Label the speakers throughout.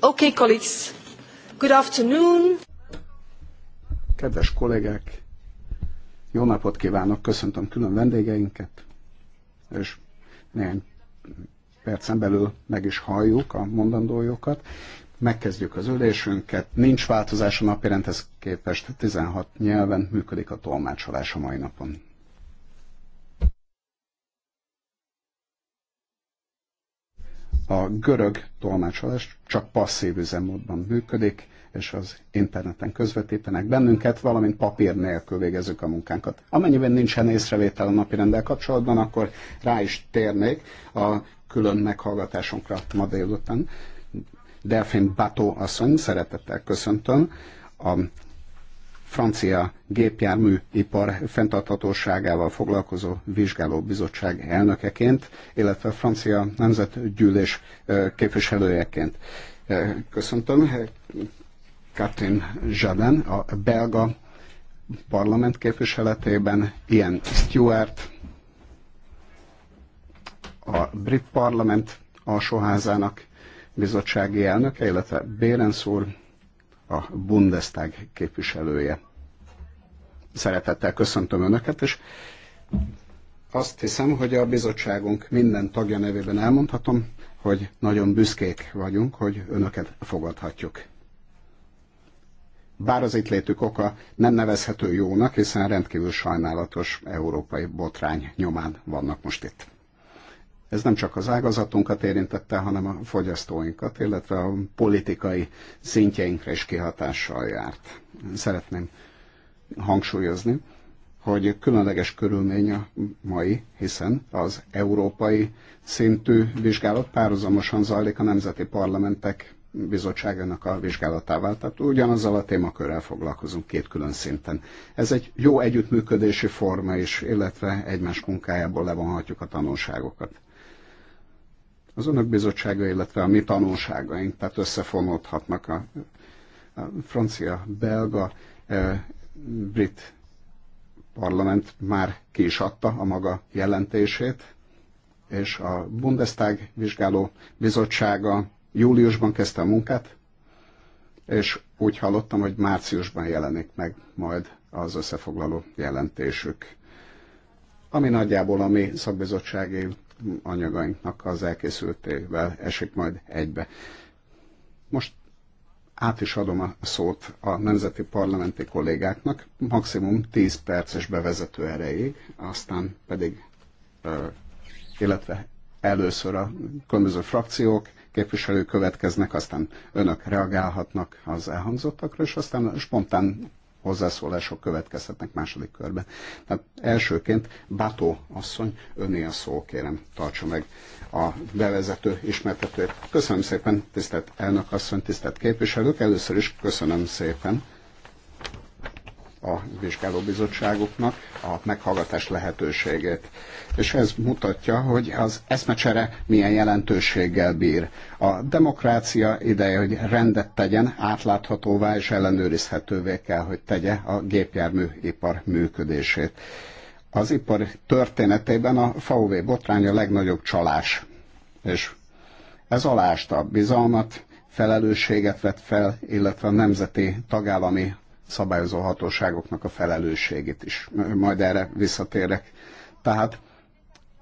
Speaker 1: Okay, colleagues. Good afternoon. Kedves kollégák, jó napot kívánok, köszöntöm külön vendégeinket, és néhány percen belül meg is halljuk a mondandójukat. Megkezdjük az ülésünket, nincs változás a napirendhez képest, 16 nyelven működik a tolmácsolás a mai napon. A görög tolmácsolás csak passzív üzemmódban működik, és az interneten közvetítenek bennünket, valamint papír nélkül végezzük a munkánkat. Amennyiben nincsen észrevétel a napi rendel kapcsolatban, akkor rá is térnék a külön meghallgatásunkra ma délután. Delfin Bató asszony, szeretettel köszöntöm a francia gépjárműipar fenntarthatóságával foglalkozó vizsgálóbizottság elnökeként, illetve a francia nemzetgyűlés képviselőjeként. Köszöntöm Katrin Jaden a belga parlament képviseletében, Ian Stewart, a brit parlament alsóházának bizottsági elnöke, illetve Bérenc úr, a Bundestag képviselője. Szeretettel köszöntöm Önöket, és azt hiszem, hogy a bizottságunk minden tagja nevében elmondhatom, hogy nagyon büszkék vagyunk, hogy Önöket fogadhatjuk. Bár az itt létük oka nem nevezhető jónak, hiszen rendkívül sajnálatos európai botrány nyomán vannak most itt. Ez nem csak az ágazatunkat érintette, hanem a fogyasztóinkat, illetve a politikai szintjeinkre is kihatással járt. Szeretném hangsúlyozni, hogy különleges körülmény a mai, hiszen az európai szintű vizsgálat párhuzamosan zajlik a nemzeti parlamentek bizottságának a vizsgálatával. Tehát ugyanazzal a témakörrel foglalkozunk két külön szinten. Ez egy jó együttműködési forma is, illetve egymás munkájából levonhatjuk a tanulságokat az önök bizottsága, illetve a mi tanulságaink, tehát összefonódhatnak a, a francia, belga, e, brit parlament már ki is adta a maga jelentését, és a Bundestag vizsgáló bizottsága júliusban kezdte a munkát, és úgy hallottam, hogy márciusban jelenik meg majd az összefoglaló jelentésük, ami nagyjából a mi szakbizottsági anyagainknak az elkészültével esik majd egybe. Most át is adom a szót a nemzeti parlamenti kollégáknak, maximum 10 perces bevezető erejéig, aztán pedig, illetve először a különböző frakciók, képviselők következnek, aztán önök reagálhatnak az elhangzottakra, és aztán spontán hozzászólások következhetnek második körben. Tehát elsőként Bató asszony, öné a szó, kérem, tartsa meg a bevezető ismertetőt. Köszönöm szépen, tisztelt elnök asszony, tisztelt képviselők, először is köszönöm szépen a vizsgálóbizottságoknak a meghallgatás lehetőségét. És ez mutatja, hogy az eszmecsere milyen jelentőséggel bír. A demokrácia ideje, hogy rendet tegyen, átláthatóvá és ellenőrizhetővé kell, hogy tegye a gépjárműipar működését. Az ipar történetében a FAUV botrány a legnagyobb csalás, és ez alásta a bizalmat, felelősséget vett fel, illetve a nemzeti tagállami szabályozó hatóságoknak a felelősségét is. Majd erre visszatérek. Tehát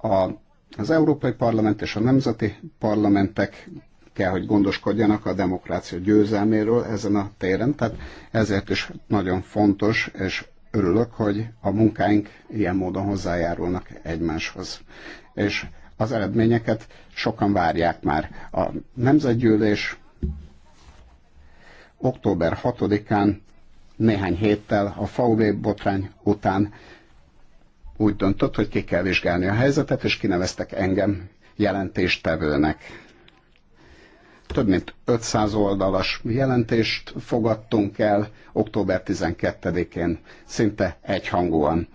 Speaker 1: a, az Európai Parlament és a nemzeti parlamentek kell, hogy gondoskodjanak a demokrácia győzelméről ezen a téren, tehát ezért is nagyon fontos, és örülök, hogy a munkáink ilyen módon hozzájárulnak egymáshoz. És az eredményeket sokan várják már. A Nemzetgyűlés október 6-án néhány héttel a Faulé botrány után úgy döntött, hogy ki kell vizsgálni a helyzetet, és kineveztek engem jelentéstevőnek. Több mint 500 oldalas jelentést fogadtunk el október 12-én, szinte egyhangúan.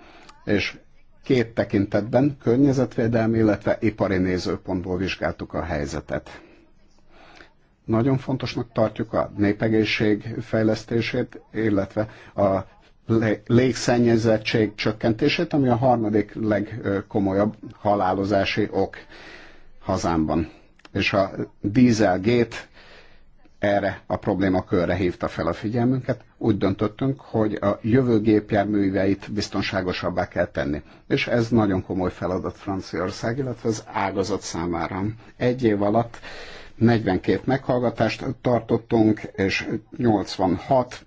Speaker 1: És két tekintetben, környezetvédelmi, illetve ipari nézőpontból vizsgáltuk a helyzetet. Nagyon fontosnak tartjuk a népegészség fejlesztését, illetve a légszennyezettség csökkentését, ami a harmadik legkomolyabb halálozási ok hazámban. És a Dieselgate erre a problémakörre hívta fel a figyelmünket. Úgy döntöttünk, hogy a jövő gépjárműveit biztonságosabbá kell tenni. És ez nagyon komoly feladat Franciaország, illetve az ágazat számára. Egy év alatt 42 meghallgatást tartottunk, és 86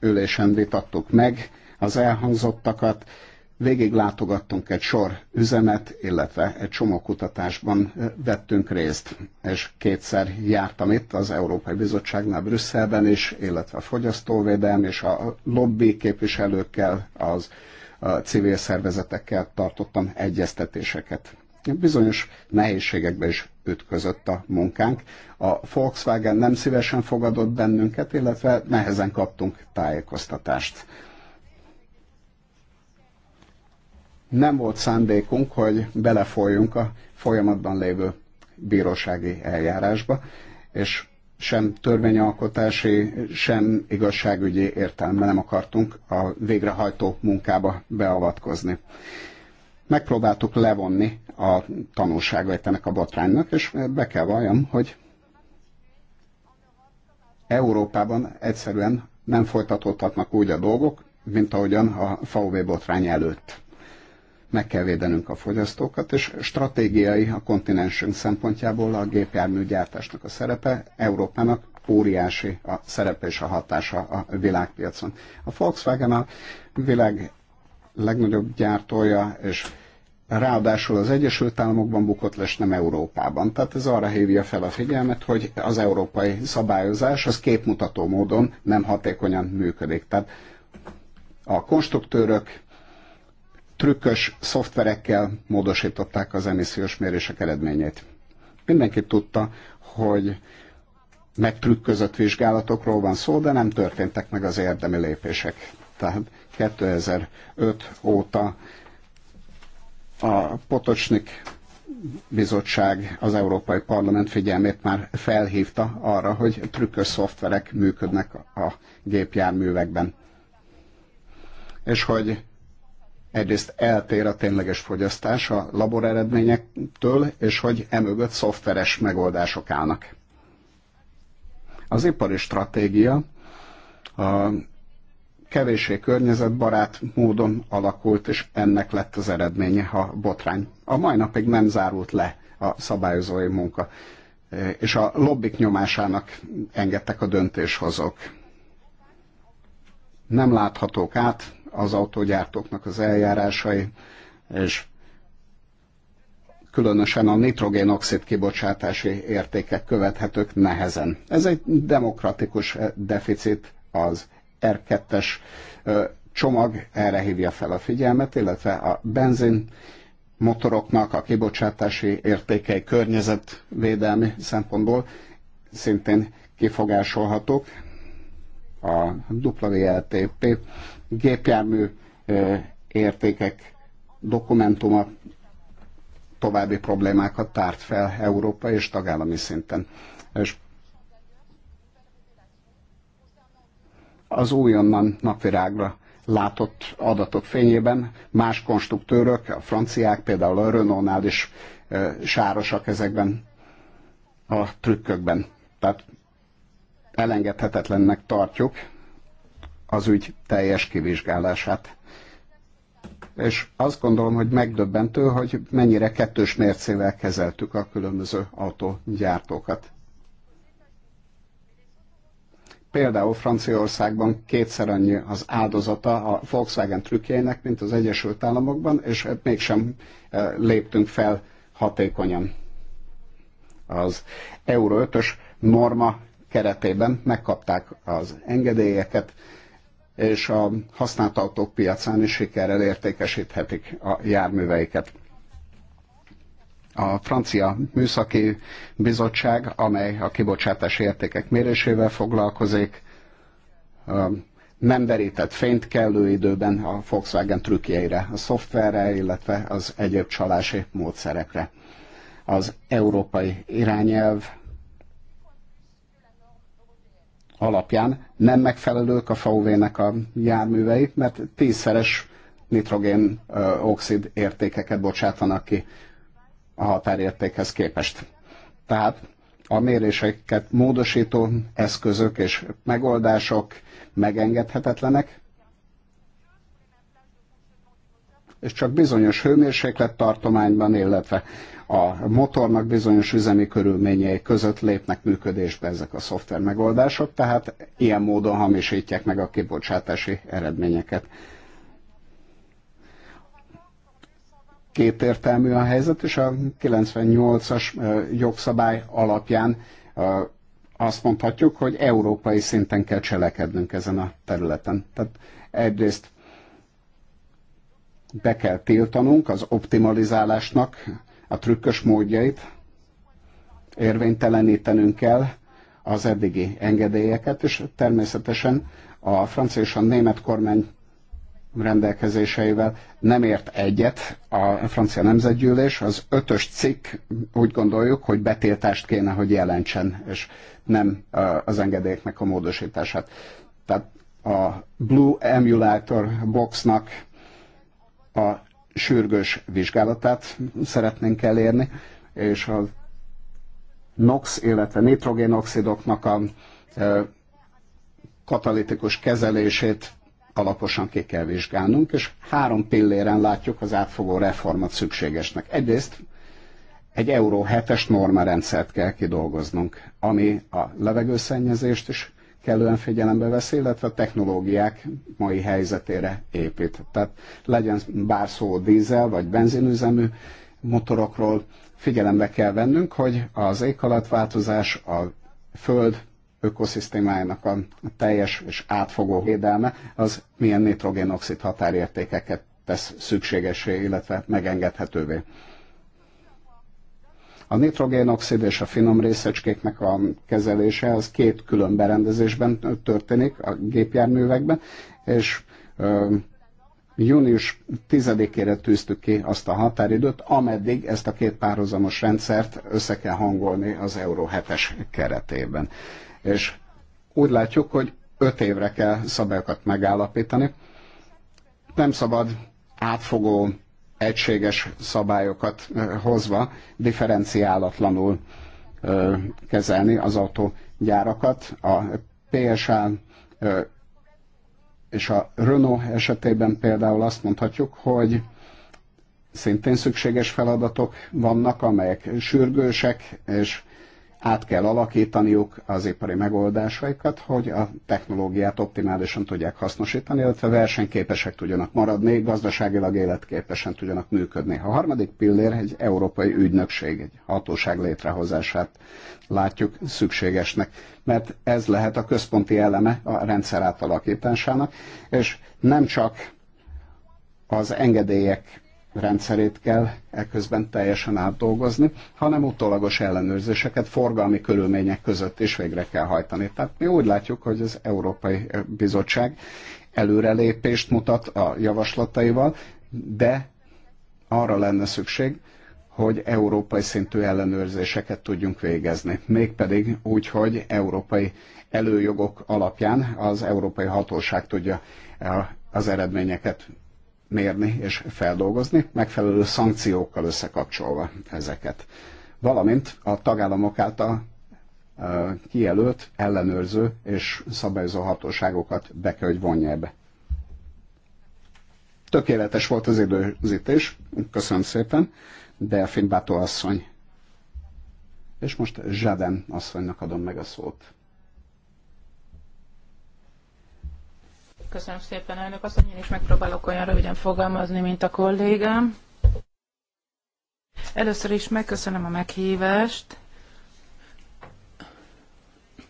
Speaker 1: ülésen vitattuk meg az elhangzottakat. Végig látogattunk egy sor üzemet, illetve egy csomó kutatásban vettünk részt, és kétszer jártam itt az Európai Bizottságnál Brüsszelben is, illetve a fogyasztóvédelm és a lobby képviselőkkel, az a civil szervezetekkel tartottam egyeztetéseket. Bizonyos nehézségekben. is ütközött a munkánk. A Volkswagen nem szívesen fogadott bennünket, illetve nehezen kaptunk tájékoztatást. Nem volt szándékunk, hogy belefolyjunk a folyamatban lévő bírósági eljárásba, és sem törvényalkotási, sem igazságügyi értelemben nem akartunk a végrehajtó munkába beavatkozni. Megpróbáltuk levonni a tanulsága ennek a botránynak, és be kell valljam, hogy Európában egyszerűen nem folytatódhatnak úgy a dolgok, mint ahogyan a VW botrány előtt. Meg kell védenünk a fogyasztókat, és stratégiai a kontinensünk szempontjából a gépjárműgyártásnak a szerepe Európának óriási a szerepe és a hatása a világpiacon. A Volkswagen a világ legnagyobb gyártója és ráadásul az Egyesült Államokban bukott lesz, nem Európában. Tehát ez arra hívja fel a figyelmet, hogy az európai szabályozás az képmutató módon nem hatékonyan működik. Tehát a konstruktőrök trükkös szoftverekkel módosították az emissziós mérések eredményét. Mindenki tudta, hogy megtrükközött vizsgálatokról van szó, de nem történtek meg az érdemi lépések. Tehát 2005 óta a Potocsnik bizottság az Európai Parlament figyelmét már felhívta arra, hogy trükkös szoftverek működnek a gépjárművekben. És hogy egyrészt eltér a tényleges fogyasztás a labor eredményektől, és hogy emögött szoftveres megoldások állnak. Az ipari stratégia a kevéssé környezetbarát módon alakult, és ennek lett az eredménye a botrány. A mai napig nem zárult le a szabályozói munka, és a lobbik nyomásának engedtek a döntéshozók. Nem láthatók át az autógyártóknak az eljárásai, és különösen a nitrogénoxid kibocsátási értékek követhetők nehezen. Ez egy demokratikus deficit az R2-es csomag erre hívja fel a figyelmet, illetve a benzin motoroknak a kibocsátási értékei környezetvédelmi szempontból szintén kifogásolhatók. A WLTP gépjármű értékek dokumentuma további problémákat tárt fel Európa és tagállami szinten. És az újonnan napvirágra látott adatok fényében más konstruktőrök, a franciák, például a Renault-nál is sárosak ezekben a trükkökben. Tehát elengedhetetlennek tartjuk az ügy teljes kivizsgálását. És azt gondolom, hogy megdöbbentő, hogy mennyire kettős mércével kezeltük a különböző autógyártókat. Például Franciaországban kétszer annyi az áldozata a Volkswagen trükkjének, mint az Egyesült Államokban, és mégsem eh, léptünk fel hatékonyan. Az Euro 5-ös norma keretében megkapták az engedélyeket, és a használt autók piacán is sikerrel értékesíthetik a járműveiket a francia műszaki bizottság, amely a kibocsátási értékek mérésével foglalkozik, nem verített fényt kellő időben a Volkswagen trükkjeire, a szoftverre, illetve az egyéb csalási módszerekre. Az európai irányelv alapján nem megfelelők a VW-nek a járművei, mert tízszeres nitrogén oxid értékeket bocsátanak ki a határértékhez képest. Tehát a méréseket módosító eszközök és megoldások megengedhetetlenek, és csak bizonyos hőmérséklet tartományban illetve a motornak bizonyos üzemi körülményei között lépnek működésbe ezek a szoftver megoldások, tehát ilyen módon hamisítják meg a kibocsátási eredményeket. kétértelmű a helyzet, és a 98-as jogszabály alapján azt mondhatjuk, hogy európai szinten kell cselekednünk ezen a területen. Tehát egyrészt be kell tiltanunk az optimalizálásnak a trükkös módjait, érvénytelenítenünk kell az eddigi engedélyeket, és természetesen a francia és a német kormány rendelkezéseivel nem ért egyet a francia nemzetgyűlés. Az ötös cikk úgy gondoljuk, hogy betiltást kéne, hogy jelentsen, és nem az engedélyeknek a módosítását. Tehát a Blue Emulator Boxnak a sürgős vizsgálatát szeretnénk elérni, és a NOx, illetve nitrogénoxidoknak a katalitikus kezelését alaposan ki kell vizsgálnunk, és három pilléren látjuk az átfogó reformat szükségesnek. Egyrészt egy euró 7-es normarendszert kell kidolgoznunk, ami a levegőszennyezést is kellően figyelembe veszi, illetve a technológiák mai helyzetére épít. Tehát legyen bár szó dízel vagy benzinüzemű motorokról, figyelembe kell vennünk, hogy az éghalatváltozás, a föld ökoszisztémájának a teljes és átfogó védelme, az milyen nitrogénoxid határértékeket tesz szükségesé, illetve megengedhetővé. A nitrogénoxid és a finom részecskéknek a kezelése az két külön berendezésben történik a gépjárművekben, és ö, június 10-ére tűztük ki azt a határidőt, ameddig ezt a két párhuzamos rendszert össze kell hangolni az Euró 7-es keretében. És úgy látjuk, hogy öt évre kell szabályokat megállapítani. Nem szabad átfogó, egységes szabályokat hozva, differenciálatlanul kezelni az autógyárakat. A PSA és a Renault esetében például azt mondhatjuk, hogy szintén szükséges feladatok vannak, amelyek sürgősek, és át kell alakítaniuk az ipari megoldásaikat, hogy a technológiát optimálisan tudják hasznosítani, illetve versenyképesek tudjanak maradni, gazdaságilag életképesen tudjanak működni. A harmadik pillér egy európai ügynökség, egy hatóság létrehozását látjuk szükségesnek, mert ez lehet a központi eleme a rendszer átalakításának, és nem csak az engedélyek rendszerét kell ekközben teljesen átdolgozni, hanem utólagos ellenőrzéseket forgalmi körülmények között is végre kell hajtani. Tehát mi úgy látjuk, hogy az Európai Bizottság előrelépést mutat a javaslataival, de arra lenne szükség, hogy európai szintű ellenőrzéseket tudjunk végezni. Mégpedig úgy, hogy európai előjogok alapján az európai hatóság tudja eh, az eredményeket mérni és feldolgozni, megfelelő szankciókkal összekapcsolva ezeket. Valamint a tagállamok által kijelölt, ellenőrző és szabályozó hatóságokat be kell, hogy vonja ebbe. Tökéletes volt az időzítés, köszönöm szépen, de a asszony. És most Zsaden asszonynak adom meg a szót.
Speaker 2: Köszönöm szépen, elnök asszony, én is megpróbálok olyan röviden fogalmazni, mint a kollégám. Először is megköszönöm a meghívást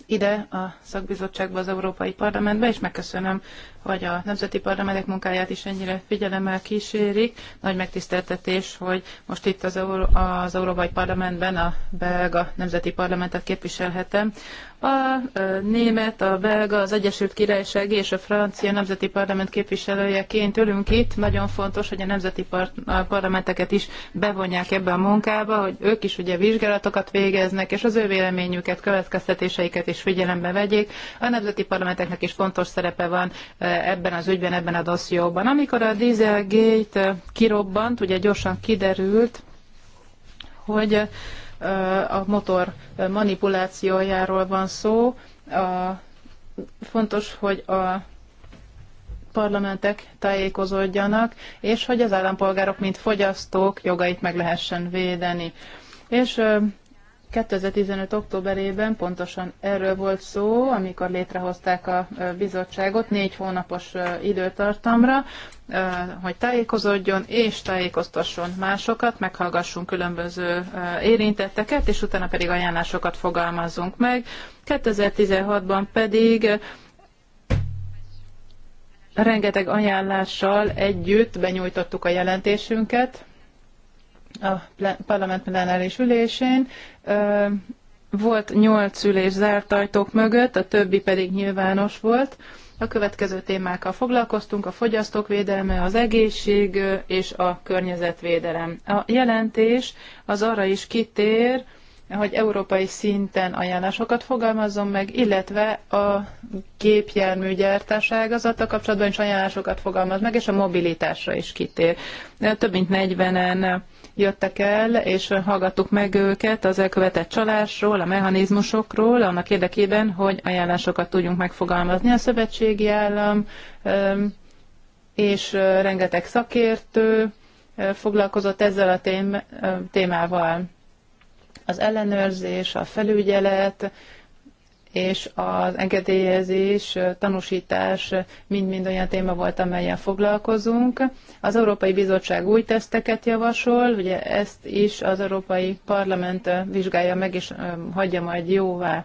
Speaker 2: ide a szakbizottságba, az Európai Parlamentbe, és megköszönöm, hogy a nemzeti parlamentek munkáját is ennyire figyelemmel kísérik. Nagy megtiszteltetés, hogy most itt az, Euró- az Európai Parlamentben a belga nemzeti parlamentet képviselhetem. A német, a belga, az Egyesült Királyság és a francia nemzeti parlament képviselőjeként ülünk itt. Nagyon fontos, hogy a nemzeti parlamenteket is bevonják ebbe a munkába, hogy ők is ugye vizsgálatokat végeznek, és az ő véleményüket, következtetéseiket is figyelembe vegyék. A nemzeti parlamenteknek is fontos szerepe van e, ebben az ügyben, ebben a dosszióban. Amikor a Dieselgate e, kirobbant, ugye gyorsan kiderült, hogy e, a motor manipulációjáról van szó. A, fontos, hogy a parlamentek tájékozódjanak, és hogy az állampolgárok, mint fogyasztók jogait meg lehessen védeni. És 2015. októberében pontosan erről volt szó, amikor létrehozták a bizottságot négy hónapos időtartamra, hogy tájékozódjon és tájékoztasson másokat, meghallgassunk különböző érintetteket, és utána pedig ajánlásokat fogalmazzunk meg. 2016-ban pedig rengeteg ajánlással együtt benyújtottuk a jelentésünket, a parlament plenáris ülésén. Volt nyolc ülés zárt ajtók mögött, a többi pedig nyilvános volt. A következő témákkal foglalkoztunk, a fogyasztók védelme, az egészség és a környezetvédelem. A jelentés az arra is kitér, hogy európai szinten ajánlásokat fogalmazzon meg, illetve a gépjárműgyártás ágazata kapcsolatban is ajánlásokat fogalmaz meg, és a mobilitásra is kitér. Több mint 40-en jöttek el, és hallgattuk meg őket az elkövetett csalásról, a mechanizmusokról, annak érdekében, hogy ajánlásokat tudjunk megfogalmazni. A szövetségi állam és rengeteg szakértő foglalkozott ezzel a témával. Az ellenőrzés, a felügyelet, és az engedélyezés, tanúsítás mind-mind olyan téma volt, amelyen foglalkozunk. Az Európai Bizottság új teszteket javasol, ugye ezt is az Európai Parlament vizsgálja meg, és hagyja majd jóvá.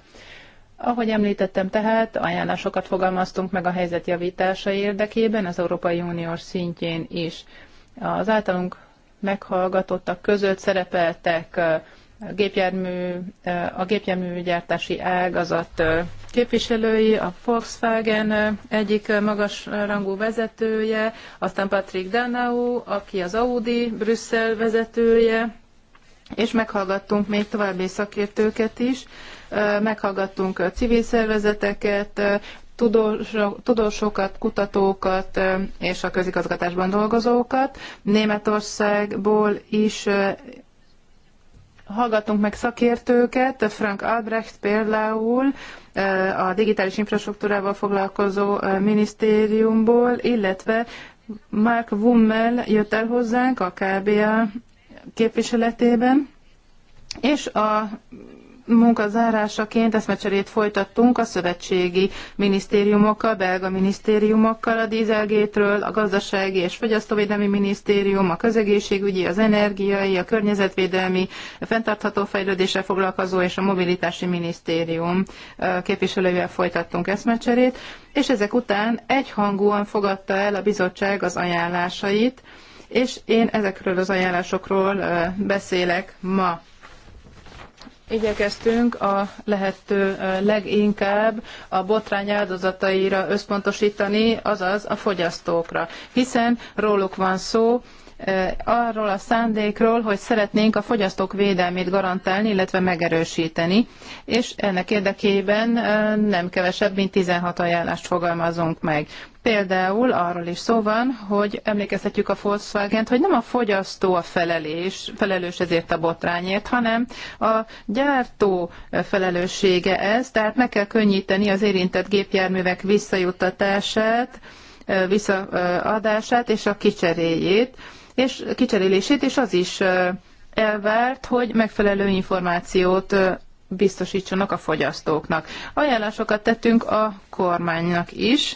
Speaker 2: Ahogy említettem tehát, ajánlásokat fogalmaztunk meg a helyzet javítása érdekében az Európai Uniós szintjén is. Az általunk meghallgatottak között szerepeltek a gépjármű, a gépjárműgyártási ágazat képviselői, a Volkswagen egyik magas rangú vezetője, aztán Patrick Danau, aki az Audi Brüsszel vezetője, és meghallgattunk még további szakértőket is, meghallgattunk civil szervezeteket, tudósokat, kutatókat és a közigazgatásban dolgozókat. Németországból is hallgatunk meg szakértőket, Frank Albrecht például, eh, a digitális infrastruktúrával foglalkozó eh, minisztériumból, illetve Mark Wummel jött el hozzánk a KBA képviseletében, és a munka zárásaként eszmecserét folytattunk a szövetségi minisztériumokkal, belga minisztériumokkal a dízelgétről, a gazdasági és fogyasztóvédelmi minisztérium, a közegészségügyi, az energiai, a környezetvédelmi, a fenntartható fejlődéssel foglalkozó és a mobilitási minisztérium képviselőivel folytattunk eszmecserét, és ezek után egyhangúan fogadta el a bizottság az ajánlásait, és én ezekről az ajánlásokról beszélek ma igyekeztünk a lehető leginkább a botrány áldozataira összpontosítani, azaz a fogyasztókra, hiszen róluk van szó, arról a szándékról, hogy szeretnénk a fogyasztók védelmét garantálni, illetve megerősíteni, és ennek érdekében nem kevesebb, mint 16 ajánlást fogalmazunk meg. Például arról is szó van, hogy emlékeztetjük a volkswagen hogy nem a fogyasztó a felelés, felelős ezért a botrányért, hanem a gyártó felelőssége ez, tehát meg kell könnyíteni az érintett gépjárművek visszajuttatását, visszaadását és a kicseréjét és kicserélését, és az is elvárt, hogy megfelelő információt biztosítsanak a fogyasztóknak. Ajánlásokat tettünk a kormánynak is,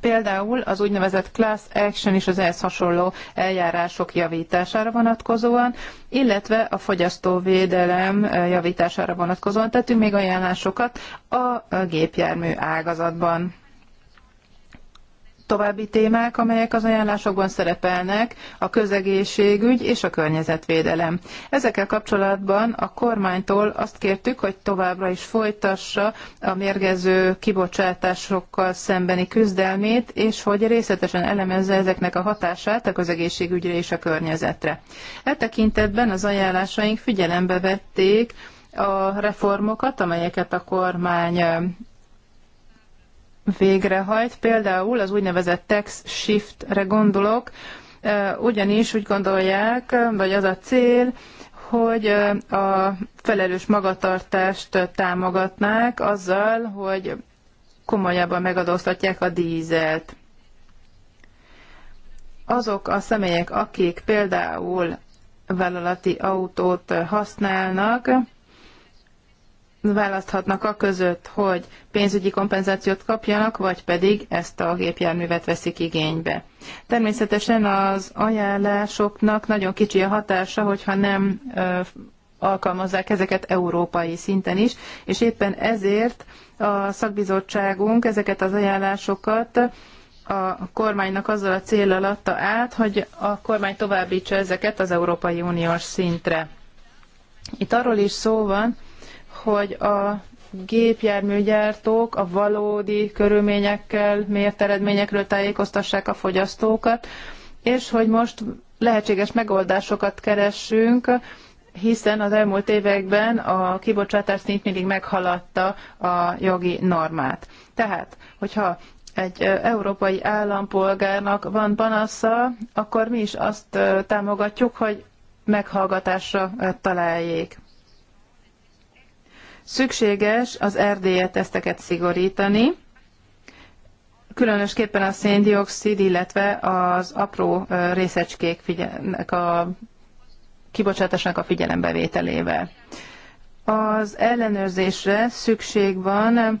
Speaker 2: Például az úgynevezett class action és az ehhez hasonló eljárások javítására vonatkozóan, illetve a fogyasztóvédelem javítására vonatkozóan tettünk még ajánlásokat a gépjármű ágazatban további témák, amelyek az ajánlásokban szerepelnek, a közegészségügy és a környezetvédelem. Ezekkel kapcsolatban a kormánytól azt kértük, hogy továbbra is folytassa a mérgező kibocsátásokkal szembeni küzdelmét, és hogy részletesen elemezze ezeknek a hatását a közegészségügyre és a környezetre. E tekintetben az ajánlásaink figyelembe vették, a reformokat, amelyeket a kormány végrehajt. Például az úgynevezett tax shift-re gondolok, ugyanis úgy gondolják, vagy az a cél, hogy a felelős magatartást támogatnák azzal, hogy komolyabban megadóztatják a dízelt. Azok a személyek, akik például vállalati autót használnak, választhatnak a között, hogy pénzügyi kompenzációt kapjanak, vagy pedig ezt a gépjárművet veszik igénybe. Természetesen az ajánlásoknak nagyon kicsi a hatása, hogyha nem alkalmazzák ezeket európai szinten is, és éppen ezért a szakbizottságunk ezeket az ajánlásokat a kormánynak azzal a célral adta át, hogy a kormány továbbítsa ezeket az Európai Uniós szintre. Itt arról is szó van, hogy a gépjárműgyártók a valódi körülményekkel, mért eredményekről tájékoztassák a fogyasztókat, és hogy most lehetséges megoldásokat keressünk, hiszen az elmúlt években a kibocsátás szint mindig meghaladta a jogi normát. Tehát, hogyha egy európai állampolgárnak van panasza, akkor mi is azt támogatjuk, hogy meghallgatásra találjék. Szükséges az RDE teszteket szigorítani, különösképpen a széndiokszid, illetve az apró részecskék figyelnek a kibocsátásnak a figyelembevételével. Az ellenőrzésre szükség van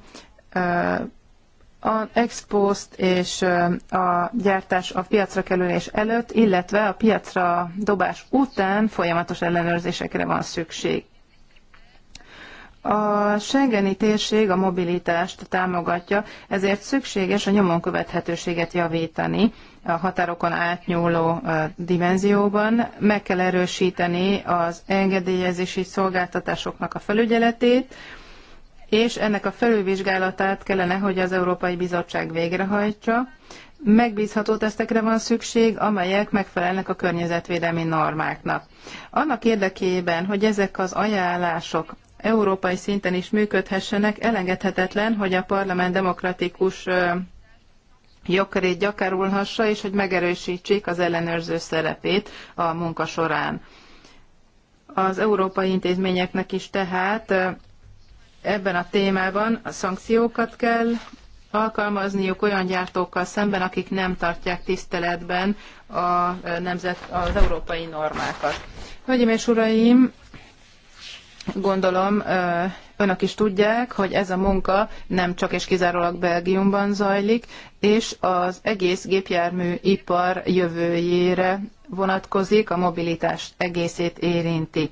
Speaker 2: a ex post és a gyártás a piacra kerülés előtt, illetve a piacra dobás után folyamatos ellenőrzésekre van szükség. A Schengeni térség a mobilitást támogatja, ezért szükséges a nyomon követhetőséget javítani a határokon átnyúló dimenzióban. Meg kell erősíteni az engedélyezési szolgáltatásoknak a felügyeletét, és ennek a felülvizsgálatát kellene, hogy az Európai Bizottság végrehajtsa. Megbízható tesztekre van szükség, amelyek megfelelnek a környezetvédelmi normáknak. Annak érdekében, hogy ezek az ajánlások európai szinten is működhessenek, elengedhetetlen, hogy a parlament demokratikus jogkörét gyakorolhassa, és hogy megerősítsék az ellenőrző szerepét a munka során. Az európai intézményeknek is tehát ebben a témában a szankciókat kell alkalmazniuk olyan gyártókkal szemben, akik nem tartják tiszteletben a nemzet, az európai normákat. Hölgyeim és uraim, gondolom önök is tudják, hogy ez a munka nem csak és kizárólag Belgiumban zajlik, és az egész gépjármű ipar jövőjére vonatkozik, a mobilitás egészét érinti.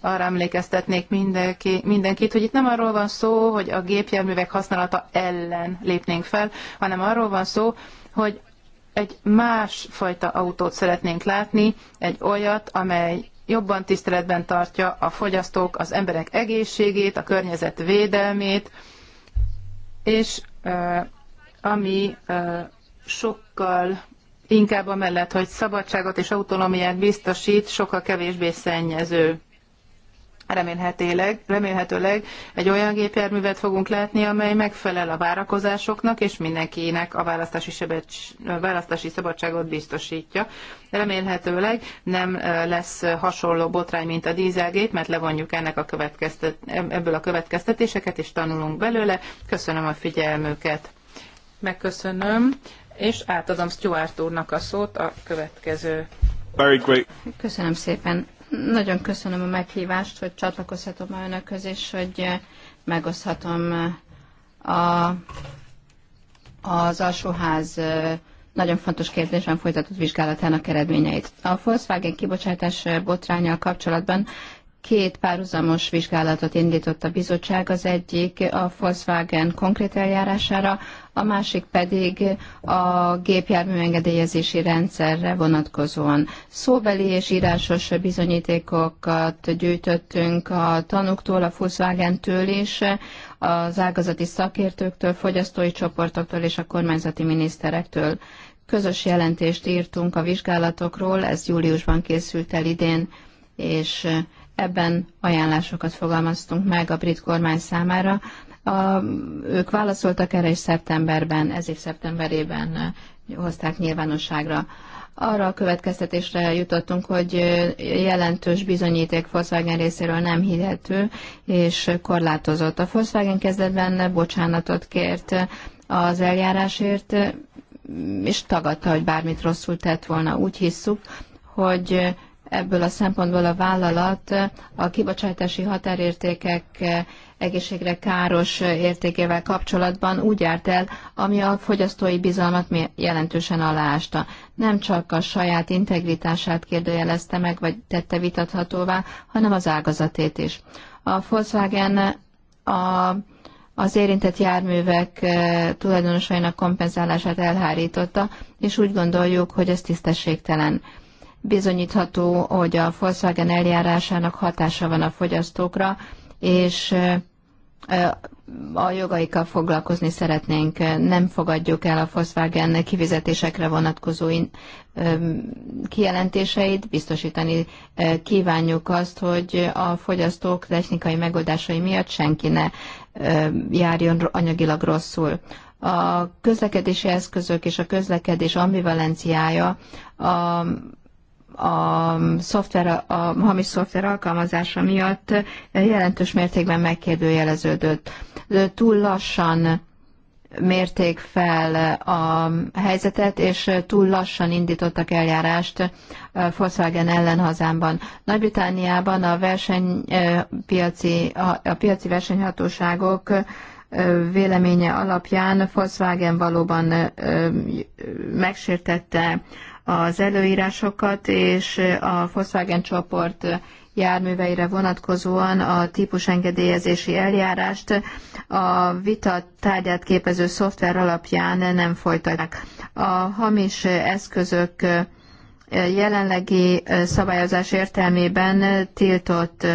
Speaker 2: Arra emlékeztetnék mindenki, mindenkit, hogy itt nem arról van szó, hogy a gépjárművek használata ellen lépnénk fel, hanem arról van szó, hogy egy másfajta autót szeretnénk látni, egy olyat, amely jobban tiszteletben tartja a fogyasztók, az emberek egészségét, a környezet védelmét, és ami sokkal inkább amellett, hogy szabadságot és autonómiát biztosít, sokkal kevésbé szennyező remélhetőleg, remélhetőleg egy olyan gépjárművet fogunk látni, amely megfelel a várakozásoknak, és mindenkinek a választási, sebecs, választási szabadságot biztosítja. Remélhetőleg nem lesz hasonló botrány, mint a dízelgép, mert levonjuk ennek a következtet, ebből a következtetéseket, és tanulunk belőle. Köszönöm a figyelmüket. Megköszönöm, és átadom Stuart úrnak a szót a következő.
Speaker 3: Very great. Köszönöm szépen nagyon köszönöm a meghívást, hogy csatlakozhatom a önökhöz, és hogy eh, megoszthatom eh, a, az alsóház eh, nagyon fontos kérdésben folytatott vizsgálatának eredményeit. A Volkswagen kibocsátás botrányal kapcsolatban Két párhuzamos vizsgálatot indított a bizottság, az egyik a Volkswagen konkrét eljárására, a másik pedig a gépjármű engedélyezési rendszerre vonatkozóan. Szóbeli és írásos bizonyítékokat gyűjtöttünk a tanúktól, a Volkswagen-től is, az ágazati szakértőktől, fogyasztói csoportoktól és a kormányzati miniszterektől. Közös jelentést írtunk a vizsgálatokról, ez júliusban készült el idén, és Ebben ajánlásokat fogalmaztunk meg a brit kormány számára. A, ők válaszoltak erre, és szeptemberben, ez év szeptemberében hozták nyilvánosságra. Arra a következtetésre jutottunk, hogy jelentős bizonyíték Volkswagen részéről nem hihető és korlátozott. A Volkswagen kezdetben bocsánatot kért az eljárásért, és tagadta, hogy bármit rosszul tett volna. Úgy hisszük, hogy ebből a szempontból a vállalat a kibocsátási határértékek egészségre káros értékével kapcsolatban úgy járt el, ami a fogyasztói bizalmat jelentősen aláásta. Nem csak a saját integritását kérdőjelezte meg, vagy tette vitathatóvá, hanem az ágazatét is. A Volkswagen a az érintett járművek eh, tulajdonosainak kompenzálását elhárította, és úgy gondoljuk, hogy ez tisztességtelen bizonyítható, hogy a Volkswagen eljárásának hatása van a fogyasztókra, és a jogaikkal foglalkozni szeretnénk. Nem fogadjuk el a Volkswagen kivizetésekre vonatkozó kijelentéseit, biztosítani kívánjuk azt, hogy a fogyasztók technikai megoldásai miatt senki ne járjon anyagilag rosszul. A közlekedési eszközök és a közlekedés ambivalenciája a a, szoftver, a hamis szoftver alkalmazása miatt jelentős mértékben megkérdőjeleződött. Túl lassan mérték fel a helyzetet, és túl lassan indítottak eljárást Volkswagen ellen hazámban. Nagy-Britániában a, versenypiaci, a piaci versenyhatóságok véleménye alapján Volkswagen valóban megsértette az előírásokat, és a Volkswagen csoport járműveire vonatkozóan a típusengedélyezési eljárást a vita tárgyát képező szoftver alapján nem folytatják. A hamis eszközök jelenlegi szabályozás értelmében tiltott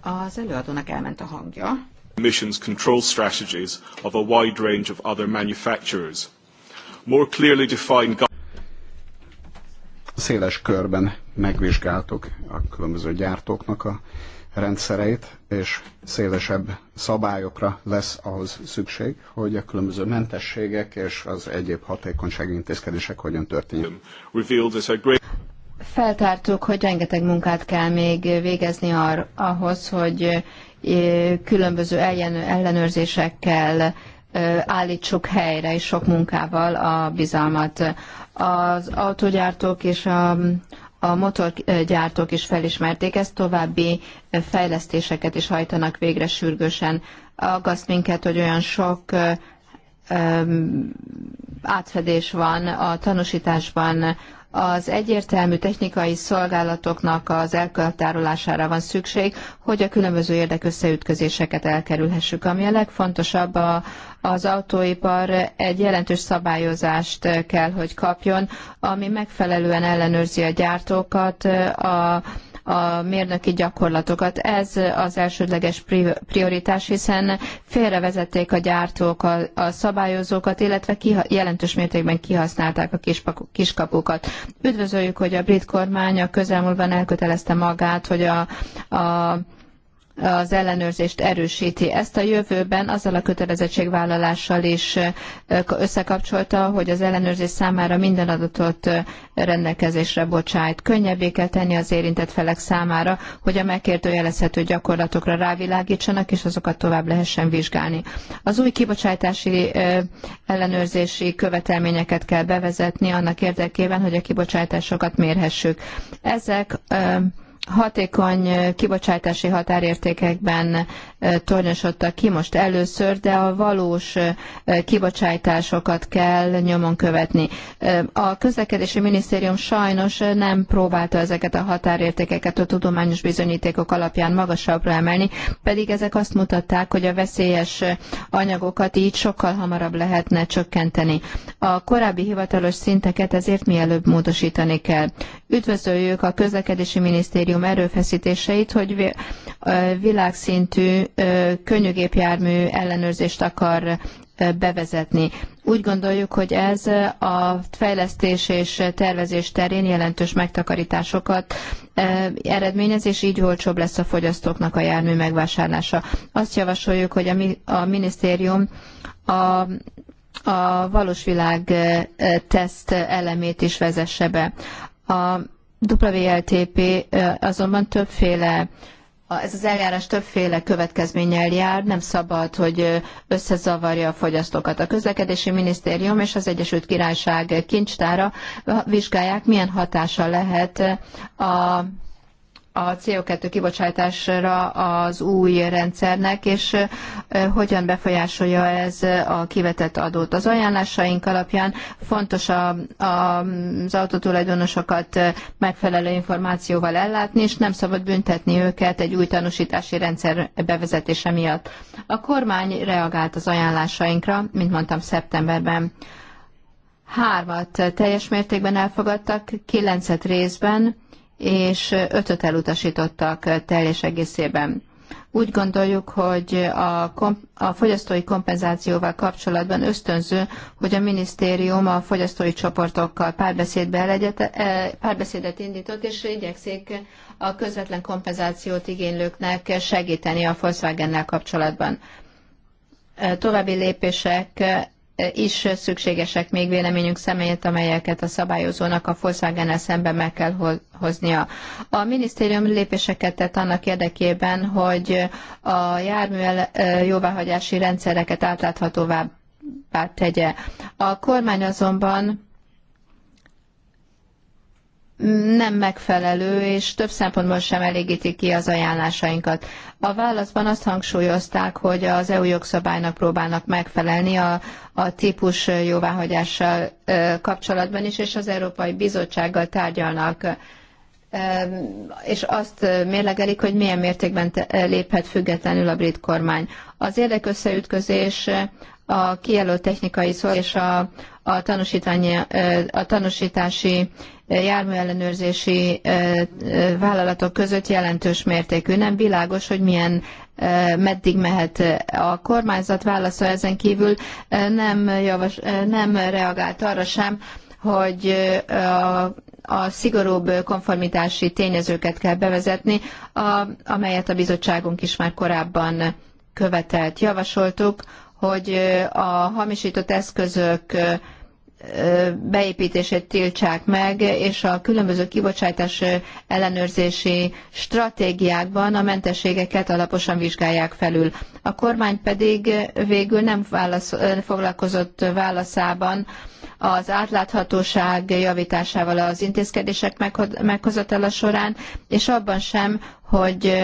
Speaker 3: az előadónak
Speaker 1: elment a hangja. Emissions control strategies of a wide range of other manufacturers more clearly defined Széles körben megvizsgáltuk a különböző gyártóknak a rendszereit, és szélesebb szabályokra lesz ahhoz szükség, hogy a különböző mentességek és az egyéb hatékonysági intézkedések hogyan történjenek.
Speaker 3: Feltártuk, hogy rengeteg munkát kell még végezni ahhoz, hogy eh, különböző ellenőrzésekkel állítsuk helyre, és sok munkával a bizalmat. Az autogyártók és a, a motorgyártók is felismerték ezt, további fejlesztéseket is hajtanak végre sürgősen. Aggaszt minket, hogy olyan sok átfedés van a tanúsításban, az egyértelmű technikai szolgálatoknak az elkötárolására van szükség, hogy a különböző érdekösszeütközéseket elkerülhessük. Ami a legfontosabb, a, az autóipar egy jelentős szabályozást kell, hogy kapjon, ami megfelelően ellenőrzi a gyártókat, a a mérnöki gyakorlatokat. Ez az elsődleges prioritás, hiszen félrevezették a gyártók, a, a szabályozókat, illetve kiha, jelentős mértékben kihasználták a kispaku, kiskapukat. Üdvözöljük, hogy a brit kormány a közelmúltban elkötelezte magát, hogy a, a az ellenőrzést erősíti. Ezt a jövőben azzal a kötelezettségvállalással is összekapcsolta, hogy az ellenőrzés számára minden adatot rendelkezésre bocsájt. Könnyebbé kell tenni az érintett felek számára, hogy a megkérdőjelezhető gyakorlatokra rávilágítsanak, és azokat tovább lehessen vizsgálni. Az új kibocsátási ellenőrzési követelményeket kell bevezetni annak érdekében, hogy a kibocsátásokat mérhessük. Ezek hatékony kibocsátási határértékekben tornyosodtak ki most először, de a valós kibocsátásokat kell nyomon követni. A közlekedési minisztérium sajnos nem próbálta ezeket a határértékeket a tudományos bizonyítékok alapján magasabbra emelni, pedig ezek azt mutatták, hogy a veszélyes anyagokat így sokkal hamarabb lehetne csökkenteni. A korábbi hivatalos szinteket ezért mielőbb módosítani kell. Üdvözöljük a közlekedési minisztérium minisztérium erőfeszítéseit, hogy világszintű könnyűgépjármű ellenőrzést akar bevezetni. Úgy gondoljuk, hogy ez a fejlesztés és tervezés terén jelentős megtakarításokat eredményez, és így olcsóbb lesz a fogyasztóknak a jármű megvásárlása. Azt javasoljuk, hogy a, minisztérium a a valós világ teszt elemét is vezesse be. A WLTP azonban többféle ez az eljárás többféle következménnyel jár, nem szabad, hogy összezavarja a fogyasztókat. A közlekedési minisztérium és az Egyesült Királyság kincstára vizsgálják, milyen hatása lehet a a CO2 kibocsátásra az új rendszernek, és hogyan befolyásolja ez a kivetett adót. Az ajánlásaink alapján fontos a, a, az autótulajdonosokat megfelelő információval ellátni, és nem szabad büntetni őket egy új tanúsítási rendszer bevezetése miatt. A kormány reagált az ajánlásainkra, mint mondtam, szeptemberben. Hármat teljes mértékben elfogadtak, kilencet részben, és ötöt elutasítottak teljes egészében. Úgy gondoljuk, hogy a, komp- a fogyasztói kompenzációval kapcsolatban ösztönző, hogy a minisztérium a fogyasztói csoportokkal párbeszédbe elegyet, e, párbeszédet indított, és igyekszik a közvetlen kompenzációt igénylőknek segíteni a Volkswagen-nel kapcsolatban. E, további lépések is szükségesek még véleményünk személyét, amelyeket a szabályozónak a volkswagen szemben meg kell hoznia. A minisztérium lépéseket tett annak érdekében, hogy a jármű jóváhagyási rendszereket átláthatóvá tegye. A kormány azonban nem megfelelő, és több szempontból sem elégíti ki az ajánlásainkat. A válaszban azt hangsúlyozták, hogy az EU jogszabálynak próbálnak megfelelni a, a típus jóváhagyással kapcsolatban is, és az Európai Bizottsággal tárgyalnak és azt mérlegelik, hogy milyen mértékben léphet függetlenül a brit kormány. Az érdekösszeütközés a kijelölt technikai szolgálat és a, a, a tanúsítási járműellenőrzési vállalatok között jelentős mértékű. Nem világos, hogy milyen meddig mehet a kormányzat válasza ezen kívül nem, javas, nem reagált arra sem, hogy a, a szigorúbb konformitási tényezőket kell bevezetni, a, amelyet a bizottságunk is már korábban követelt. Javasoltuk, hogy a hamisított eszközök beépítését tiltsák meg, és a különböző kibocsátás ellenőrzési stratégiákban a mentességeket alaposan vizsgálják felül. A kormány pedig végül nem válasz, foglalkozott válaszában az átláthatóság javításával az intézkedések meghozatala során, és abban sem, hogy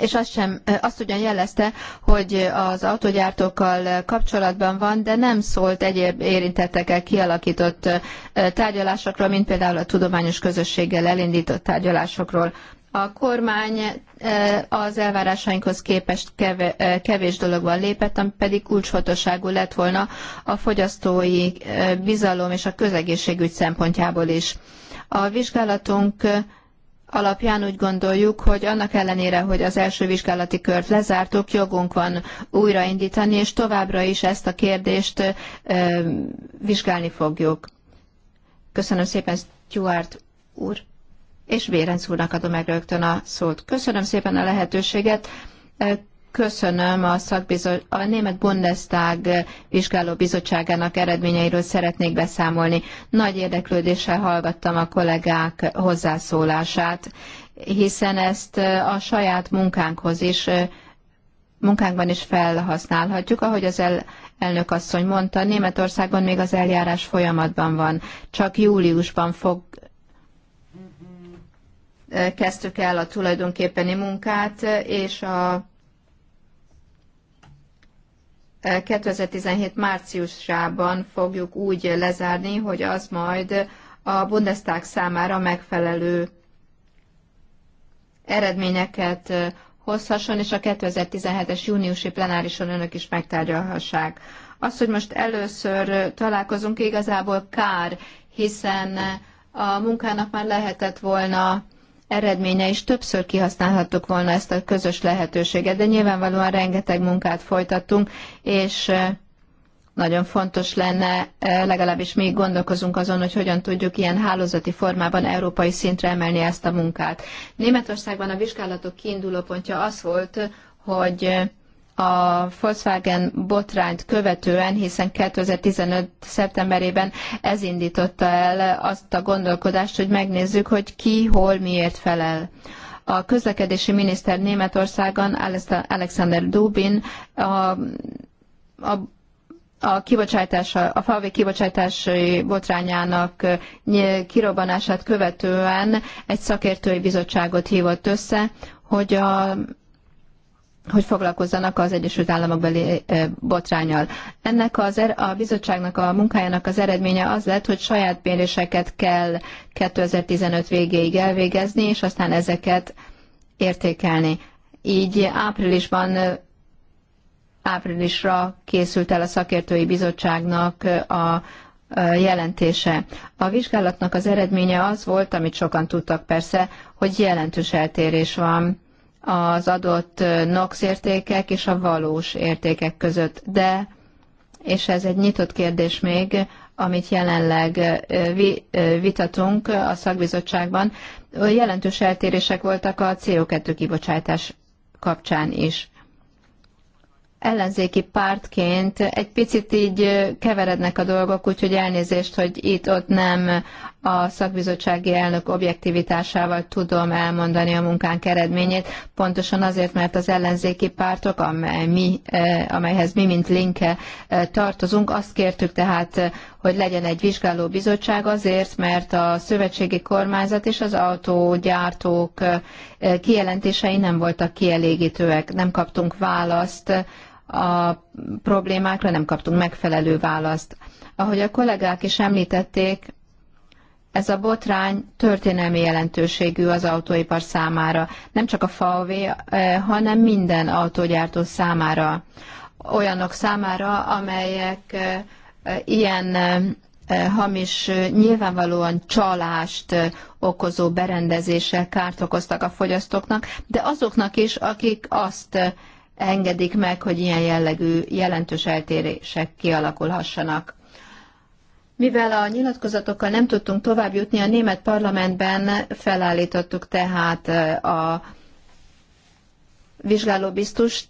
Speaker 3: és azt, sem, azt ugyan jelezte, hogy az autogyártókkal kapcsolatban van, de nem szólt egyéb érintettekkel kialakított tárgyalásokról, mint például a tudományos közösséggel elindított tárgyalásokról. A kormány az elvárásainkhoz képest kevés dologban lépett, ami pedig kulcsfontosságú lett volna a fogyasztói bizalom és a közegészségügy szempontjából is. A vizsgálatunk alapján úgy gondoljuk, hogy annak ellenére, hogy az első vizsgálati kört lezártuk, jogunk van újraindítani, és továbbra is ezt a kérdést vizsgálni fogjuk. Köszönöm szépen, Stuart úr, és Vérenc úrnak adom meg rögtön a szót. Köszönöm szépen a lehetőséget. Köszönöm a, a Német Bundestag vizsgáló bizottságának eredményeiről szeretnék beszámolni. Nagy érdeklődéssel hallgattam a kollégák hozzászólását, hiszen ezt a saját munkánkhoz is, munkánkban is felhasználhatjuk, ahogy az el, elnök asszony mondta, Németországban még az eljárás folyamatban van, csak júliusban fog kezdtük el a tulajdonképpeni munkát, és a 2017 eh, márciusában fogjuk úgy lezárni, hogy az majd a Bundestag számára megfelelő eredményeket eh, hozhasson, és a 2017-es júniusi plenárison önök is megtárgyalhassák. Az, hogy most először eh, találkozunk, igazából kár, hiszen a munkának már lehetett volna eredménye is többször kihasználhattuk volna ezt a közös lehetőséget, de nyilvánvalóan rengeteg munkát folytattunk, és nagyon fontos lenne, legalábbis mi gondolkozunk azon, hogy hogyan tudjuk ilyen hálózati formában európai szintre emelni ezt a munkát. Németországban a vizsgálatok kiinduló pontja az volt, hogy a Volkswagen botrányt követően, hiszen 2015. szeptemberében ez indította el azt a gondolkodást, hogy megnézzük, hogy ki, hol, miért felel. A közlekedési miniszter Németországon, Alexander Dubin, a, a a kibocsátása, a falvi kibocsátási botrányának eh, kirobbanását követően egy szakértői bizottságot hívott össze, hogy a hogy foglalkozzanak az Egyesült Államok beli botrányal. Ennek az, er, a bizottságnak a munkájának az eredménye az lett, hogy saját méréseket kell 2015 végéig elvégezni, és aztán ezeket értékelni. Így áprilisban áprilisra készült el a szakértői bizottságnak a jelentése. A vizsgálatnak az eredménye az volt, amit sokan tudtak persze, hogy jelentős eltérés van az adott NOx értékek és a valós értékek között. De, és ez egy nyitott kérdés még, amit jelenleg vitatunk a szakbizottságban, jelentős eltérések voltak a CO2 kibocsátás kapcsán is. Ellenzéki pártként egy picit így keverednek a dolgok, úgyhogy elnézést, hogy itt-ott nem a szakbizottsági elnök objektivitásával tudom elmondani a munkánk eredményét, pontosan azért, mert az ellenzéki pártok, amely mi, eh, amelyhez mi, mint linke eh, tartozunk, azt kértük tehát, eh, hogy legyen egy vizsgáló bizottság azért, mert a szövetségi kormányzat és az autógyártók kijelentései nem voltak kielégítőek. Nem kaptunk választ a problémákra, nem kaptunk megfelelő választ. Ahogy a kollégák is említették, ez a botrány történelmi jelentőségű az autóipar számára, nem csak a VW, eh, hanem minden autógyártó számára, olyanok számára, amelyek eh, ilyen eh, hamis, nyilvánvalóan csalást okozó berendezéssel kárt okoztak a fogyasztóknak, de azoknak is, akik azt engedik meg, hogy ilyen jellegű jelentős eltérések kialakulhassanak. Mivel a nyilatkozatokkal nem tudtunk tovább jutni, a német parlamentben felállítottuk tehát a vizsgáló biztos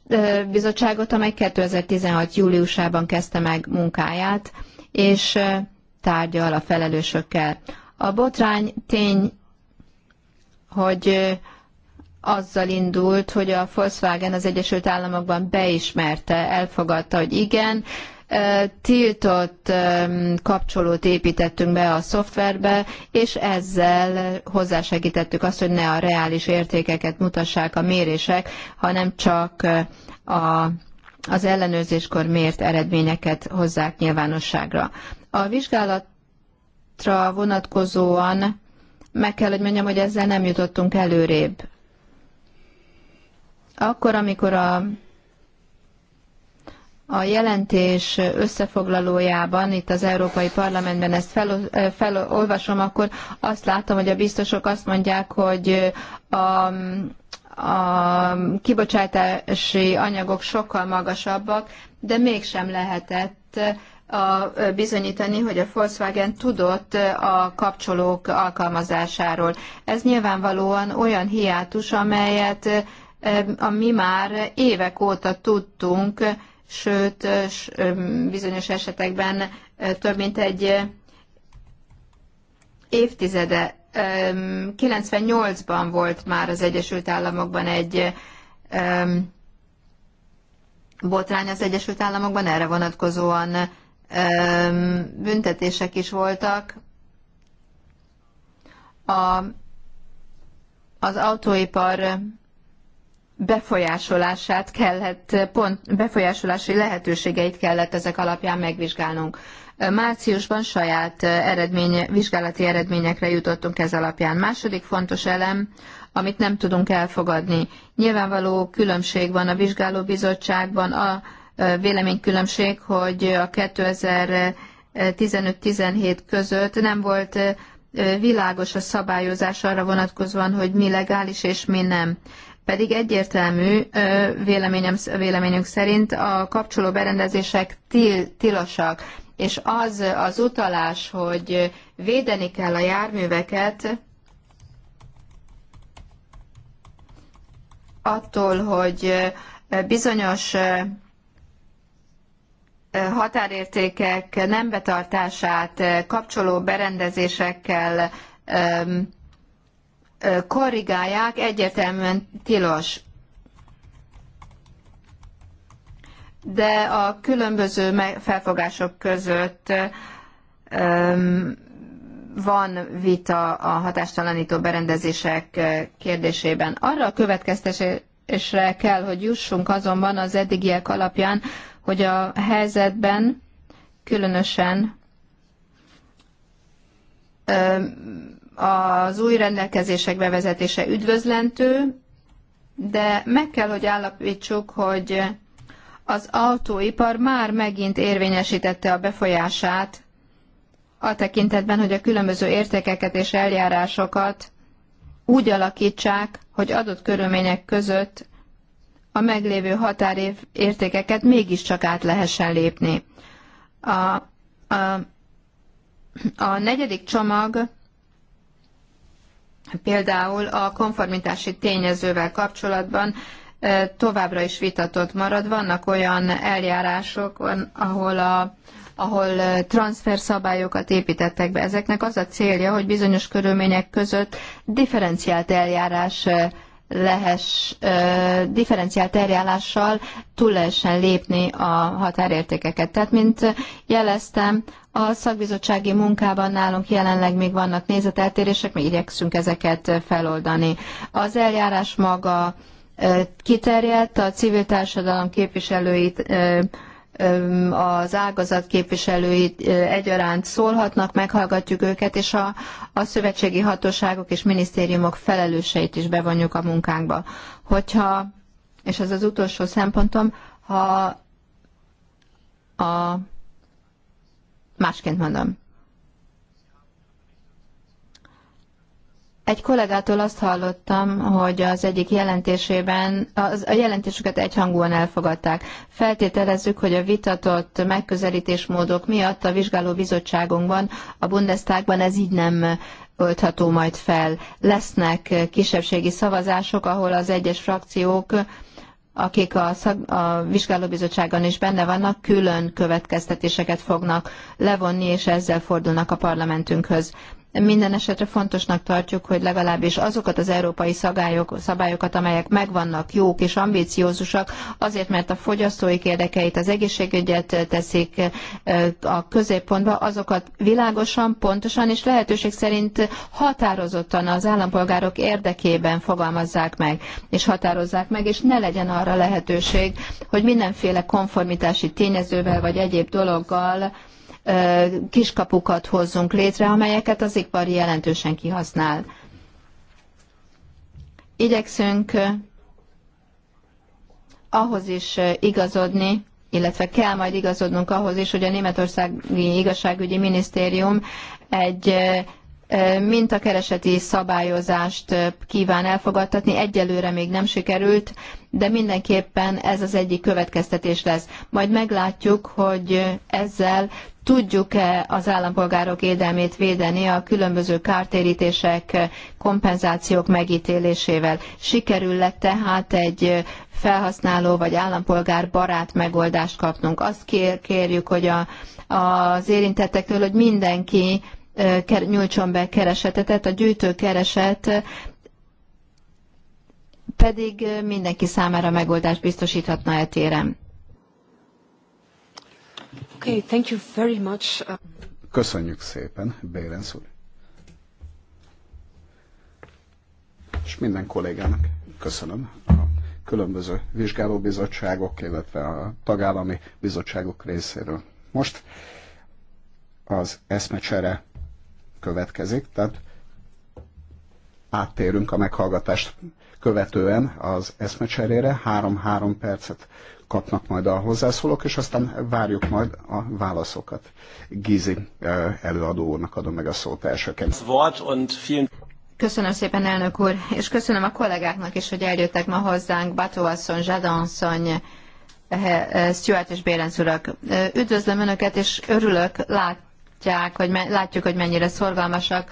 Speaker 3: bizottságot, amely 2016. júliusában kezdte meg munkáját, és tárgyal a felelősökkel. A botrány tény, hogy azzal indult, hogy a Volkswagen az Egyesült Államokban beismerte, elfogadta, hogy igen, tiltott kapcsolót építettünk be a szoftverbe, és ezzel hozzásegítettük azt, hogy ne a reális értékeket mutassák a mérések, hanem csak a, az ellenőrzéskor mért eredményeket hozzák nyilvánosságra. A vizsgálatra vonatkozóan meg kell, hogy mondjam, hogy ezzel nem jutottunk előrébb. Akkor, amikor a a jelentés összefoglalójában, itt az Európai Parlamentben ezt felolvasom, fel, akkor azt látom, hogy a biztosok azt mondják, hogy a, a kibocsátási anyagok sokkal magasabbak, de mégsem lehetett a, bizonyítani, hogy a Volkswagen tudott a kapcsolók alkalmazásáról. Ez nyilvánvalóan olyan hiátus, amelyet mi már évek óta tudtunk, sőt bizonyos esetekben több mint egy évtizede, 98-ban volt már az Egyesült Államokban egy botrány az Egyesült Államokban, erre vonatkozóan büntetések is voltak. A, az autóipar befolyásolását kellett, pont befolyásolási lehetőségeit kellett ezek alapján megvizsgálnunk. Márciusban saját eredmény, vizsgálati eredményekre jutottunk ez alapján. Második fontos elem, amit nem tudunk elfogadni. Nyilvánvaló különbség van a vizsgálóbizottságban, a véleménykülönbség, hogy a 2015-17 között nem volt világos a szabályozás arra vonatkozóan, hogy mi legális és mi nem pedig egyértelmű véleményem, véleményünk szerint a kapcsoló berendezések til, tilosak, és az az utalás, hogy védeni kell a járműveket attól, hogy bizonyos határértékek nem betartását kapcsoló berendezésekkel korrigálják, egyértelműen tilos. De a különböző felfogások között van vita a hatástalanító berendezések kérdésében. Arra a következtetésre kell, hogy jussunk azonban az eddigiek alapján, hogy a helyzetben különösen az új rendelkezések bevezetése üdvözlentő, de meg kell, hogy állapítsuk, hogy az autóipar már megint érvényesítette a befolyását a tekintetben, hogy a különböző értékeket és eljárásokat úgy alakítsák, hogy adott körülmények között a meglévő határév értékeket mégiscsak át lehessen lépni. A, a, a negyedik csomag Például a konformitási tényezővel kapcsolatban továbbra is vitatott marad. Vannak olyan eljárások, ahol a ahol transfer szabályokat építettek be. Ezeknek az a célja, hogy bizonyos körülmények között differenciált eljárás lehess ö, differenciált terjállással túl lehessen lépni a határértékeket. Tehát, mint jeleztem, a szakbizottsági munkában nálunk jelenleg még vannak nézeteltérések, még igyekszünk ezeket feloldani. Az eljárás maga ö, kiterjedt, a civil társadalom képviselőit ö, az ágazat képviselői egyaránt szólhatnak, meghallgatjuk őket, és a, a szövetségi hatóságok és minisztériumok felelőseit is bevonjuk a munkánkba. Hogyha, és ez az utolsó szempontom, ha a másként mondom, Egy kollégától azt hallottam, hogy az egyik jelentésében az, a jelentésüket egyhangúan elfogadták. Feltételezzük, hogy a vitatott megközelítésmódok miatt a vizsgáló bizottságunkban, a Bundestagban ez így nem oldható majd fel. Lesznek kisebbségi szavazások, ahol az egyes frakciók akik a, szag, a vizsgálóbizottságon is benne vannak, külön következtetéseket fognak levonni, és ezzel fordulnak a parlamentünkhöz. Minden esetre fontosnak tartjuk, hogy legalábbis azokat az európai szabályok, szabályokat, amelyek megvannak, jók és ambíciózusak, azért, mert a fogyasztóik érdekeit, az egészségügyet teszik eh, a középpontba, azokat világosan, pontosan és lehetőség szerint határozottan az állampolgárok érdekében fogalmazzák meg, és határozzák meg, és ne legyen arra lehetőség, hogy mindenféle konformitási tényezővel vagy egyéb dologgal kiskapukat hozzunk létre, amelyeket az ipari jelentősen kihasznál. Igyekszünk ahhoz is igazodni, illetve kell majd igazodnunk ahhoz is, hogy a Németországi Igazságügyi Minisztérium egy mintakereseti szabályozást kíván elfogadtatni. Egyelőre még nem sikerült, de mindenképpen ez az egyik következtetés lesz. Majd meglátjuk, hogy ezzel tudjuk-e az állampolgárok édelmét védeni a különböző kártérítések, kompenzációk megítélésével. Sikerül-e tehát egy felhasználó vagy állampolgár barát megoldást kapnunk? Azt kérjük, hogy a, az érintettektől, hogy mindenki nyújtson be keresetet, a gyűjtő kereset pedig mindenki számára megoldást biztosíthatna e téren. Okay, thank you very much.
Speaker 1: Köszönjük szépen, Bérenc úr. És minden kollégának köszönöm a különböző vizsgálóbizottságok, illetve a tagállami bizottságok részéről. Most az eszmecsere következik, tehát áttérünk a meghallgatást követően az eszmecserére, három-három percet kapnak majd a hozzászólók, és aztán várjuk majd a válaszokat. Gizi eh, előadó úrnak adom meg a szót elsőként.
Speaker 3: Köszönöm szépen, elnök úr, és köszönöm a kollégáknak is, hogy eljöttek ma hozzánk, Bató asszony, Zsadonszony, eh, eh, Stuart és Bérenc urak. Üdvözlöm Önöket, és örülök, látják, hogy látjuk, hogy mennyire szorgalmasak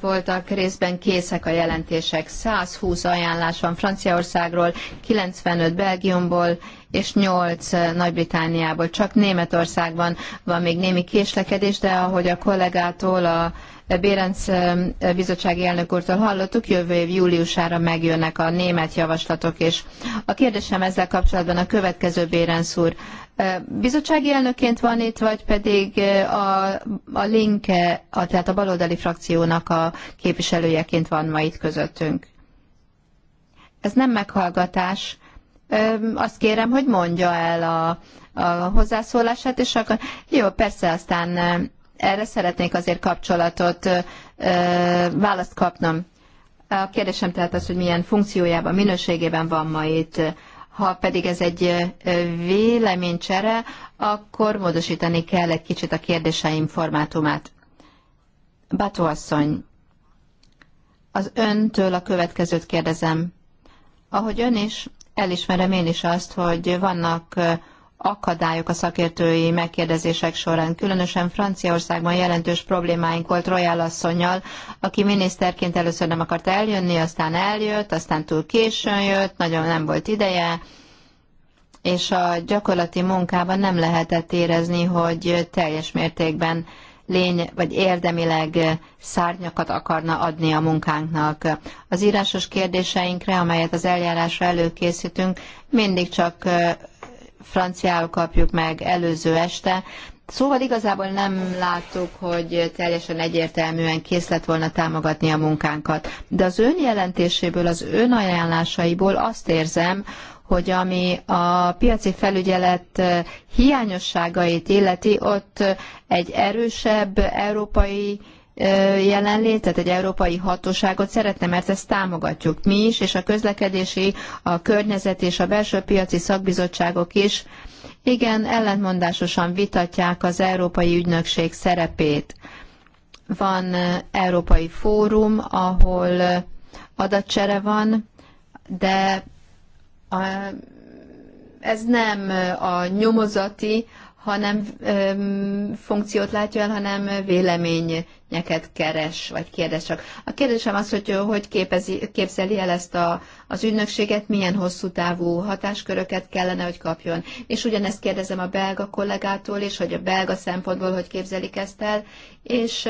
Speaker 3: voltak részben készek a jelentések. 120 ajánlás van Franciaországról, 95 Belgiumból és 8 Nagy-Britániából. Csak Németországban van még némi késlekedés, de ahogy a kollégától a Bérenc bizottsági elnök úrtól hallottuk, jövő év júliusára megjönnek a német javaslatok, és a kérdésem ezzel kapcsolatban a következő Bérenc úr bizottsági elnökként van itt, vagy pedig a, a link, a, tehát a baloldali frakciónak a képviselőjeként van ma itt közöttünk. Ez nem meghallgatás. Azt kérem, hogy mondja el a, a hozzászólását, és akkor jó, persze aztán erre szeretnék azért kapcsolatot, választ kapnom. A kérdésem tehát az, hogy milyen funkciójában, minőségében van ma itt ha pedig ez egy véleménycsere, akkor módosítani kell egy kicsit a kérdéseim formátumát. Bató asszony, az öntől a következőt kérdezem. Ahogy ön is, elismerem én is azt, hogy vannak akadályok a szakértői megkérdezések során. Különösen Franciaországban jelentős problémáink volt Royal asszonynal, aki miniszterként először nem akart eljönni, aztán eljött, aztán túl későn jött, nagyon nem volt ideje, és a gyakorlati munkában nem lehetett érezni, hogy teljes mértékben lény vagy érdemileg szárnyakat akarna adni a munkánknak. Az írásos kérdéseinkre, amelyet az eljárásra előkészítünk, mindig csak franciául kapjuk meg előző este. Szóval igazából nem láttuk, hogy teljesen egyértelműen kész lett volna támogatni a munkánkat. De az ön jelentéséből, az ön ajánlásaiból azt érzem, hogy ami a piaci felügyelet hiányosságait illeti, ott egy erősebb európai jelenlétet, egy európai hatóságot szeretne, mert ezt támogatjuk mi is, és a közlekedési, a környezet és a belső piaci szakbizottságok is igen ellentmondásosan vitatják az európai ügynökség szerepét. Van európai fórum, ahol adatcsere van, de ez nem a nyomozati, hanem öm, funkciót látja el, hanem véleményeket keres, vagy kérdez csak. A kérdésem az, hogy hogy képezi, képzeli el ezt a, az ügynökséget, milyen hosszú távú hatásköröket kellene, hogy kapjon. És ugyanezt kérdezem a belga kollégától is, hogy a belga szempontból hogy képzelik ezt el, és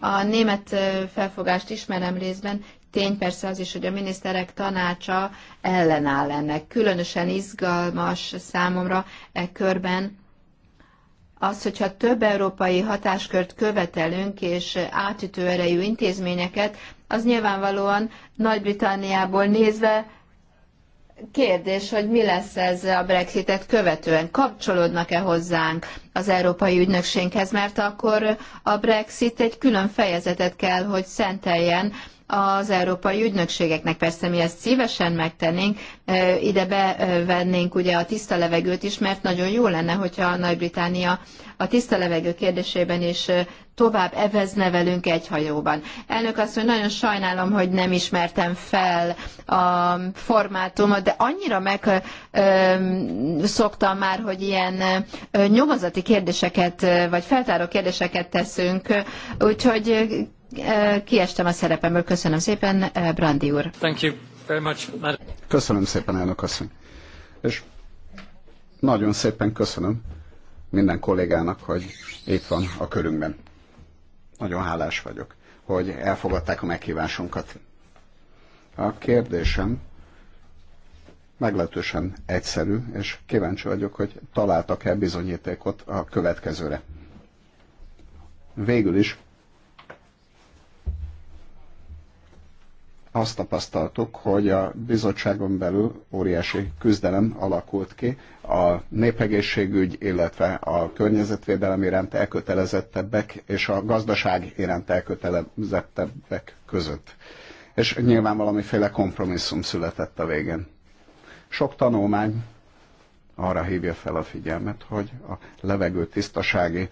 Speaker 3: a német felfogást ismerem részben, Tény persze az is, hogy a miniszterek tanácsa ellenáll ennek. Különösen izgalmas számomra e körben, az, hogyha több európai hatáskört követelünk és átütő erejű intézményeket, az nyilvánvalóan Nagy-Britanniából nézve kérdés, hogy mi lesz ez a Brexitet követően. Kapcsolódnak-e hozzánk az Európai Ügynökséghez, mert akkor a Brexit egy külön fejezetet kell, hogy szenteljen az európai ügynökségeknek. Persze mi ezt szívesen megtennénk, ide bevennénk ugye a tiszta levegőt is, mert nagyon jó lenne, hogyha a Nagy-Británia a tiszta levegő kérdésében is tovább evezne velünk egy hajóban. Elnök azt mondja, nagyon sajnálom, hogy nem ismertem fel a formátumot, de annyira meg szoktam már, hogy ilyen nyomozati kérdéseket, vagy feltáró kérdéseket teszünk, úgyhogy kiestem a szerepemből. Köszönöm szépen, Brandi úr.
Speaker 1: Thank you very much, Köszönöm szépen, elnök asszony. És nagyon szépen köszönöm minden kollégának, hogy itt van a körünkben. Nagyon hálás vagyok, hogy elfogadták a meghívásunkat. A kérdésem meglehetősen egyszerű, és kíváncsi vagyok, hogy találtak-e bizonyítékot a következőre. Végül is azt tapasztaltuk, hogy a bizottságon belül óriási küzdelem alakult ki a népegészségügy, illetve a környezetvédelem iránt elkötelezettebbek és a gazdaság iránt elkötelezettebbek között. És nyilván valamiféle kompromisszum született a végén. Sok tanulmány arra hívja fel a figyelmet, hogy a levegő tisztasági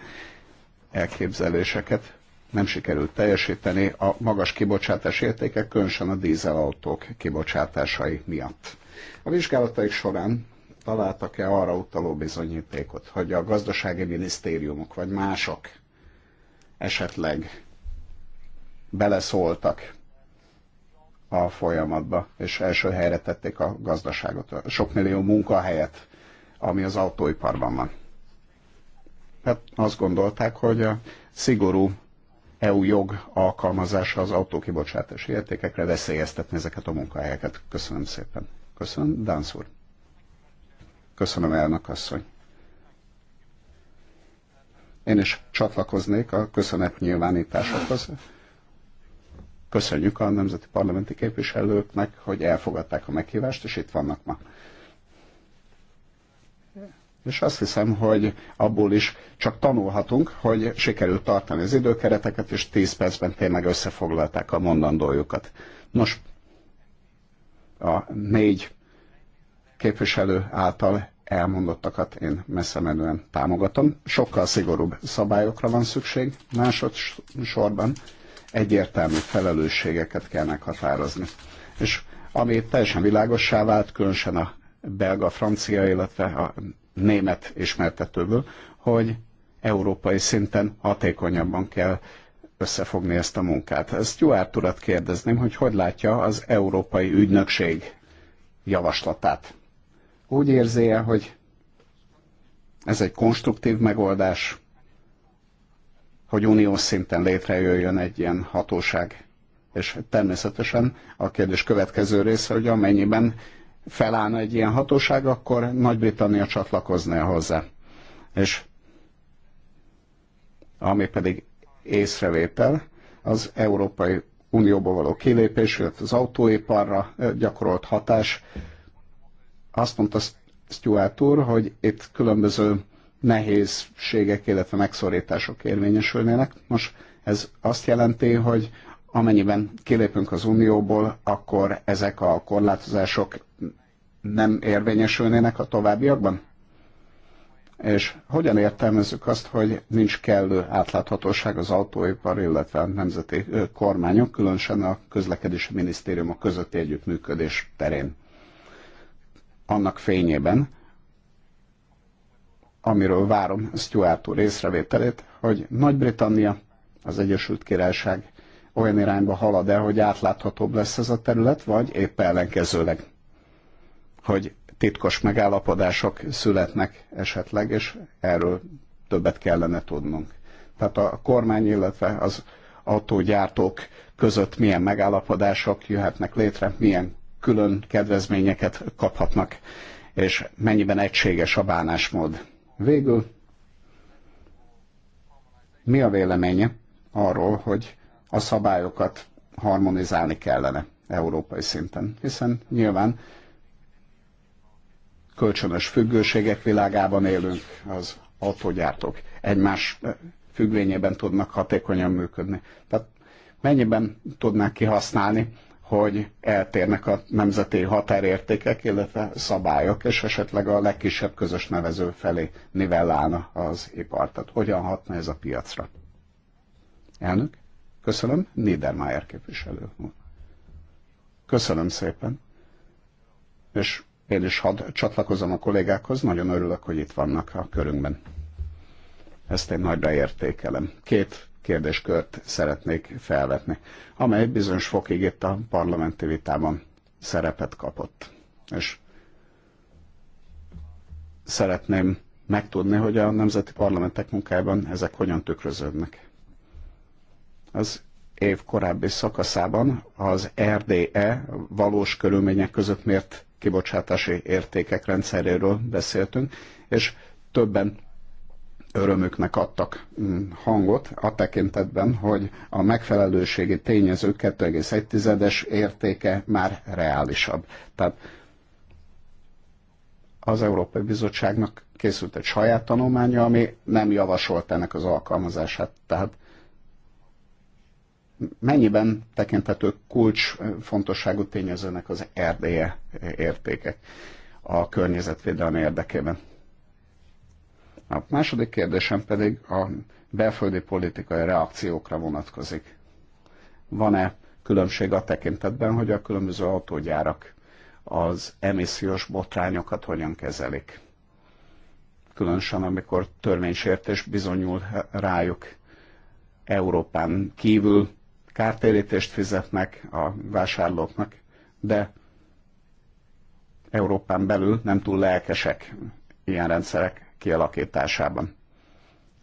Speaker 1: elképzeléseket nem sikerült teljesíteni a magas kibocsátás értékek, különösen a dízelautók kibocsátásai miatt. A vizsgálataik során találtak-e arra utaló bizonyítékot, hogy a gazdasági minisztériumok vagy mások esetleg beleszóltak a folyamatba, és első helyre tették a gazdaságot, sok millió munkahelyet, ami az autóiparban van. Hát azt gondolták, hogy a szigorú EU jog alkalmazása az autókibocsátási értékekre veszélyeztetni ezeket a munkahelyeket. Köszönöm szépen. Köszönöm, Dánc úr. Köszönöm, elnök asszony. Én is csatlakoznék a köszönet nyilvánításokhoz. Köszönjük a nemzeti parlamenti képviselőknek, hogy elfogadták a meghívást, és itt vannak ma. És azt hiszem, hogy abból is csak tanulhatunk, hogy sikerült tartani az időkereteket, és 10 percben tényleg összefoglalták a mondandójukat. Nos, a négy képviselő által elmondottakat én messze menően támogatom. Sokkal szigorúbb szabályokra van szükség, másodszorban egyértelmű felelősségeket kell meghatározni. És ami teljesen világossá vált, különösen a belga, francia, illetve a német ismertetőből, hogy európai szinten hatékonyabban kell összefogni ezt a munkát. jó Arturat kérdezném, hogy hogy látja az Európai Ügynökség javaslatát. Úgy érzi -e, hogy ez egy konstruktív megoldás, hogy uniós szinten létrejöjjön egy ilyen hatóság? És természetesen a kérdés következő része, hogy amennyiben felállna egy ilyen hatóság, akkor Nagy-Britannia csatlakozna hozzá. És ami pedig észrevétel, az Európai Unióba való kilépés, illetve az autóiparra gyakorolt hatás. Azt mondta Stuart úr, hogy itt különböző nehézségek, illetve megszorítások érvényesülnének. Most ez azt jelenti, hogy amennyiben kilépünk az Unióból, akkor ezek a korlátozások nem érvényesülnének a továbbiakban? És hogyan értelmezzük azt, hogy nincs kellő átláthatóság az autóipar, illetve a nemzeti kormányok, különösen a közlekedési minisztériumok közötti együttműködés terén? Annak fényében, amiről várom Stuart úr észrevételét, hogy Nagy-Britannia, az Egyesült Királyság olyan irányba halad el, hogy átláthatóbb lesz ez a terület, vagy épp ellenkezőleg, hogy titkos megállapodások születnek esetleg, és erről többet kellene tudnunk. Tehát a kormány, illetve az autógyártók között milyen megállapodások jöhetnek létre, milyen külön kedvezményeket kaphatnak, és mennyiben egységes a bánásmód. Végül mi a véleménye arról, hogy a szabályokat harmonizálni kellene európai szinten, hiszen nyilván kölcsönös függőségek világában élünk, az autógyártók egymás eh, függvényében tudnak hatékonyan működni. Tehát mennyiben tudnák kihasználni, hogy eltérnek a nemzeti határértékek, illetve szabályok, és esetleg a legkisebb közös nevező felé nivellálna az ipar. Tehát hogyan hatna ez a piacra? Elnök? Köszönöm, Niedermayer képviselő úr. Köszönöm szépen. És én is hadd csatlakozom a kollégákhoz, nagyon örülök, hogy itt vannak a körünkben. Ezt én nagyra értékelem. Két kérdéskört szeretnék felvetni, amely bizonyos fokig itt a parlamenti vitában szerepet kapott. És szeretném megtudni, hogy a nemzeti parlamentek munkájában ezek hogyan tükröződnek. Az év korábbi szakaszában az RDE valós körülmények között mért kibocsátási értékek rendszeréről beszéltünk, és többen örömüknek adtak mm, hangot a tekintetben, hogy a megfelelőségi tényező 2,1-es értéke már reálisabb. Tehát az Európai Bizottságnak készült egy saját tanulmánya, ami nem javasolt ennek az alkalmazását. Tehát mennyiben tekinthető kulcs eh, fontosságú tényezőnek az erdélye eh, értékek a környezetvédelem érdekében. A második kérdésem pedig a belföldi politikai reakciókra vonatkozik. Van-e különbség a tekintetben, hogy a különböző autógyárak az emissziós botrányokat hogyan kezelik? Különösen, amikor törvénysértés bizonyul rájuk Európán kívül kártérítést fizetnek a vásárlóknak, de Európán belül nem túl lelkesek ilyen rendszerek kialakításában.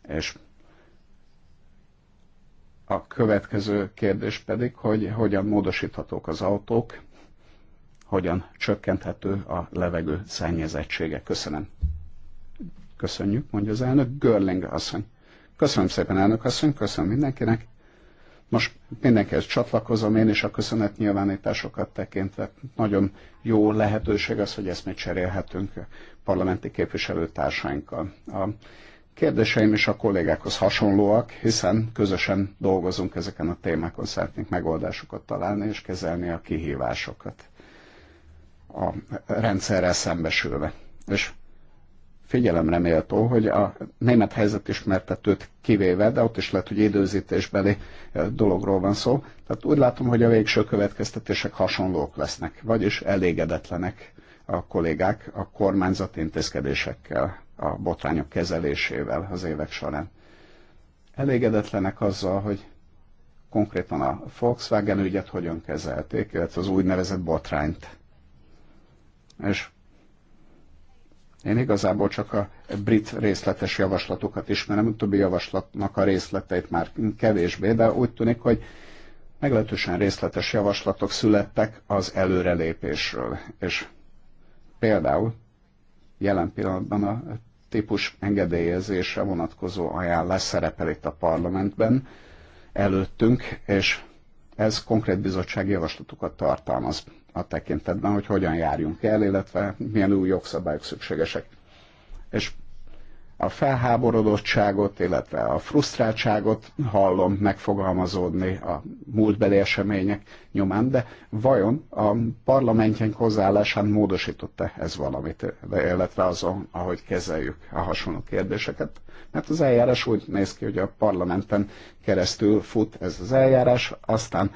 Speaker 1: És a következő kérdés pedig, hogy hogyan módosíthatók az autók, hogyan csökkenthető a levegő szennyezettsége. Köszönöm. Köszönjük, mondja az elnök. Görling asszony. Köszönöm szépen, elnök asszony, köszönöm mindenkinek. Most mindenkihez csatlakozom én is a köszönet nyilvánításokat tekintve. Nagyon jó lehetőség az, hogy ezt még cserélhetünk parlamenti képviselőtársainkkal. A kérdéseim is a kollégákhoz hasonlóak, hiszen közösen dolgozunk ezeken a témákon, szeretnénk megoldásokat találni és kezelni a kihívásokat a rendszerrel szembesülve. És figyelemre méltó, hogy a német helyzet ismertetőt kivéve, de ott is lehet, hogy időzítésbeli dologról van szó. Tehát úgy látom, hogy a végső következtetések hasonlók lesznek, vagyis elégedetlenek a kollégák a kormányzat intézkedésekkel, a botrányok kezelésével az évek során. Elégedetlenek azzal, hogy konkrétan a Volkswagen ügyet hogyan kezelték, illetve az úgynevezett botrányt. És én igazából csak a brit részletes javaslatokat ismerem, többi javaslatnak a részleteit már kevésbé, de úgy tűnik, hogy meglehetősen részletes javaslatok születtek az előrelépésről. És például jelen pillanatban a típus engedélyezésre vonatkozó ajánlás szerepel itt a parlamentben előttünk, és ez konkrét bizottsági javaslatokat tartalmaz a tekintetben, hogy hogyan járjunk el, illetve milyen új jogszabályok szükségesek. És a felháborodottságot, illetve a frusztráltságot hallom megfogalmazódni a múltbeli események nyomán, de vajon a parlamentjénk hozzáállásán módosította ez valamit, illetve azon, ahogy kezeljük a hasonló kérdéseket? Mert az eljárás úgy néz ki, hogy a parlamenten keresztül fut ez az eljárás, aztán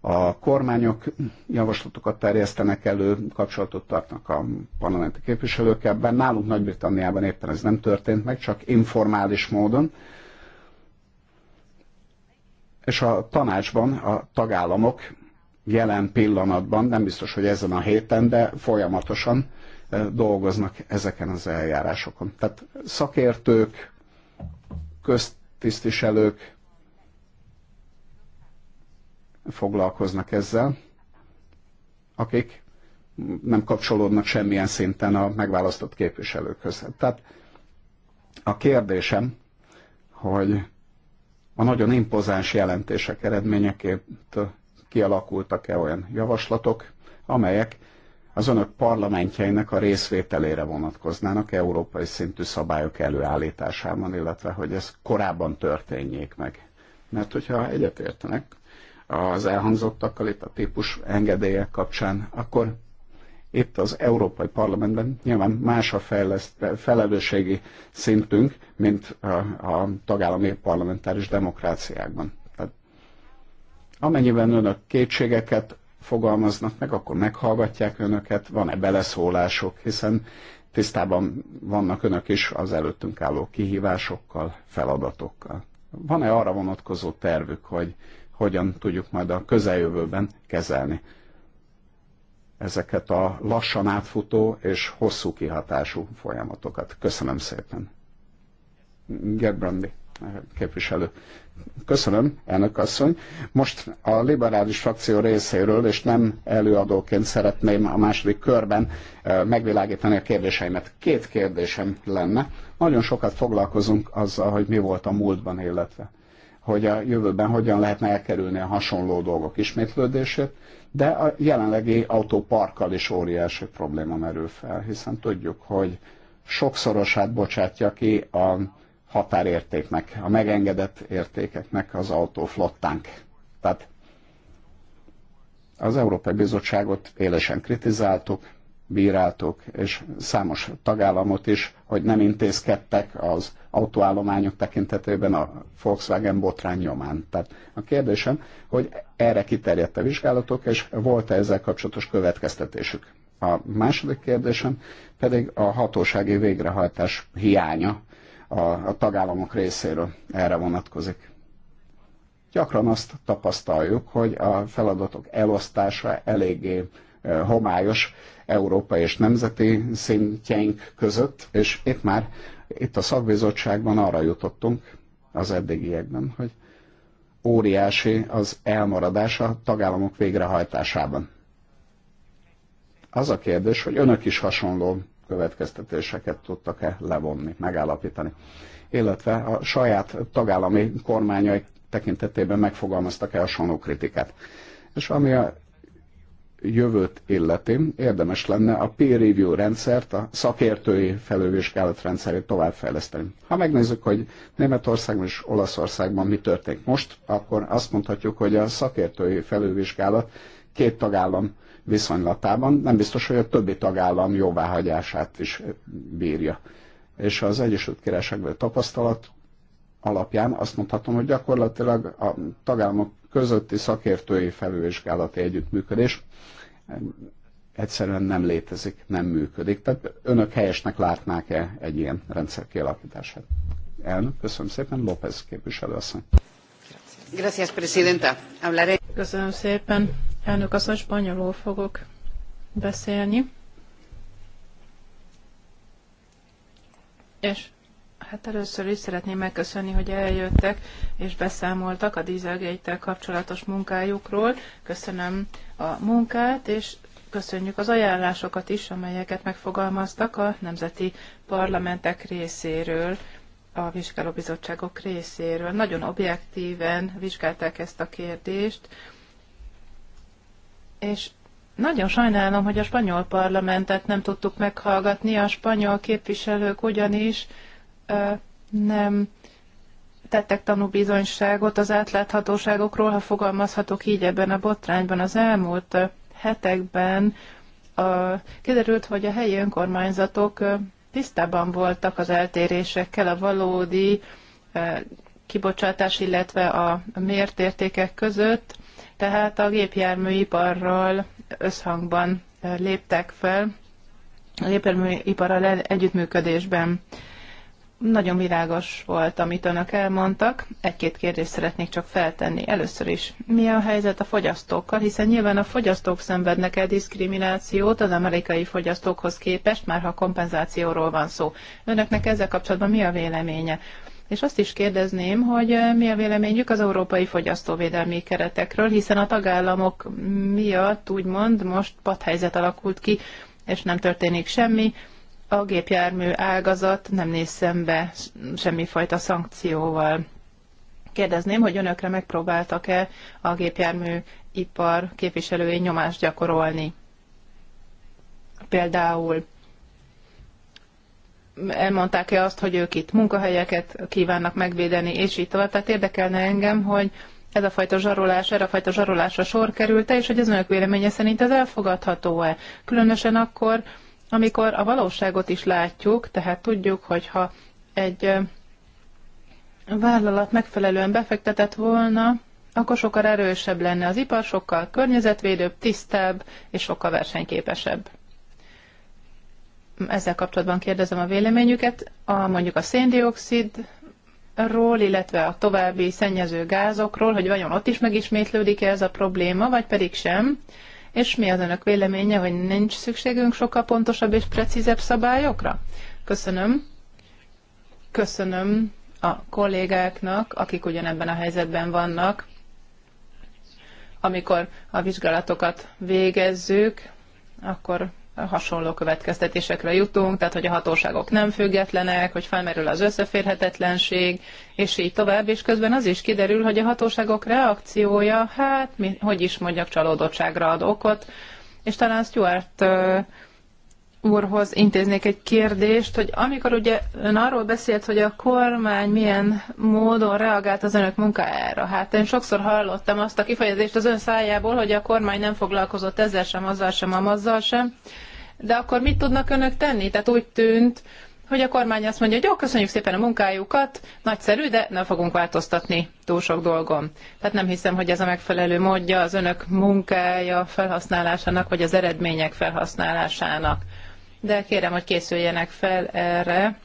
Speaker 1: a kormányok javaslatokat terjesztenek elő, kapcsolatot tartnak a parlamenti képviselőkkel, bár nálunk Nagy-Britanniában éppen ez nem történt meg, csak informális módon. És a tanácsban a tagállamok jelen pillanatban, nem biztos, hogy ezen a héten, de folyamatosan dolgoznak ezeken az eljárásokon. Tehát szakértők, köztisztviselők, foglalkoznak ezzel, akik nem kapcsolódnak semmilyen szinten a megválasztott képviselőkhöz. Tehát a kérdésem, hogy a nagyon impozáns jelentések eredményeként kialakultak-e olyan javaslatok, amelyek az önök parlamentjeinek a részvételére vonatkoznának európai szintű szabályok előállításában, illetve hogy ez korábban történjék meg. Mert hogyha egyetértenek, az elhangzottakkal, itt a típus engedélyek kapcsán, akkor itt az Európai Parlamentben nyilván más a felelősségi szintünk, mint a, a tagállami parlamentáris demokráciákban. Tehát amennyiben önök kétségeket fogalmaznak meg, akkor meghallgatják önöket, van-e beleszólások, hiszen tisztában vannak önök is az előttünk álló kihívásokkal, feladatokkal. Van-e arra vonatkozó tervük, hogy hogyan tudjuk majd a közeljövőben kezelni ezeket a lassan átfutó és hosszú kihatású folyamatokat. Köszönöm szépen. Gerbrandi képviselő. Köszönöm, elnök asszony. Most a liberális frakció részéről, és nem előadóként szeretném a második körben megvilágítani a kérdéseimet. Két kérdésem lenne. Nagyon sokat foglalkozunk azzal, hogy mi volt a múltban, illetve hogy a jövőben hogyan lehetne elkerülni a hasonló dolgok ismétlődését, de a jelenlegi autóparkkal is óriási probléma merül fel, hiszen tudjuk, hogy sokszorosát bocsátja ki a határértéknek, a megengedett értékeknek az autóflottánk. Tehát az Európai Bizottságot élesen kritizáltuk, bíráltuk, és számos tagállamot is, hogy nem intézkedtek az autóállományok tekintetében a Volkswagen botrány nyomán. Tehát a kérdésem, hogy erre kiterjedt a vizsgálatok, és volt-e ezzel kapcsolatos következtetésük? A második kérdésem pedig a hatósági végrehajtás hiánya a, a tagállamok részéről erre vonatkozik. Gyakran azt tapasztaljuk, hogy a feladatok elosztása eléggé homályos, Európa és nemzeti szintjeink között, és itt már itt a szakbizottságban arra jutottunk az eddigiekben, hogy óriási az elmaradás a tagállamok végrehajtásában. Az a kérdés, hogy önök is hasonló következtetéseket tudtak-e levonni, megállapítani, illetve a saját tagállami kormányai tekintetében megfogalmaztak-e hasonló kritikát. És ami a jövőt illeti, érdemes lenne a peer review rendszert, a szakértői felővizsgálat rendszerét továbbfejleszteni. Ha megnézzük, hogy Németországban és Olaszországban mi történik most, akkor azt mondhatjuk, hogy a szakértői felővizsgálat két tagállam viszonylatában nem biztos, hogy a többi tagállam jóváhagyását is bírja. És az Egyesült Királyságban tapasztalat alapján azt mondhatom, hogy gyakorlatilag a tagállamok közötti szakértői felülvizsgálati együttműködés egyszerűen nem létezik, nem működik. Tehát önök helyesnek látnák-e egy ilyen rendszer kialakítását? Elnök, köszönöm szépen, López képviselő asszony.
Speaker 2: Gracias, presidenta. Köszönöm szépen. Elnök asszony, spanyolul fogok beszélni. És Hát először is szeretném megköszönni, hogy eljöttek és beszámoltak a dieselgate kapcsolatos munkájukról. Köszönöm a munkát, és köszönjük az ajánlásokat is, amelyeket megfogalmaztak a nemzeti parlamentek részéről, a vizsgálóbizottságok részéről. Nagyon objektíven vizsgálták ezt a kérdést, és nagyon sajnálom, hogy a spanyol parlamentet nem tudtuk meghallgatni, a spanyol képviselők ugyanis nem tettek tanúbizonyságot az átláthatóságokról, ha fogalmazhatok így ebben a botrányban. Az elmúlt hetekben a, kiderült, hogy a helyi önkormányzatok tisztában voltak az eltérésekkel a valódi kibocsátás, illetve a mért értékek között, tehát a gépjárműiparral összhangban léptek fel, a gépjárműiparral együttműködésben. Nagyon világos volt, amit önök elmondtak. Egy-két kérdést szeretnék csak feltenni. Először is, mi a helyzet a fogyasztókkal? Hiszen nyilván a fogyasztók szenvednek el diszkriminációt az amerikai fogyasztókhoz képest, már ha kompenzációról van szó. Önöknek ezzel kapcsolatban mi a véleménye? És azt is kérdezném, hogy eh, mi a véleményük az európai fogyasztóvédelmi keretekről, hiszen a tagállamok miatt úgymond most padhelyzet alakult ki, és nem történik semmi a gépjármű ágazat nem néz szembe semmifajta szankcióval. Kérdezném, hogy önökre megpróbáltak-e a gépjármű ipar képviselői nyomást gyakorolni? Például elmondták-e azt, hogy ők itt munkahelyeket kívánnak megvédeni, és így tovább. Tehát érdekelne engem, hogy ez a fajta zsarolás, erre a fajta zsarolásra sor került-e, és hogy az önök véleménye szerint ez elfogadható-e? Különösen akkor, amikor a valóságot is látjuk, tehát tudjuk, hogyha egy vállalat megfelelően befektetett volna, akkor sokkal erősebb lenne az ipar, sokkal környezetvédőbb, tisztább és sokkal versenyképesebb. Ezzel kapcsolatban kérdezem a véleményüket, a, mondjuk a széndiokszidról, illetve a további szennyező gázokról, hogy vajon ott is megismétlődik-e ez a probléma, vagy pedig sem és mi az önök véleménye, hogy nincs szükségünk sokkal pontosabb és precízebb szabályokra? Köszönöm. Köszönöm a kollégáknak, akik ugyanebben a helyzetben vannak, amikor a vizsgálatokat végezzük, akkor hasonló következtetésekre jutunk, tehát hogy a hatóságok nem függetlenek, hogy felmerül az összeférhetetlenség, és így tovább, és közben az is kiderül, hogy a hatóságok reakciója, hát, mi, hogy is mondjak, csalódottságra ad okot, és talán Stuart úrhoz intéznék egy kérdést, hogy amikor ugye ön arról beszélt, hogy a kormány milyen módon reagált az önök munkájára, hát én sokszor hallottam azt a kifejezést az ön szájából, hogy a kormány nem foglalkozott ezzel sem, azzal sem, amazzal sem, de akkor mit tudnak önök tenni? Tehát úgy tűnt, hogy a kormány azt mondja, hogy jó, köszönjük szépen a munkájukat, nagyszerű, de nem fogunk változtatni túl sok dolgon. Tehát nem hiszem, hogy ez a megfelelő módja az önök munkája felhasználásának, vagy az eredmények felhasználásának. De kérem, hogy készüljenek fel erre,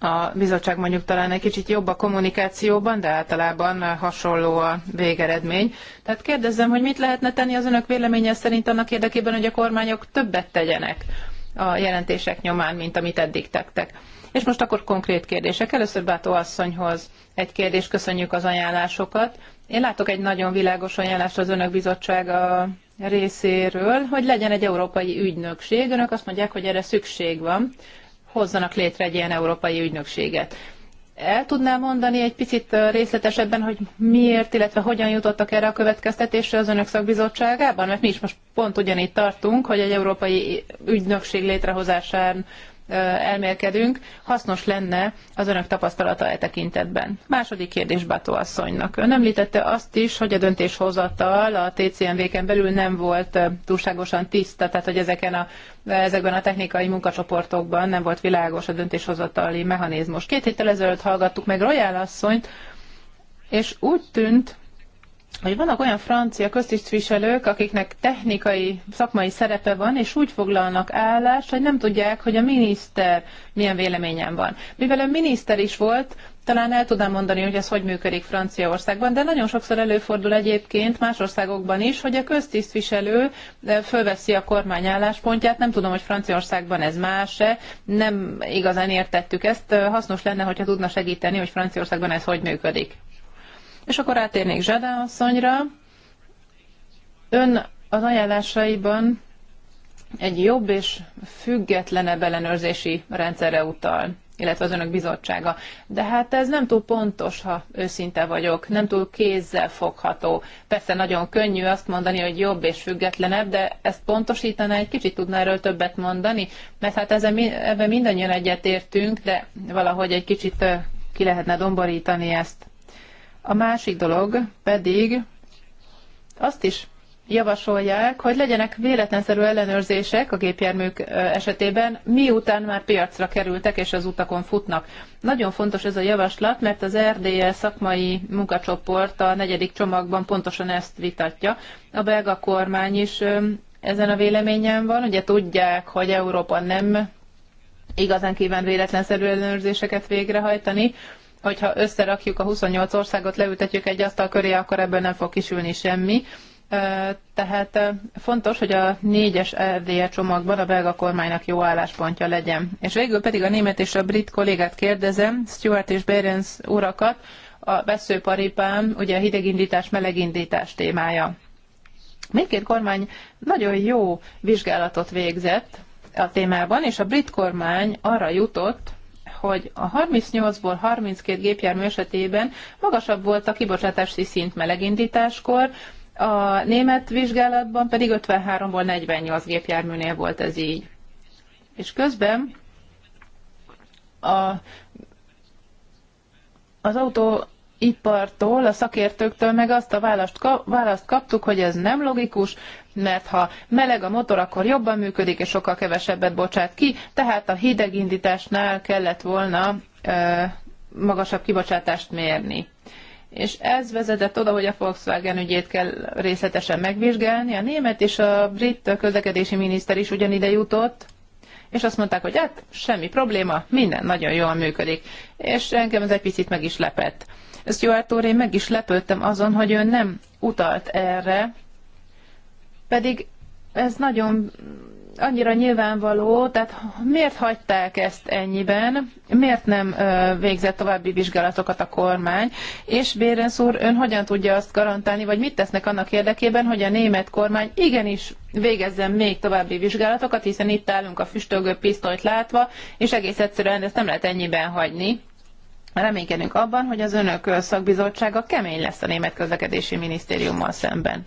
Speaker 2: a bizottság mondjuk talán egy kicsit jobb a kommunikációban, de általában hasonló a végeredmény. Tehát kérdezem, hogy mit lehetne tenni az önök véleménye szerint annak érdekében, hogy a kormányok többet tegyenek a jelentések nyomán, mint amit eddig tettek. És most akkor konkrét kérdések. Először Bátó asszonyhoz egy kérdés, köszönjük az ajánlásokat. Én látok egy nagyon világos ajánlást az önök bizottsága részéről, hogy legyen egy európai ügynökség. Önök azt mondják, hogy erre szükség van hozzanak létre egy ilyen európai ügynökséget. El tudnál mondani egy picit részletesebben, hogy miért, illetve hogyan jutottak erre a következtetésre az önök szakbizottságában? Mert mi is most pont ugyanígy tartunk, hogy egy európai ügynökség létrehozásán elmélkedünk, hasznos lenne az önök tapasztalata e tekintetben. Második kérdés Bató asszonynak. Ön említette azt is, hogy a döntéshozatal a TCMV-ken belül nem volt túlságosan tiszta, tehát hogy ezeken a, ezekben a technikai munkacsoportokban nem volt világos a döntéshozatali mechanizmus. Két héttel ezelőtt hallgattuk meg Royal asszonyt, és úgy tűnt, hogy vannak olyan francia köztisztviselők, akiknek technikai, szakmai szerepe van, és úgy foglalnak állást, hogy nem tudják, hogy a miniszter milyen véleményen van. Mivel a miniszter is volt, talán el tudnám mondani, hogy ez hogy működik Franciaországban, de nagyon sokszor előfordul egyébként más országokban is, hogy a köztisztviselő eh, fölveszi a kormány álláspontját. Nem tudom, hogy Franciaországban ez más-e, nem igazán értettük ezt. Eh, hasznos lenne, hogyha tudna segíteni, hogy Franciaországban ez hogy működik. És akkor átérnék Zsadá asszonyra. Ön az ajánlásaiban egy jobb és függetlenebb ellenőrzési rendszerre utal illetve az önök bizottsága. De hát ez nem túl pontos, ha őszinte vagyok, nem túl kézzel fogható. Persze nagyon könnyű azt mondani, hogy jobb és függetlenebb, de ezt pontosítaná, egy kicsit tudná erről többet mondani, mert hát ezen, ebben mindannyian egyetértünk, de valahogy egy kicsit ki lehetne domborítani ezt. A másik dolog pedig azt is javasolják, hogy legyenek véletlenszerű ellenőrzések a gépjárműk esetében, miután már piacra kerültek és az utakon futnak. Nagyon fontos ez a javaslat, mert az RDL e szakmai munkacsoport a negyedik csomagban pontosan ezt vitatja. A belga kormány is ezen a véleményen van, ugye tudják, hogy Európa nem igazán kíván véletlenszerű ellenőrzéseket végrehajtani, hogyha összerakjuk a 28 országot, leültetjük egy asztal köré, akkor ebből nem fog kisülni semmi. Tehát fontos, hogy a négyes RDE csomagban a belga kormánynak jó álláspontja legyen. És végül pedig a német és a brit kollégát kérdezem, Stuart és Berens urakat, a veszőparipám, ugye a hidegindítás, melegindítás témája. Mindkét kormány nagyon jó vizsgálatot végzett a témában, és a brit kormány arra jutott, hogy a 38-ból 32 gépjármű esetében magasabb volt a kibocsátási szint melegindításkor, a német vizsgálatban pedig 53-ból 48 gépjárműnél volt ez így. És közben a, az autó ipartól, a szakértőktől meg azt a választ, választ kaptuk, hogy ez nem logikus, mert ha meleg a motor, akkor jobban működik, és sokkal kevesebbet bocsát ki, tehát a hidegindításnál kellett volna magasabb kibocsátást mérni és ez vezetett oda, hogy a Volkswagen ügyét kell részletesen megvizsgálni. A német és a brit közlekedési miniszter is ugyanide jutott, és azt mondták, hogy hát semmi probléma, minden nagyon jól működik. És engem ez egy picit meg is lepett. Ezt jó én meg is lepődtem azon, hogy ő nem utalt erre, pedig ez nagyon annyira nyilvánvaló, tehát miért hagyták ezt ennyiben, miért nem végzett további vizsgálatokat a kormány, és Bérensz úr, ön hogyan tudja azt garantálni, vagy mit tesznek annak érdekében, hogy a német kormány igenis végezzen még további vizsgálatokat, hiszen itt állunk a füstölgő pisztolyt látva, és egész egyszerűen ezt nem lehet ennyiben hagyni reménykedünk abban, hogy az önök szakbizottsága kemény lesz a német közlekedési minisztériummal szemben.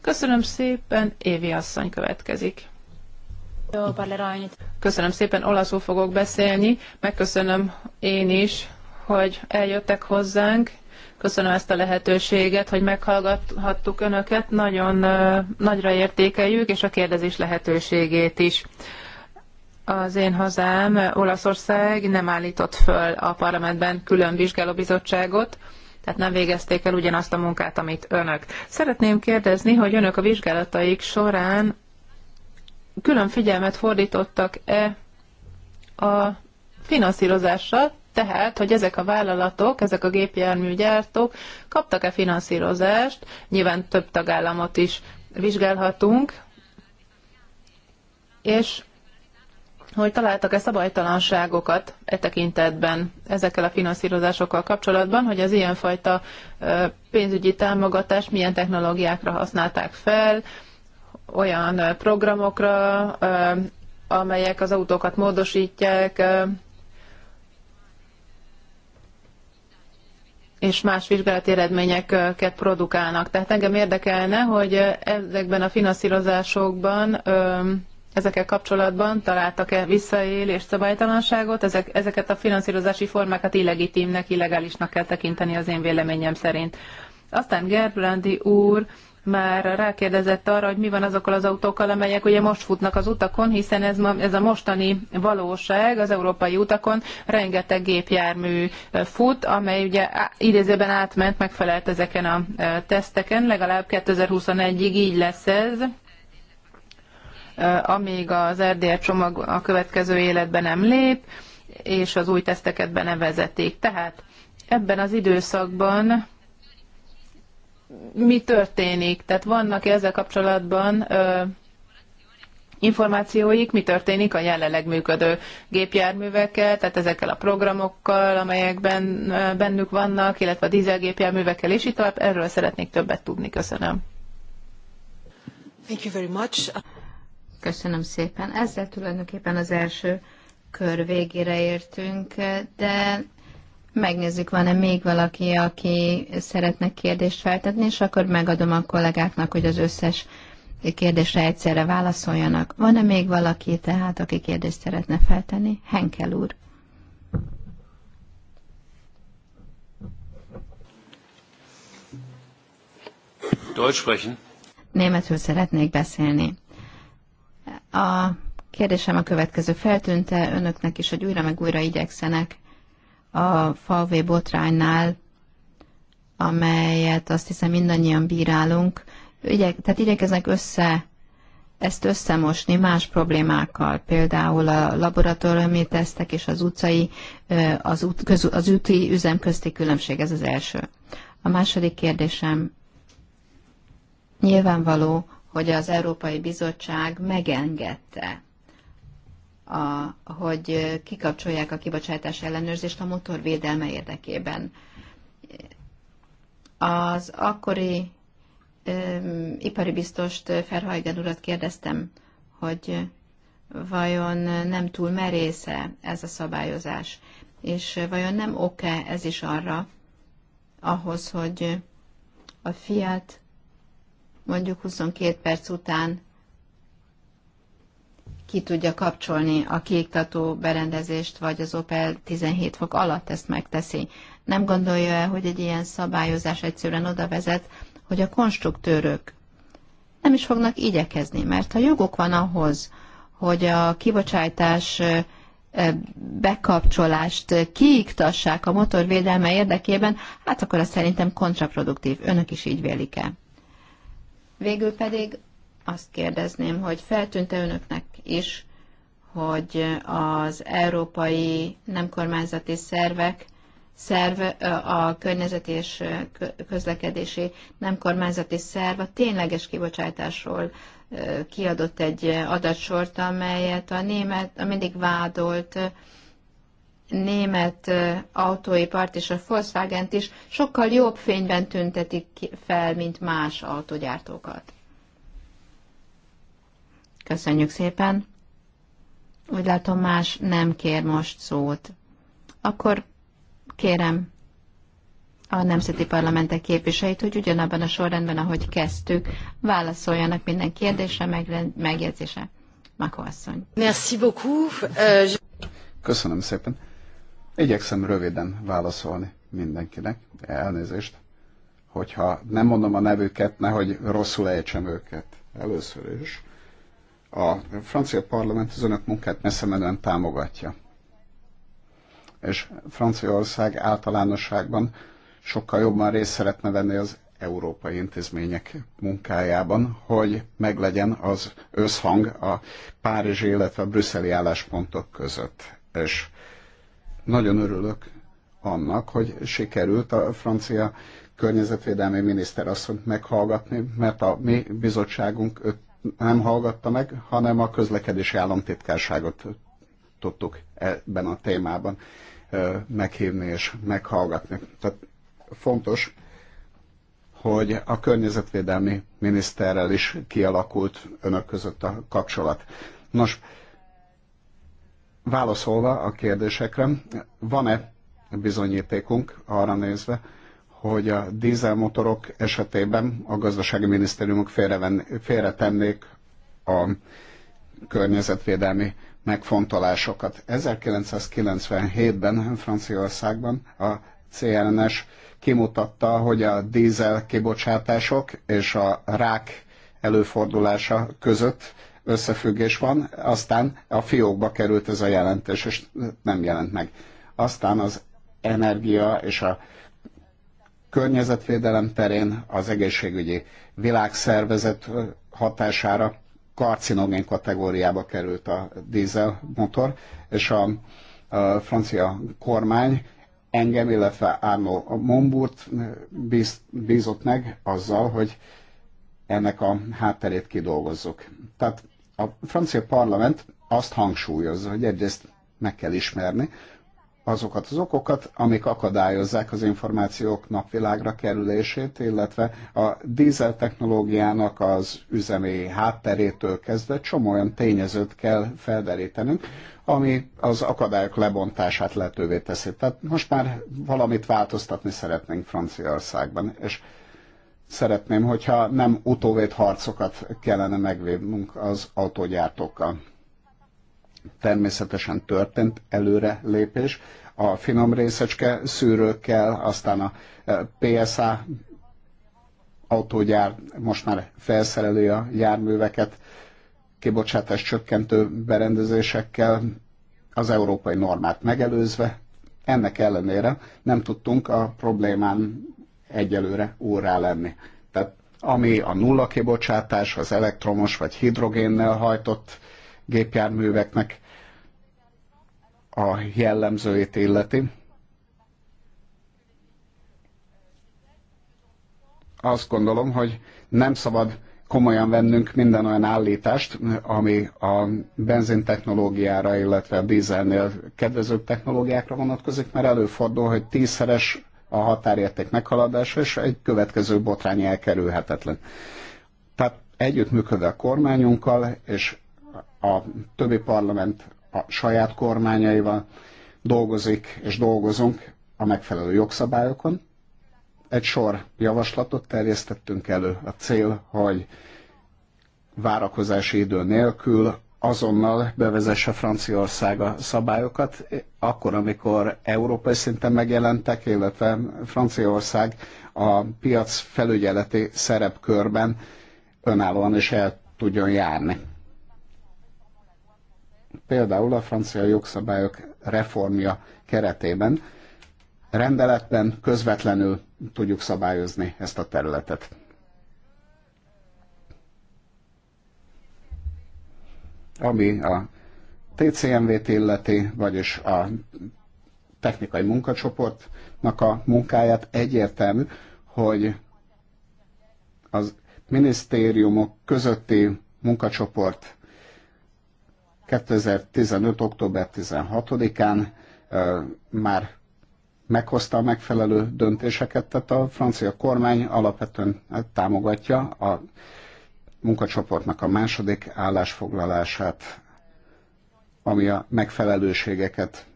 Speaker 2: Köszönöm szépen, Évi asszony következik. Köszönöm szépen, olaszul fogok beszélni. Megköszönöm én is, hogy eljöttek hozzánk. Köszönöm ezt a lehetőséget, hogy meghallgathattuk önöket. Nagyon uh, nagyra értékeljük, és a kérdezés lehetőségét is az én hazám, Olaszország nem állított föl a parlamentben külön vizsgálóbizottságot, tehát nem végezték el ugyanazt a munkát, amit önök. Szeretném kérdezni, hogy önök a vizsgálataik során külön figyelmet fordítottak-e a finanszírozással, tehát, hogy ezek a vállalatok, ezek a gépjárműgyártók kaptak-e finanszírozást, nyilván több tagállamot is vizsgálhatunk, és hogy találtak-e szabálytalanságokat e tekintetben ezekkel a finanszírozásokkal kapcsolatban, hogy az ilyenfajta pénzügyi támogatást milyen technológiákra használták fel, olyan programokra, amelyek az autókat módosítják, és más vizsgálati eredményeket produkálnak. Tehát engem érdekelne, hogy ezekben a finanszírozásokban ezekkel kapcsolatban találtak-e visszaélés, szabálytalanságot, ezek, ezeket a finanszírozási formákat illegitimnek, illegálisnak kell tekinteni az én véleményem szerint. Aztán Gerbrandi úr már rákérdezett arra, hogy mi van azokkal az autókkal, amelyek ugye most futnak az utakon, hiszen ez, ma, ez a mostani valóság az európai utakon rengeteg gépjármű fut, amely ugye idézőben átment, megfelelt ezeken a teszteken, legalább 2021-ig így lesz ez Eh, amíg az RDR csomag a következő életben nem lép, és az új teszteket be nem vezetik. Tehát ebben az időszakban mi történik? Tehát vannak -e ezzel kapcsolatban ö, eh, információik, mi történik a jelenleg működő gépjárművekkel, tehát ezekkel a programokkal, amelyekben eh, bennük vannak, illetve a dízelgépjárművekkel,
Speaker 3: és így tovább. Erről szeretnék többet tudni. Köszönöm. Thank you very much. Köszönöm szépen. Ezzel tulajdonképpen az első kör végére értünk, de megnézzük, van-e még valaki, aki szeretne kérdést feltetni, és akkor megadom a kollégáknak, hogy az összes kérdésre egyszerre válaszoljanak. Van-e még valaki tehát, aki kérdést szeretne feltenni? Henkel úr. Deutsch sprechen. Németül szeretnék beszélni. A kérdésem a következő. Feltűnte önöknek is, hogy újra meg újra igyekszenek a falvé botránynál, amelyet azt hiszem mindannyian bírálunk, Ügyek, tehát igyekeznek össze ezt összemosni más problémákkal, például a laboratóriumi tesztek és az utcai, az, út, köz, az úti üzem közti különbség, ez az első. A második kérdésem nyilvánvaló, hogy az Európai Bizottság megengedte, a, hogy kikapcsolják a kibocsátás ellenőrzést a motor védelme érdekében. Az akkori um, ipari biztost Ferhajgen urat kérdeztem, hogy vajon nem túl merésze ez a szabályozás, és vajon nem oké ez is arra, ahhoz, hogy a Fiat mondjuk 22 perc után ki tudja kapcsolni a kiiktató berendezést, vagy az Opel 17 fok alatt ezt megteszi. Nem gondolja el, hogy egy ilyen szabályozás egyszerűen oda vezet, hogy a konstruktőrök nem is fognak igyekezni, mert ha joguk van ahhoz, hogy a kibocsátás bekapcsolást kiiktassák a motor védelme érdekében, hát akkor az szerintem kontraproduktív. Önök is így vélik-e? Végül pedig azt kérdezném, hogy feltűnt-e önöknek is, hogy az európai nemkormányzati szervek szerv, a környezet és közlekedési nemkormányzati szerv a tényleges kibocsátásról kiadott egy adatsort, amelyet a német a mindig vádolt német autóipart és a volkswagen is sokkal jobb fényben tüntetik fel, mint más autogyártókat. Köszönjük szépen. Úgy látom, más nem kér most szót. Akkor kérem a nemzeti parlamentek képviselőit, hogy ugyanabban a sorrendben, ahogy kezdtük, válaszoljanak minden kérdésre, megjegyzése. megjegyzésre. Makó asszony.
Speaker 1: Merci beaucoup. Euh, Köszönöm szépen. Igyekszem röviden válaszolni mindenkinek, elnézést, hogyha nem mondom a nevüket, nehogy rosszul ejtsem őket először is. A francia parlament az önök munkát messze menően támogatja. És Franciaország általánosságban sokkal jobban részt szeretne venni az európai intézmények munkájában, hogy meglegyen az összhang a párizsi, illetve a brüsszeli álláspontok között. És nagyon örülök annak, hogy sikerült a francia környezetvédelmi miniszter asszonyt meghallgatni, mert a mi bizottságunk öt nem hallgatta meg, hanem a közlekedési államtitkárságot tudtuk ebben a témában meghívni és meghallgatni. Tehát fontos, hogy a környezetvédelmi miniszterrel is kialakult önök között a kapcsolat. Nos, Válaszolva a kérdésekre, van-e bizonyítékunk arra nézve, hogy a dízelmotorok esetében a gazdasági minisztériumok félretennék a környezetvédelmi megfontolásokat. 1997-ben Franciaországban a CNS kimutatta, hogy a dízel kibocsátások és a rák előfordulása között összefüggés van, aztán a fiókba került ez a jelentés, és nem jelent meg. Aztán az energia és a környezetvédelem terén az egészségügyi világszervezet hatására karcinogén kategóriába került a dízelmotor, és a, a francia kormány engem, illetve Arno Momburt bíz, bízott meg azzal, hogy ennek a hátterét kidolgozzuk. Tehát a francia parlament azt hangsúlyozza, hogy egyrészt meg kell ismerni azokat az okokat, amik akadályozzák az információk napvilágra kerülését, illetve a dízel technológiának az üzemi hátterétől kezdve csomó olyan tényezőt kell felderítenünk, ami az akadályok lebontását lehetővé teszi. Tehát most már valamit változtatni szeretnénk Franciaországban, és szeretném, hogyha nem utóvét harcokat kellene megvédnünk az autógyártókkal. Természetesen történt előre lépés, a finom részecske szűrőkkel, aztán a e, PSA autógyár most már felszereli a járműveket, kibocsátás csökkentő berendezésekkel, az európai normát megelőzve. Ennek ellenére nem tudtunk a problémán egyelőre órá lenni. Tehát ami a nulla kibocsátás, az elektromos vagy hidrogénnel hajtott gépjárműveknek a jellemzőjét illeti, azt gondolom, hogy nem szabad komolyan vennünk minden olyan állítást, ami a benzintechnológiára, illetve a dízelnél kedvező technológiákra vonatkozik, mert előfordul, hogy tízszeres a határérték meghaladása, és egy következő botrány elkerülhetetlen. Tehát együttműködve a kormányunkkal, és a többi parlament a saját kormányaival dolgozik, és dolgozunk a megfelelő jogszabályokon. Egy sor javaslatot terjesztettünk elő. A cél, hogy várakozási idő nélkül azonnal bevezesse Franciaország a szabályokat, akkor, amikor európai szinten megjelentek, illetve Franciaország a piac felügyeleti szerepkörben önállóan is el tudjon járni. Például a francia jogszabályok reformja keretében rendeletben közvetlenül tudjuk szabályozni ezt a területet. ami a TCMV-t illeti, vagyis a technikai munkacsoportnak a munkáját egyértelmű, hogy az minisztériumok közötti munkacsoport 2015. október 16-án már meghozta a megfelelő döntéseket, tehát a francia kormány alapvetően támogatja a munkacsoportnak a második állásfoglalását, ami a megfelelőségeket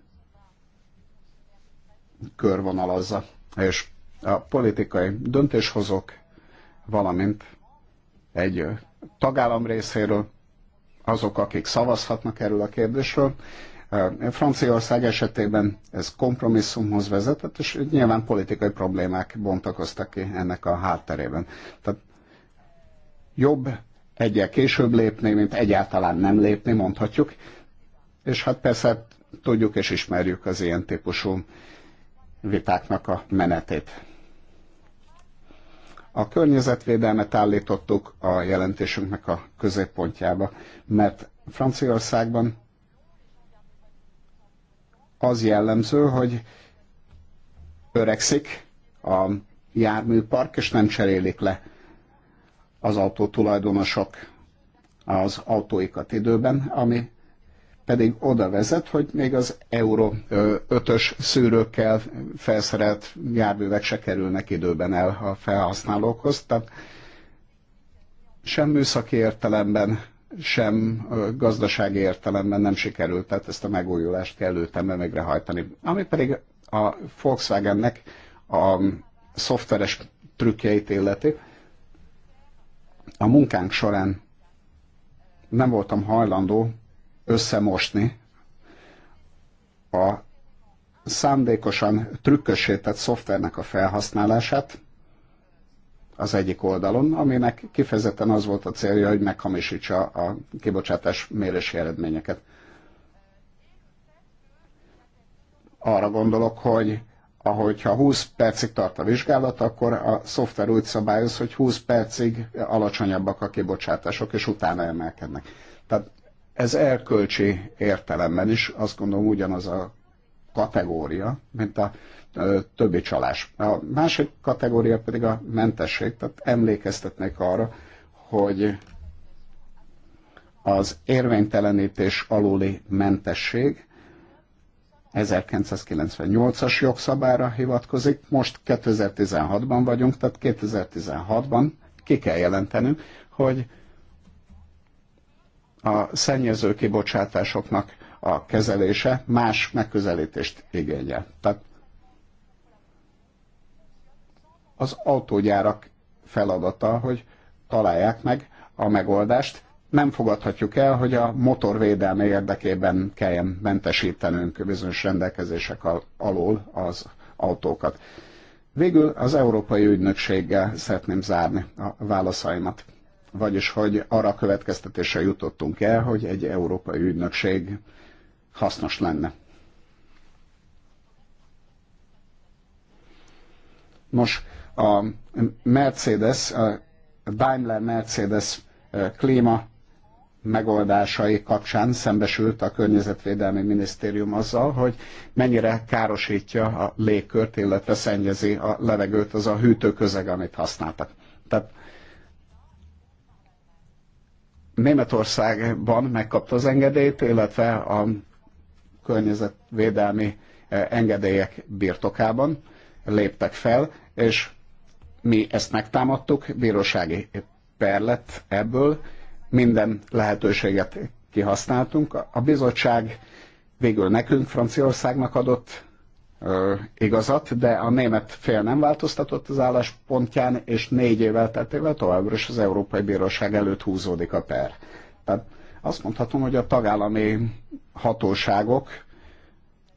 Speaker 1: körvonalazza, és a politikai döntéshozók, valamint egy tagállam részéről azok, akik szavazhatnak erről a kérdésről. Franciaország esetében ez kompromisszumhoz vezetett, és nyilván politikai problémák bontakoztak ki ennek a hátterében. Tehát Jobb egyel később lépni, mint egyáltalán nem lépni, mondhatjuk. És hát persze tudjuk és ismerjük az ilyen típusú vitáknak a menetét. A környezetvédelmet állítottuk a jelentésünknek a középpontjába, mert Franciaországban az jellemző, hogy öregszik a járműpark, és nem cserélik le az autó tulajdonosok az autóikat időben, ami pedig oda vezet, hogy még az Euro 5-ös szűrőkkel felszerelt járművek se kerülnek időben el a felhasználókhoz. Tehát sem műszaki értelemben, sem gazdasági értelemben nem sikerült, tehát ezt a megújulást kell ütemben megrehajtani. Ami pedig a Volkswagennek a szoftveres trükkjeit illeti, a munkánk során nem voltam hajlandó összemosni a szándékosan trükkösített szoftvernek a felhasználását az egyik oldalon, aminek kifejezetten az volt a célja, hogy meghamisítsa a kibocsátás mérési eredményeket. Arra gondolok, hogy ahogyha 20 percig tart a vizsgálat, akkor a szoftver úgy szabályoz, hogy 20 percig alacsonyabbak a kibocsátások, és utána emelkednek. Tehát ez erkölcsi értelemben is azt gondolom ugyanaz a kategória, mint a többi csalás. A másik kategória pedig a mentesség, tehát emlékeztetnek arra, hogy az érvénytelenítés aluli mentesség 1998-as jogszabályra hivatkozik, most 2016-ban vagyunk, tehát 2016-ban ki kell jelentenünk, hogy a szennyező kibocsátásoknak a kezelése más megközelítést igényel. Tehát az autógyárak feladata, hogy találják meg a megoldást, nem fogadhatjuk el, hogy a motorvédelme érdekében kelljen mentesítenünk bizonyos rendelkezések alól az autókat. Végül az Európai Ügynökséggel szeretném zárni a válaszaimat. Vagyis, hogy arra következtetésre jutottunk el, hogy egy Európai Ügynökség hasznos lenne. Nos, a Mercedes, a Daimler Mercedes eh, klíma megoldásai kapcsán szembesült a Környezetvédelmi Minisztérium azzal, hogy mennyire károsítja a légkört, illetve szennyezi a levegőt az a hűtőközeg, amit használtak. Tehát Németországban megkapta az engedélyt, illetve a környezetvédelmi eh, engedélyek birtokában léptek fel, és mi ezt megtámadtuk, bírósági per lett ebből, minden lehetőséget kihasználtunk. A bizottság végül nekünk, Franciaországnak adott ö, igazat, de a német fél nem változtatott az álláspontján, és négy évvel tettével továbbra is az Európai Bíróság előtt húzódik a per. Tehát azt mondhatom, hogy a tagállami hatóságok,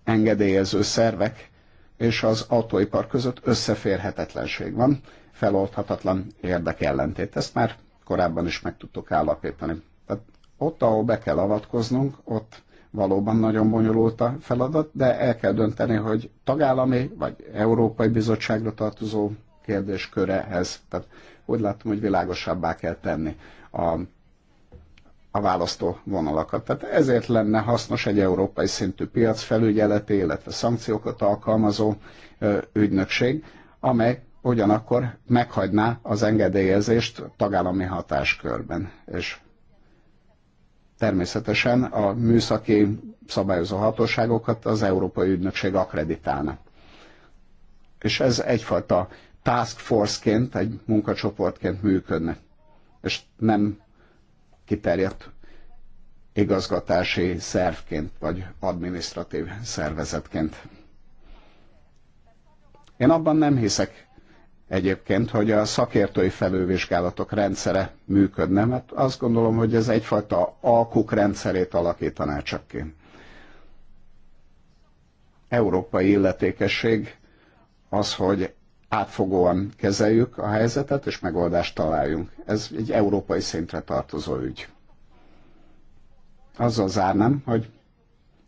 Speaker 1: engedélyező szervek és az autóipar között összeférhetetlenség van, feloldhatatlan érdekellentét. Ezt már korábban is meg tudtuk állapítani. Tehát ott, ahol be kell avatkoznunk, ott valóban nagyon bonyolult a feladat, de el kell dönteni, hogy tagállami vagy Európai Bizottságra tartozó kérdéskörehez. Tehát úgy látom, hogy világosabbá kell tenni a, a választó vonalakat. Tehát ezért lenne hasznos egy európai szintű piacfelügyeleti, illetve szankciókat alkalmazó ö, ügynökség, amely ugyanakkor meghagyná az engedélyezést tagállami hatáskörben. És természetesen a műszaki szabályozó hatóságokat az Európai Ügynökség akreditálna. És ez egyfajta task force-ként, egy munkacsoportként működne, és nem kiterjedt igazgatási szervként, vagy administratív szervezetként. Én abban nem hiszek, egyébként, hogy a szakértői felővizsgálatok rendszere működne, mert azt gondolom, hogy ez egyfajta alkuk rendszerét alakítaná csak ki. Európai illetékesség az, hogy átfogóan kezeljük a helyzetet, és megoldást találjunk. Ez egy európai szintre tartozó ügy. Azzal zárnám, hogy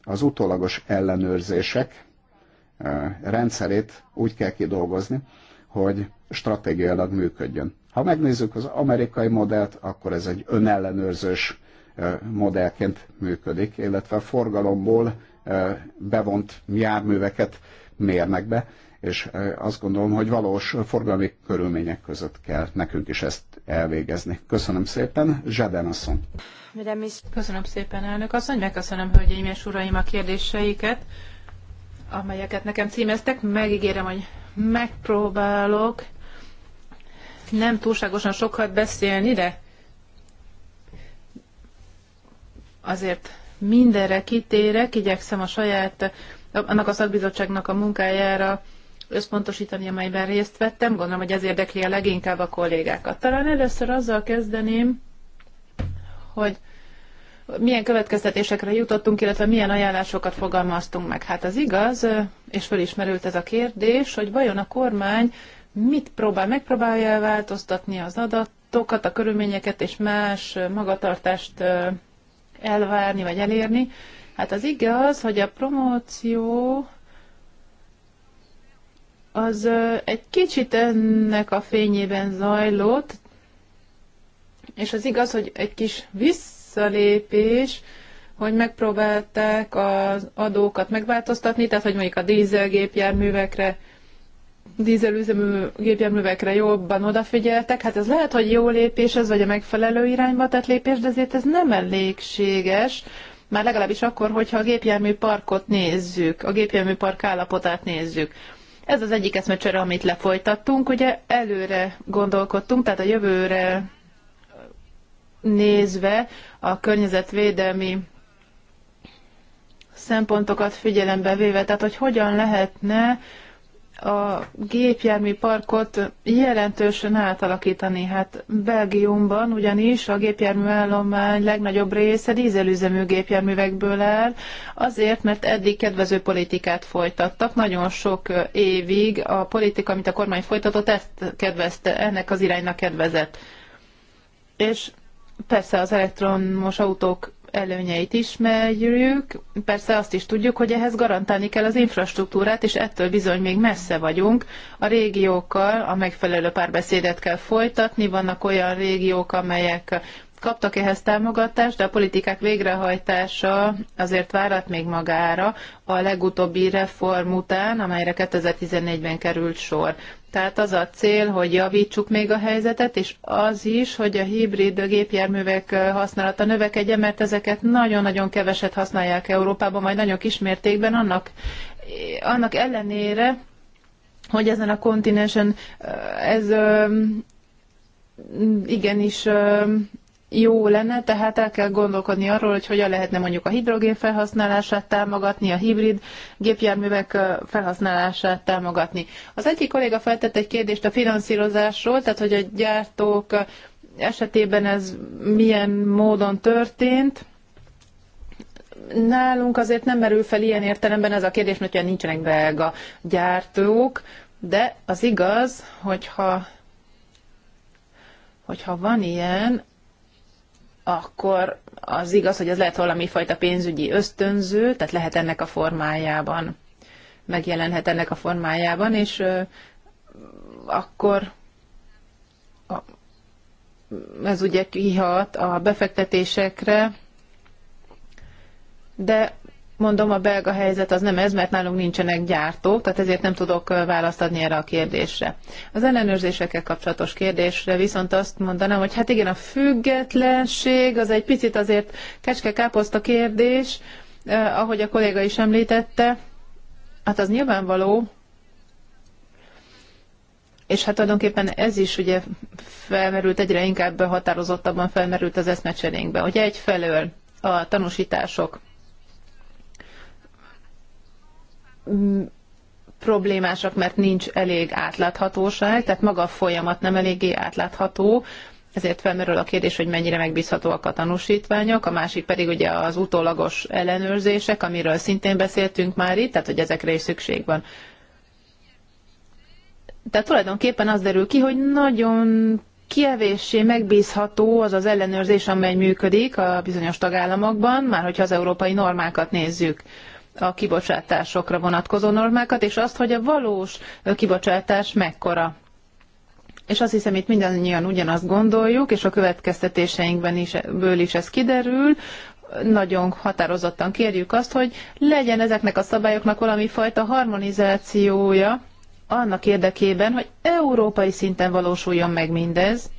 Speaker 1: az utólagos ellenőrzések eh, rendszerét úgy kell kidolgozni, hogy stratégiailag működjön. Ha megnézzük az amerikai modellt, akkor ez egy önellenőrzős modellként működik, illetve a forgalomból bevont járműveket mérnek be, és azt gondolom, hogy valós forgalmi körülmények között kell nekünk is ezt elvégezni. Köszönöm szépen, Zseden asszony.
Speaker 2: Köszönöm szépen, elnök asszony, megköszönöm, hölgyeim és uraim a kérdéseiket, amelyeket nekem címeztek. Megígérem, hogy megpróbálok nem túlságosan sokat beszélni, de azért mindenre kitérek, igyekszem a saját, annak a szakbizottságnak a munkájára összpontosítani, amelyben részt vettem. Gondolom, hogy ez érdekli a leginkább a kollégákat. Talán először azzal kezdeném, hogy milyen következtetésekre jutottunk, illetve milyen ajánlásokat fogalmaztunk meg. Hát az igaz, és fölismerült ez a kérdés, hogy vajon a kormány mit próbál, megpróbálja változtatni az adatokat, a körülményeket és más magatartást elvárni vagy elérni. Hát az igaz, hogy a promóció az egy kicsit ennek a fényében zajlott, és az igaz, hogy egy kis vissza visszalépés, hogy megpróbálták az adókat megváltoztatni, tehát hogy mondjuk a dízelgépjárművekre dízelüzemű gépjárművekre jobban odafigyeltek. Hát ez lehet, hogy jó lépés ez, vagy a megfelelő irányba tett lépés, de azért ez nem elégséges. Már legalábbis akkor, hogyha a gépjármű parkot nézzük, a gépjármű park állapotát nézzük. Ez az egyik eszmecsere, amit lefolytattunk. Ugye előre gondolkodtunk, tehát a jövőre nézve a környezetvédelmi szempontokat figyelembe véve, tehát hogy hogyan lehetne a gépjármű parkot jelentősen átalakítani. Hát Belgiumban ugyanis a gépjármű állomány legnagyobb része dízelüzemű gépjárművekből áll, azért, mert eddig kedvező politikát folytattak. Nagyon sok évig a politika, amit a kormány folytatott, ezt kedvezte, ennek az iránynak kedvezett. És Persze az elektromos autók előnyeit ismerjük, persze azt is tudjuk, hogy ehhez garantálni kell az infrastruktúrát, és ettől bizony még messze vagyunk. A régiókkal a megfelelő párbeszédet kell folytatni, vannak olyan régiók, amelyek kaptak ehhez támogatást, de a politikák végrehajtása azért várat még magára a legutóbbi reform után, amelyre 2014-ben került sor. Tehát az a cél, hogy javítsuk még a helyzetet, és az is, hogy a hibrid gépjárművek használata növekedjen, mert ezeket nagyon-nagyon keveset használják Európában, majd nagyon kis mértékben, annak, annak ellenére, hogy ezen a kontinensen ez igenis jó lenne, tehát el kell gondolkodni arról, hogy hogyan lehetne mondjuk a hidrogén felhasználását támogatni, a hibrid gépjárművek felhasználását támogatni. Az egyik kolléga feltett egy kérdést a finanszírozásról, tehát hogy a gyártók esetében ez milyen módon történt. Nálunk azért nem merül fel ilyen értelemben ez a kérdés, mert nincsenek belga gyártók, de az igaz, hogyha hogyha van ilyen, akkor az igaz, hogy ez lehet valami fajta pénzügyi ösztönző, tehát lehet ennek a formájában, megjelenhet ennek a formájában, és akkor ez ugye kihat a befektetésekre, de mondom, a belga helyzet az nem ez, mert nálunk nincsenek gyártók, tehát ezért nem tudok választ adni erre a kérdésre. Az ellenőrzésekkel kapcsolatos kérdésre viszont azt mondanám, hogy hát igen, a függetlenség az egy picit azért kecske-káposzta kérdés, eh, ahogy a kolléga is említette, hát az nyilvánvaló, és hát tulajdonképpen ez is ugye felmerült, egyre inkább határozottabban felmerült az eszmecserénkbe, hogy egyfelől a tanúsítások Mm, problémásak, mert nincs elég átláthatóság, tehát maga a folyamat nem eléggé átlátható, ezért felmerül a kérdés, hogy mennyire megbízhatóak a tanúsítványok, a másik pedig ugye az utólagos ellenőrzések, amiről szintén beszéltünk már itt, tehát hogy ezekre is szükség van. Tehát tulajdonképpen az derül ki, hogy nagyon kievéssé megbízható az az ellenőrzés, amely működik a bizonyos tagállamokban, már hogyha az európai normákat nézzük a kibocsátásokra vonatkozó normákat, és azt, hogy a valós kibocsátás mekkora. És azt hiszem, itt mindannyian ugyanazt gondoljuk, és a következtetéseinkben is, ből is ez kiderül, nagyon határozottan kérjük azt, hogy legyen ezeknek a szabályoknak valami fajta harmonizációja annak érdekében, hogy európai szinten valósuljon meg mindez,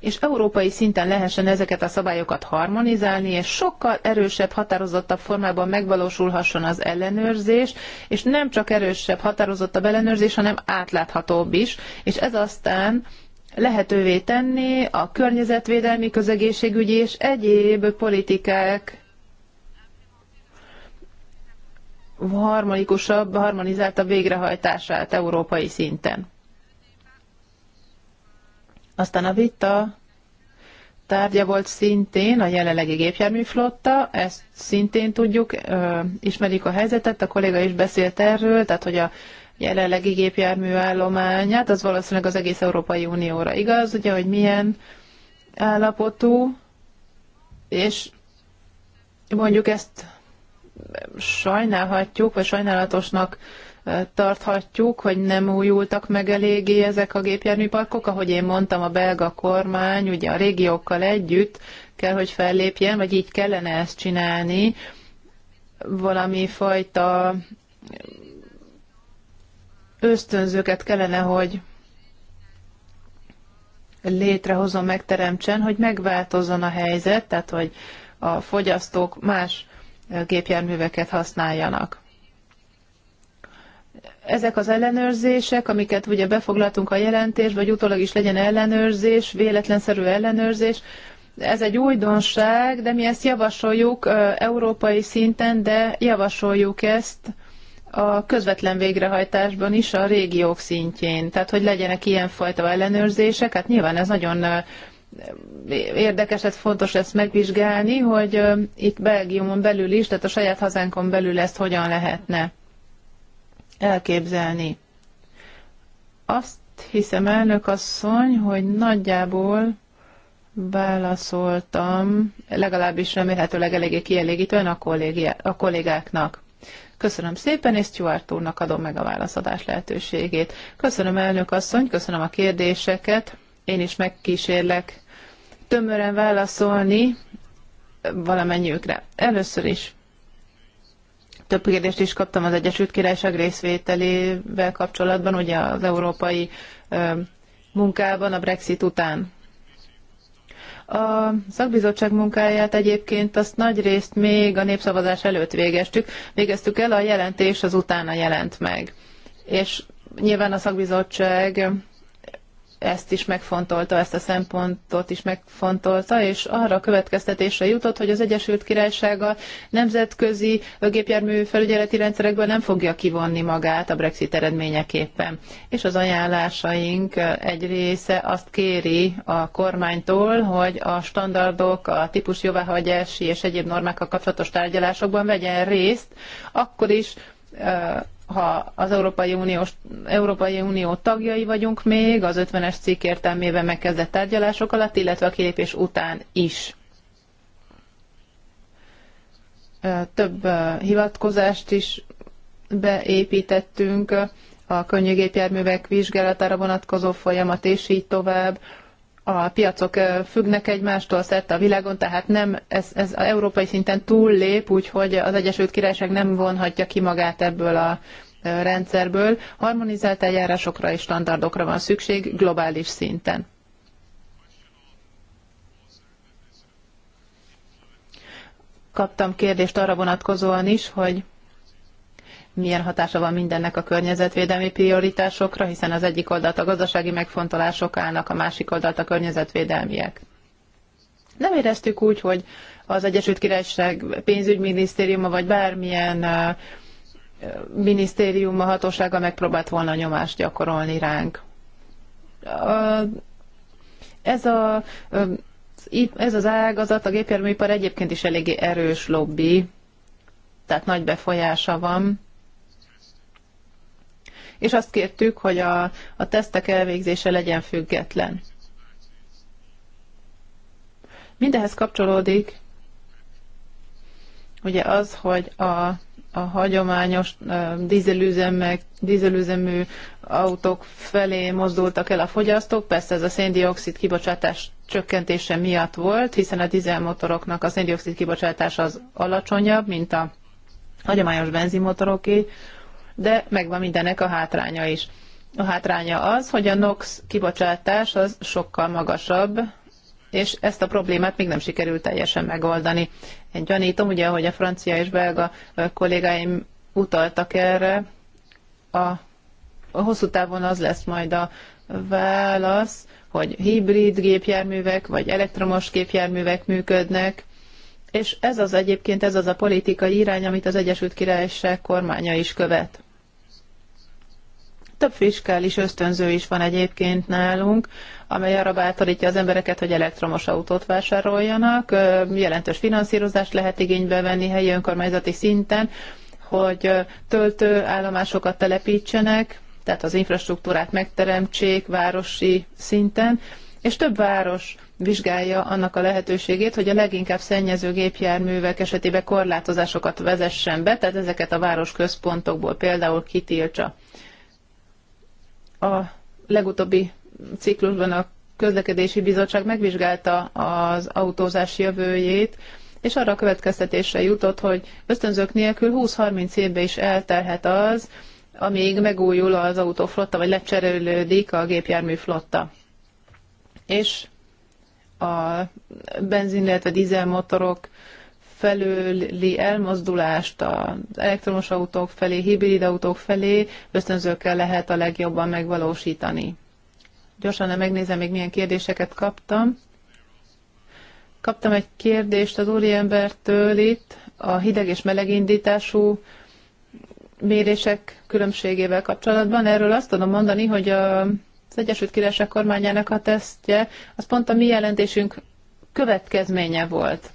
Speaker 2: és európai szinten lehessen ezeket a szabályokat harmonizálni, és sokkal erősebb, határozottabb formában megvalósulhasson az ellenőrzés, és nem csak erősebb, határozottabb ellenőrzés, hanem átláthatóbb is, és ez aztán lehetővé tenni a környezetvédelmi, közegészségügyi és egyéb politikák harmonikusabb, harmonizáltabb végrehajtását európai szinten. Aztán a vita tárgya volt szintén a jelenlegi gépjárműflotta, ezt szintén tudjuk, ismerik a helyzetet, a kolléga is beszélt erről, tehát hogy a jelenlegi állományát, az valószínűleg az egész Európai Unióra igaz, ugye, hogy milyen állapotú, és mondjuk ezt sajnálhatjuk, vagy sajnálatosnak tarthatjuk, hogy nem újultak meg eléggé ezek a gépjárműparkok. Ahogy én mondtam, a belga kormány ugye a régiókkal együtt kell, hogy fellépjen, vagy így kellene ezt csinálni, valami fajta ösztönzőket kellene, hogy létrehozom, megteremtsen, hogy megváltozzon a helyzet, tehát hogy a fogyasztók más gépjárműveket használjanak ezek az ellenőrzések, amiket ugye befoglaltunk a jelentésbe, vagy utólag is legyen ellenőrzés, véletlenszerű ellenőrzés, ez egy újdonság, de mi ezt javasoljuk európai szinten, de javasoljuk ezt a közvetlen végrehajtásban is a régiók szintjén. Tehát, hogy legyenek ilyenfajta ellenőrzések, hát nyilván ez nagyon érdekes, ez hát fontos ezt megvizsgálni, hogy itt Belgiumon belül is, tehát a saját hazánkon belül ezt hogyan lehetne elképzelni. Azt hiszem, elnök asszony, hogy nagyjából válaszoltam, legalábbis remélhetőleg eléggé kielégítően a, a kollégáknak. Köszönöm szépen, és Stuart úrnak adom meg a válaszadás lehetőségét. Köszönöm, elnök asszony, köszönöm a kérdéseket. Én is megkísérlek tömören válaszolni valamennyiükre. Először is több kérdést is kaptam az Egyesült Királyság részvételével kapcsolatban, ugye az európai munkában a Brexit után. A szakbizottság munkáját egyébként azt nagy részt még a népszavazás előtt végeztük. Végeztük el, a jelentés az utána jelent meg. És nyilván a szakbizottság ezt is megfontolta, ezt a szempontot is megfontolta, és arra a következtetésre jutott, hogy az Egyesült Királyság a nemzetközi gépjármű felügyeleti rendszerekből nem fogja kivonni magát a Brexit eredményeképpen. És az ajánlásaink egy része azt kéri a kormánytól, hogy a standardok, a típus jóváhagyási és egyéb normákkal kapcsolatos tárgyalásokban vegyen részt, akkor is ha az Európai, Uniós, Európai Unió tagjai vagyunk még, az 50-es cikk értelmében megkezdett tárgyalások alatt, illetve a kilépés után is. Több hivatkozást is beépítettünk, a könnyű gépjárművek vizsgálatára vonatkozó folyamat, és így tovább a piacok függnek egymástól szerte a világon, tehát nem, ez, ez a európai szinten túllép, úgyhogy az Egyesült Királyság nem vonhatja ki magát ebből a rendszerből. Harmonizált eljárásokra és standardokra van szükség globális szinten. Kaptam kérdést arra vonatkozóan is, hogy milyen hatása van mindennek a környezetvédelmi prioritásokra, hiszen az egyik oldalt a gazdasági megfontolások állnak, a másik oldalt a környezetvédelmiek. Nem éreztük úgy, hogy az Egyesült Királyság pénzügyminisztériuma vagy bármilyen minisztériuma hatósága megpróbált volna nyomást gyakorolni ránk. Ez a ez az ágazat, a gépjárműipar egyébként is eléggé erős lobby, tehát nagy befolyása van és azt kértük, hogy a, a tesztek elvégzése legyen független. Mindehez kapcsolódik ugye az, hogy a, a hagyományos dízelüzemek, dízelüzemű autók felé mozdultak el a fogyasztók, persze ez a széndiokszid kibocsátás csökkentése miatt volt, hiszen a dízelmotoroknak a széndiokszid kibocsátás az alacsonyabb, mint a hagyományos benzinmotoroké, de megvan mindennek a hátránya is. A hátránya az, hogy a NOx kibocsátás az sokkal magasabb, és ezt a problémát még nem sikerült teljesen megoldani. Én gyanítom, ugye, hogy a francia és belga kollégáim utaltak erre, a, a hosszú távon az lesz majd a válasz, hogy hibrid gépjárművek vagy elektromos gépjárművek működnek, és ez az egyébként, ez az a politikai irány, amit az Egyesült Királyság kormánya is követ. Több fiskális ösztönző is van egyébként nálunk, amely arra bátorítja az embereket, hogy elektromos autót vásároljanak, jelentős finanszírozást lehet igénybe venni helyi önkormányzati szinten, hogy töltőállomásokat telepítsenek, tehát az infrastruktúrát megteremtsék városi szinten, és több város vizsgálja annak a lehetőségét, hogy a leginkább szennyező gépjárművek esetében korlátozásokat vezessen be, tehát ezeket a városközpontokból például kitiltsa. A legutóbbi ciklusban a közlekedési bizottság megvizsgálta az autózás jövőjét, és arra a következtetésre jutott, hogy ösztönzők nélkül 20-30 évbe is eltelhet az, amíg megújul az autóflotta, vagy lecserélődik a gépjármű flotta. És a benzin, illetve dízelmotorok felőli elmozdulást az elektromos autók felé, hibrid autók felé ösztönzőkkel lehet a legjobban megvalósítani. Gyorsan megnézem még milyen kérdéseket kaptam. Kaptam egy kérdést az úriembertől itt a hideg és meleg indítású mérések különbségével kapcsolatban. Erről azt tudom mondani, hogy a az Egyesült Királyság kormányának a tesztje, az pont a mi jelentésünk következménye volt.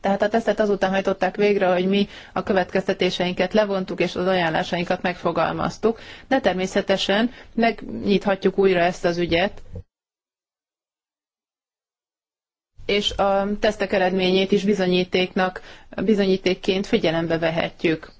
Speaker 2: Tehát a tesztet azután hajtották végre, hogy mi a következtetéseinket levontuk, és az ajánlásainkat megfogalmaztuk, de természetesen megnyithatjuk újra ezt az ügyet, és a tesztek eredményét is bizonyítéknak, bizonyítékként figyelembe vehetjük.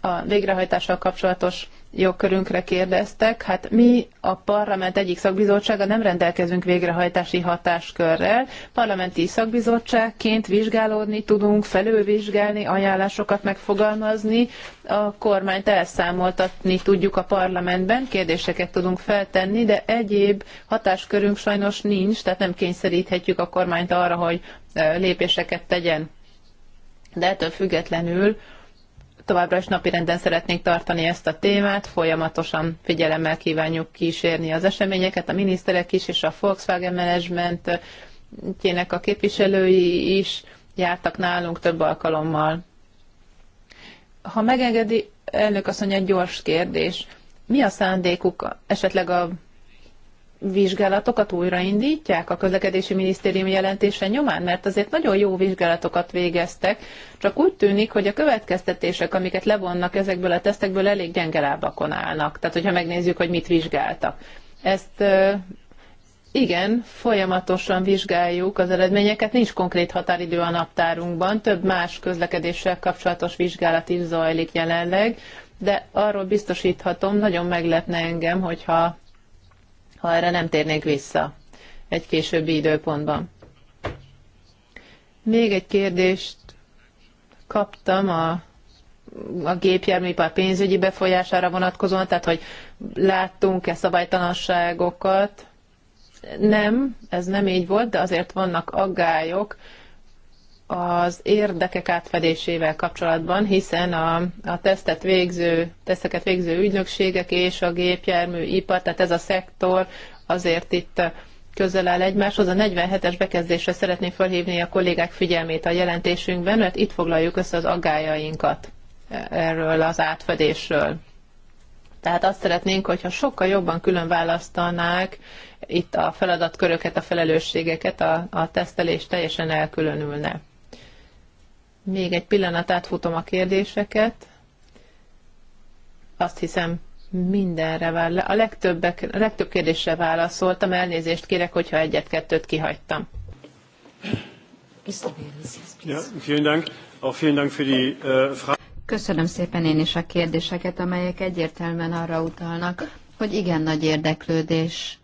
Speaker 2: A végrehajtással kapcsolatos jogkörünkre kérdeztek. Hát mi a parlament egyik szakbizottsága nem rendelkezünk végrehajtási hatáskörrel. Parlamenti szakbizottságként vizsgálódni tudunk, felülvizsgálni, ajánlásokat megfogalmazni, a kormányt elszámoltatni tudjuk a parlamentben, kérdéseket tudunk feltenni, de egyéb hatáskörünk sajnos nincs, tehát nem kényszeríthetjük a kormányt arra, hogy lépéseket tegyen. De ettől függetlenül továbbra is napirenden szeretnénk tartani ezt a témát, folyamatosan figyelemmel kívánjuk kísérni az eseményeket, a miniszterek is, és a Volkswagen Management kének a képviselői is jártak nálunk több alkalommal. Ha megengedi, elnök asszony, egy gyors kérdés. Mi a szándékuk esetleg a vizsgálatokat újraindítják a közlekedési minisztérium jelentése nyomán? Mert azért nagyon jó vizsgálatokat végeztek, csak úgy tűnik, hogy a következtetések, amiket levonnak ezekből a tesztekből, elég gyenge lábakon állnak. Tehát, hogyha megnézzük, hogy mit vizsgáltak. Ezt igen, folyamatosan vizsgáljuk az eredményeket, nincs konkrét határidő a naptárunkban, több más közlekedéssel kapcsolatos vizsgálat is zajlik jelenleg, de arról biztosíthatom, nagyon meglepne engem, hogyha ha erre nem térnék vissza egy későbbi időpontban. Még egy kérdést kaptam a a gépjárműipar pénzügyi befolyására vonatkozóan, tehát hogy láttunk-e szabálytalanságokat. Nem, ez nem így volt, de azért vannak aggályok, az érdekek átfedésével kapcsolatban, hiszen a, a tesztet végző, teszteket végző ügynökségek és a gépjármű ipar, tehát ez a szektor azért itt közel áll egymáshoz. A 47-es bekezdésre szeretném felhívni a kollégák figyelmét a jelentésünkben, mert itt foglaljuk össze az aggájainkat erről az átfedésről. Tehát azt szeretnénk, hogyha sokkal jobban külön választanák itt a feladatköröket, a felelősségeket, a, a tesztelés teljesen elkülönülne. Még egy pillanat átfutom a kérdéseket. Azt hiszem, mindenre váll. A, legtöbbek, a legtöbb kérdésre válaszoltam. Elnézést kérek, hogyha egyet-kettőt kihagytam.
Speaker 3: Äh, Köszönöm szépen én is a kérdéseket, amelyek egyértelműen arra utalnak, hogy igen nagy érdeklődés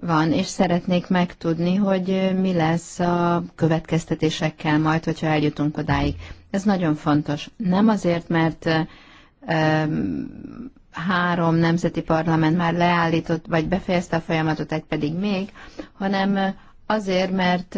Speaker 3: van, és szeretnék megtudni, hogy mi lesz a következtetésekkel majd, hogyha eljutunk odáig. Ez nagyon fontos. Nem azért, mert három nemzeti parlament már leállított, vagy befejezte a folyamatot, egy pedig még, hanem azért, mert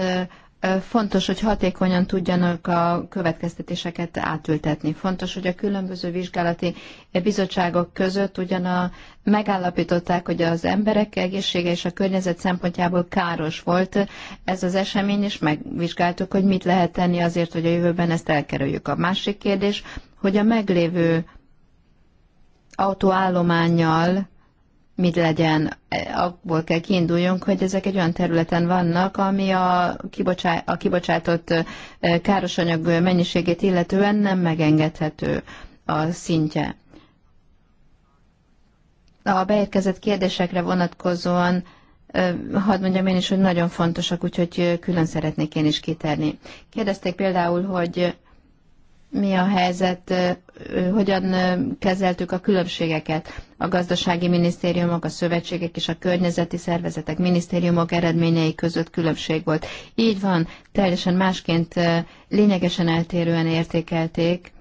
Speaker 3: Fontos, hogy hatékonyan tudjanak a következtetéseket átültetni. Fontos, hogy a különböző vizsgálati bizottságok között ugyan a, megállapították, hogy az emberek egészsége és a környezet szempontjából káros volt ez az esemény, és megvizsgáltuk, hogy mit lehet tenni azért, hogy a jövőben ezt elkerüljük. A másik kérdés, hogy a meglévő autóállományjal mit legyen, e, abból kell kiinduljunk, hogy ezek egy olyan területen vannak, ami a, kibocsá, a kibocsátott e, károsanyag mennyiségét illetően nem megengedhető a szintje. A beérkezett kérdésekre vonatkozóan e, hadd mondjam én is, hogy nagyon fontosak, úgyhogy külön szeretnék én is kiterni. Kérdezték például, hogy mi a helyzet, hogyan kezeltük a különbségeket. A gazdasági minisztériumok, a szövetségek és a környezeti szervezetek minisztériumok eredményei között különbség volt. Így van, teljesen másként, lényegesen eltérően értékelték,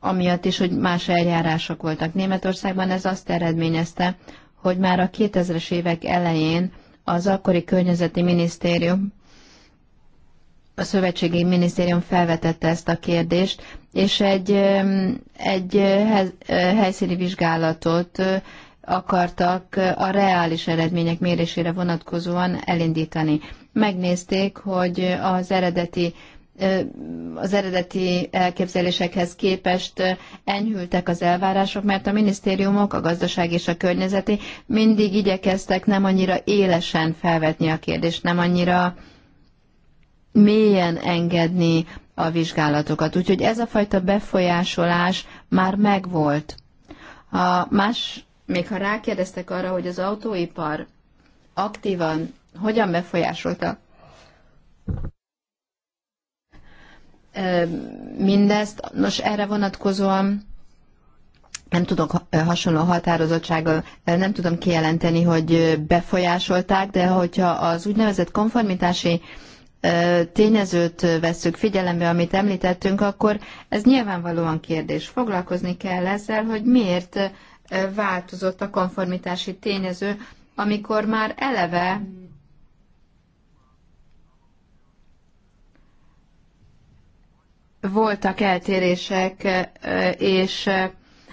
Speaker 3: amiatt is, hogy más eljárások voltak. Németországban ez azt eredményezte, hogy már a 2000-es évek elején az akkori környezeti minisztérium a Szövetségi Minisztérium felvetette ezt a kérdést, és egy, egy eh, eh, helyszíni vizsgálatot eh, akartak a reális eredmények mérésére vonatkozóan elindítani. Megnézték, hogy az eredeti az eredeti elképzelésekhez képest enyhültek az elvárások, mert a minisztériumok, a gazdaság és a környezeti mindig igyekeztek nem annyira élesen felvetni a kérdést, nem annyira mélyen engedni a vizsgálatokat. Úgyhogy ez a fajta befolyásolás már megvolt. A más, még ha rákérdeztek arra, hogy az autóipar aktívan hogyan befolyásolta mindezt, nos erre vonatkozóan nem tudok hasonló határozottsággal, nem tudom kijelenteni, hogy befolyásolták, de hogyha az úgynevezett konformitási tényezőt vesszük figyelembe, amit említettünk, akkor ez nyilvánvalóan kérdés. Foglalkozni kell ezzel, hogy miért változott a konformitási tényező, amikor már eleve voltak eltérések, és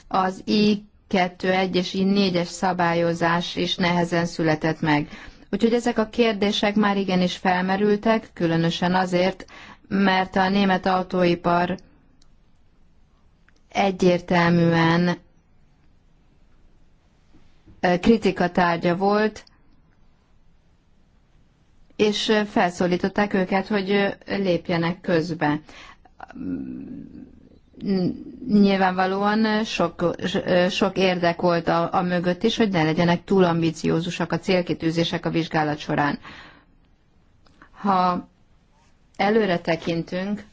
Speaker 3: az i 1 és I4-es szabályozás is nehezen született meg. Úgyhogy ezek a kérdések már igenis felmerültek, különösen azért, mert a német autóipar egyértelműen kritika tárgya volt, és felszólították őket, hogy lépjenek közbe nyilvánvalóan sok, sok érdek volt a, a mögött is, hogy ne legyenek túl ambiciózusak a célkitűzések a vizsgálat során. Ha előre tekintünk,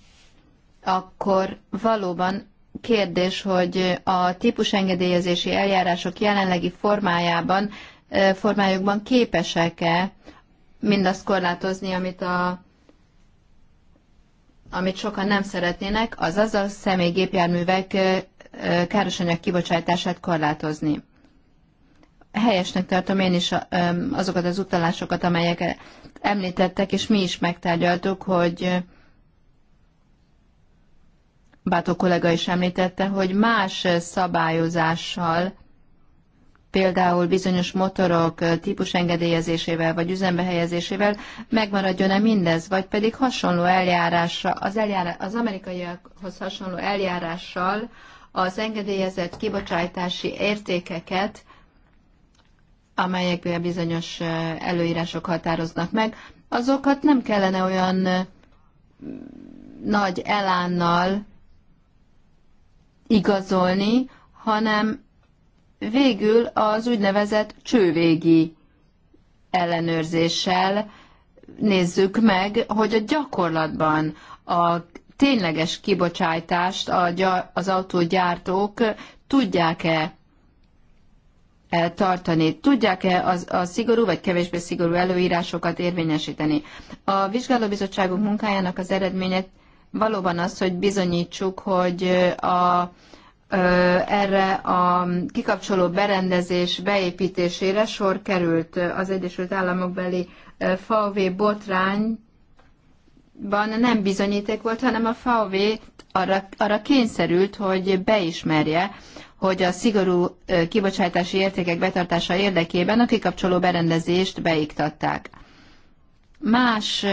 Speaker 3: akkor valóban kérdés, hogy a típusengedélyezési eljárások jelenlegi formájában, formájukban képesek-e mindazt korlátozni, amit a amit sokan nem szeretnének, azaz a személygépjárművek károsanyag kibocsátását korlátozni. Helyesnek tartom én is azokat az utalásokat, amelyeket említettek, és mi is megtárgyaltuk, hogy Bátó kollega is említette, hogy más szabályozással például bizonyos motorok típusengedélyezésével vagy üzembe helyezésével megmaradjon-e mindez, vagy pedig hasonló eljárásra, az, eljárás, az amerikaiakhoz hasonló eljárással az engedélyezett kibocsátási értékeket, amelyekből bizonyos előírások határoznak meg, azokat nem kellene olyan nagy elánnal igazolni, hanem végül az úgynevezett csővégi ellenőrzéssel nézzük meg, hogy a gyakorlatban a tényleges kibocsátást az autógyártók tudják-e e, tartani? Tudják-e az, a szigorú vagy kevésbé szigorú előírásokat érvényesíteni? A vizsgálóbizottságunk munkájának az eredménye valóban az, hogy bizonyítsuk, hogy a erre a kikapcsoló berendezés beépítésére sor került az Egyesült Államok beli VW botrányban nem bizonyíték volt, hanem a VW arra, arra kényszerült, hogy beismerje, hogy a szigorú kibocsátási értékek betartása érdekében a kikapcsoló berendezést beiktatták. Más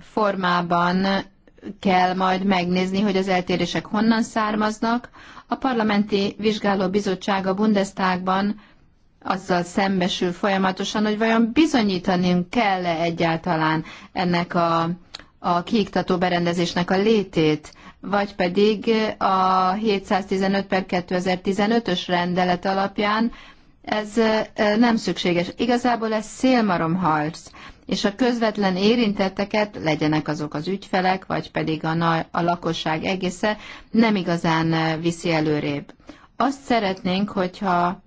Speaker 3: formában kell majd megnézni, hogy az eltérések honnan származnak. A parlamenti vizsgáló bizottság a Bundestagban azzal szembesül folyamatosan, hogy vajon bizonyítani kell-e egyáltalán ennek a, a kiiktató berendezésnek a létét, vagy pedig a 715 per 2015-ös rendelet alapján ez eh, nem szükséges. Igazából ez szélmaromharc és a közvetlen érintetteket, legyenek azok az ügyfelek, vagy pedig a, na- a lakosság egésze, nem igazán eh, viszi előrébb. Azt szeretnénk, hogyha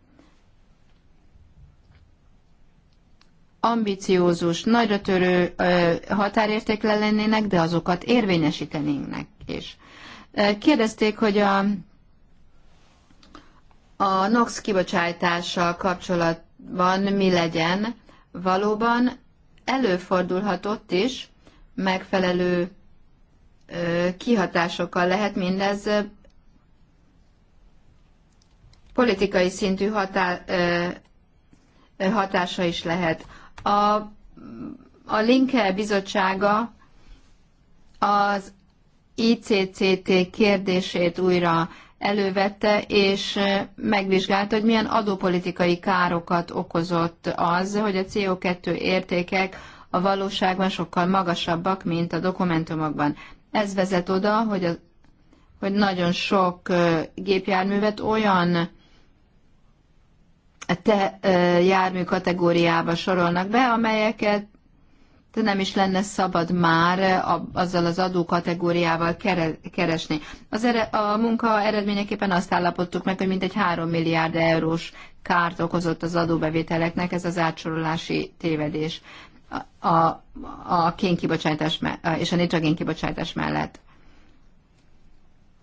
Speaker 3: ambiciózus, nagyra törő határérték lennének, de azokat érvényesítenénknek is. Kérdezték, hogy a, a NOx kibocsátással kapcsolatban mi legyen. Valóban előfordulhat ott is, megfelelő kihatásokkal lehet mindez politikai szintű hatá, hatása is lehet. A, a Linke bizottsága az ICCT kérdését újra elővette, és megvizsgálta, hogy milyen adópolitikai károkat okozott az, hogy a CO2 értékek a valóságban sokkal magasabbak, mint a dokumentumokban. Ez vezet oda, hogy, a, hogy nagyon sok gépjárművet olyan te, jármű kategóriába sorolnak be, amelyeket de nem is lenne szabad már eh, azzal az adókategóriával keresni. Az ere, eh, a munka eredményeképpen azt állapodtuk meg, hogy mintegy 3 milliárd eurós kárt okozott az adóbevételeknek ez az átsorolási tévedés a, a, a kénkibocsátás és a nitrogén mellett.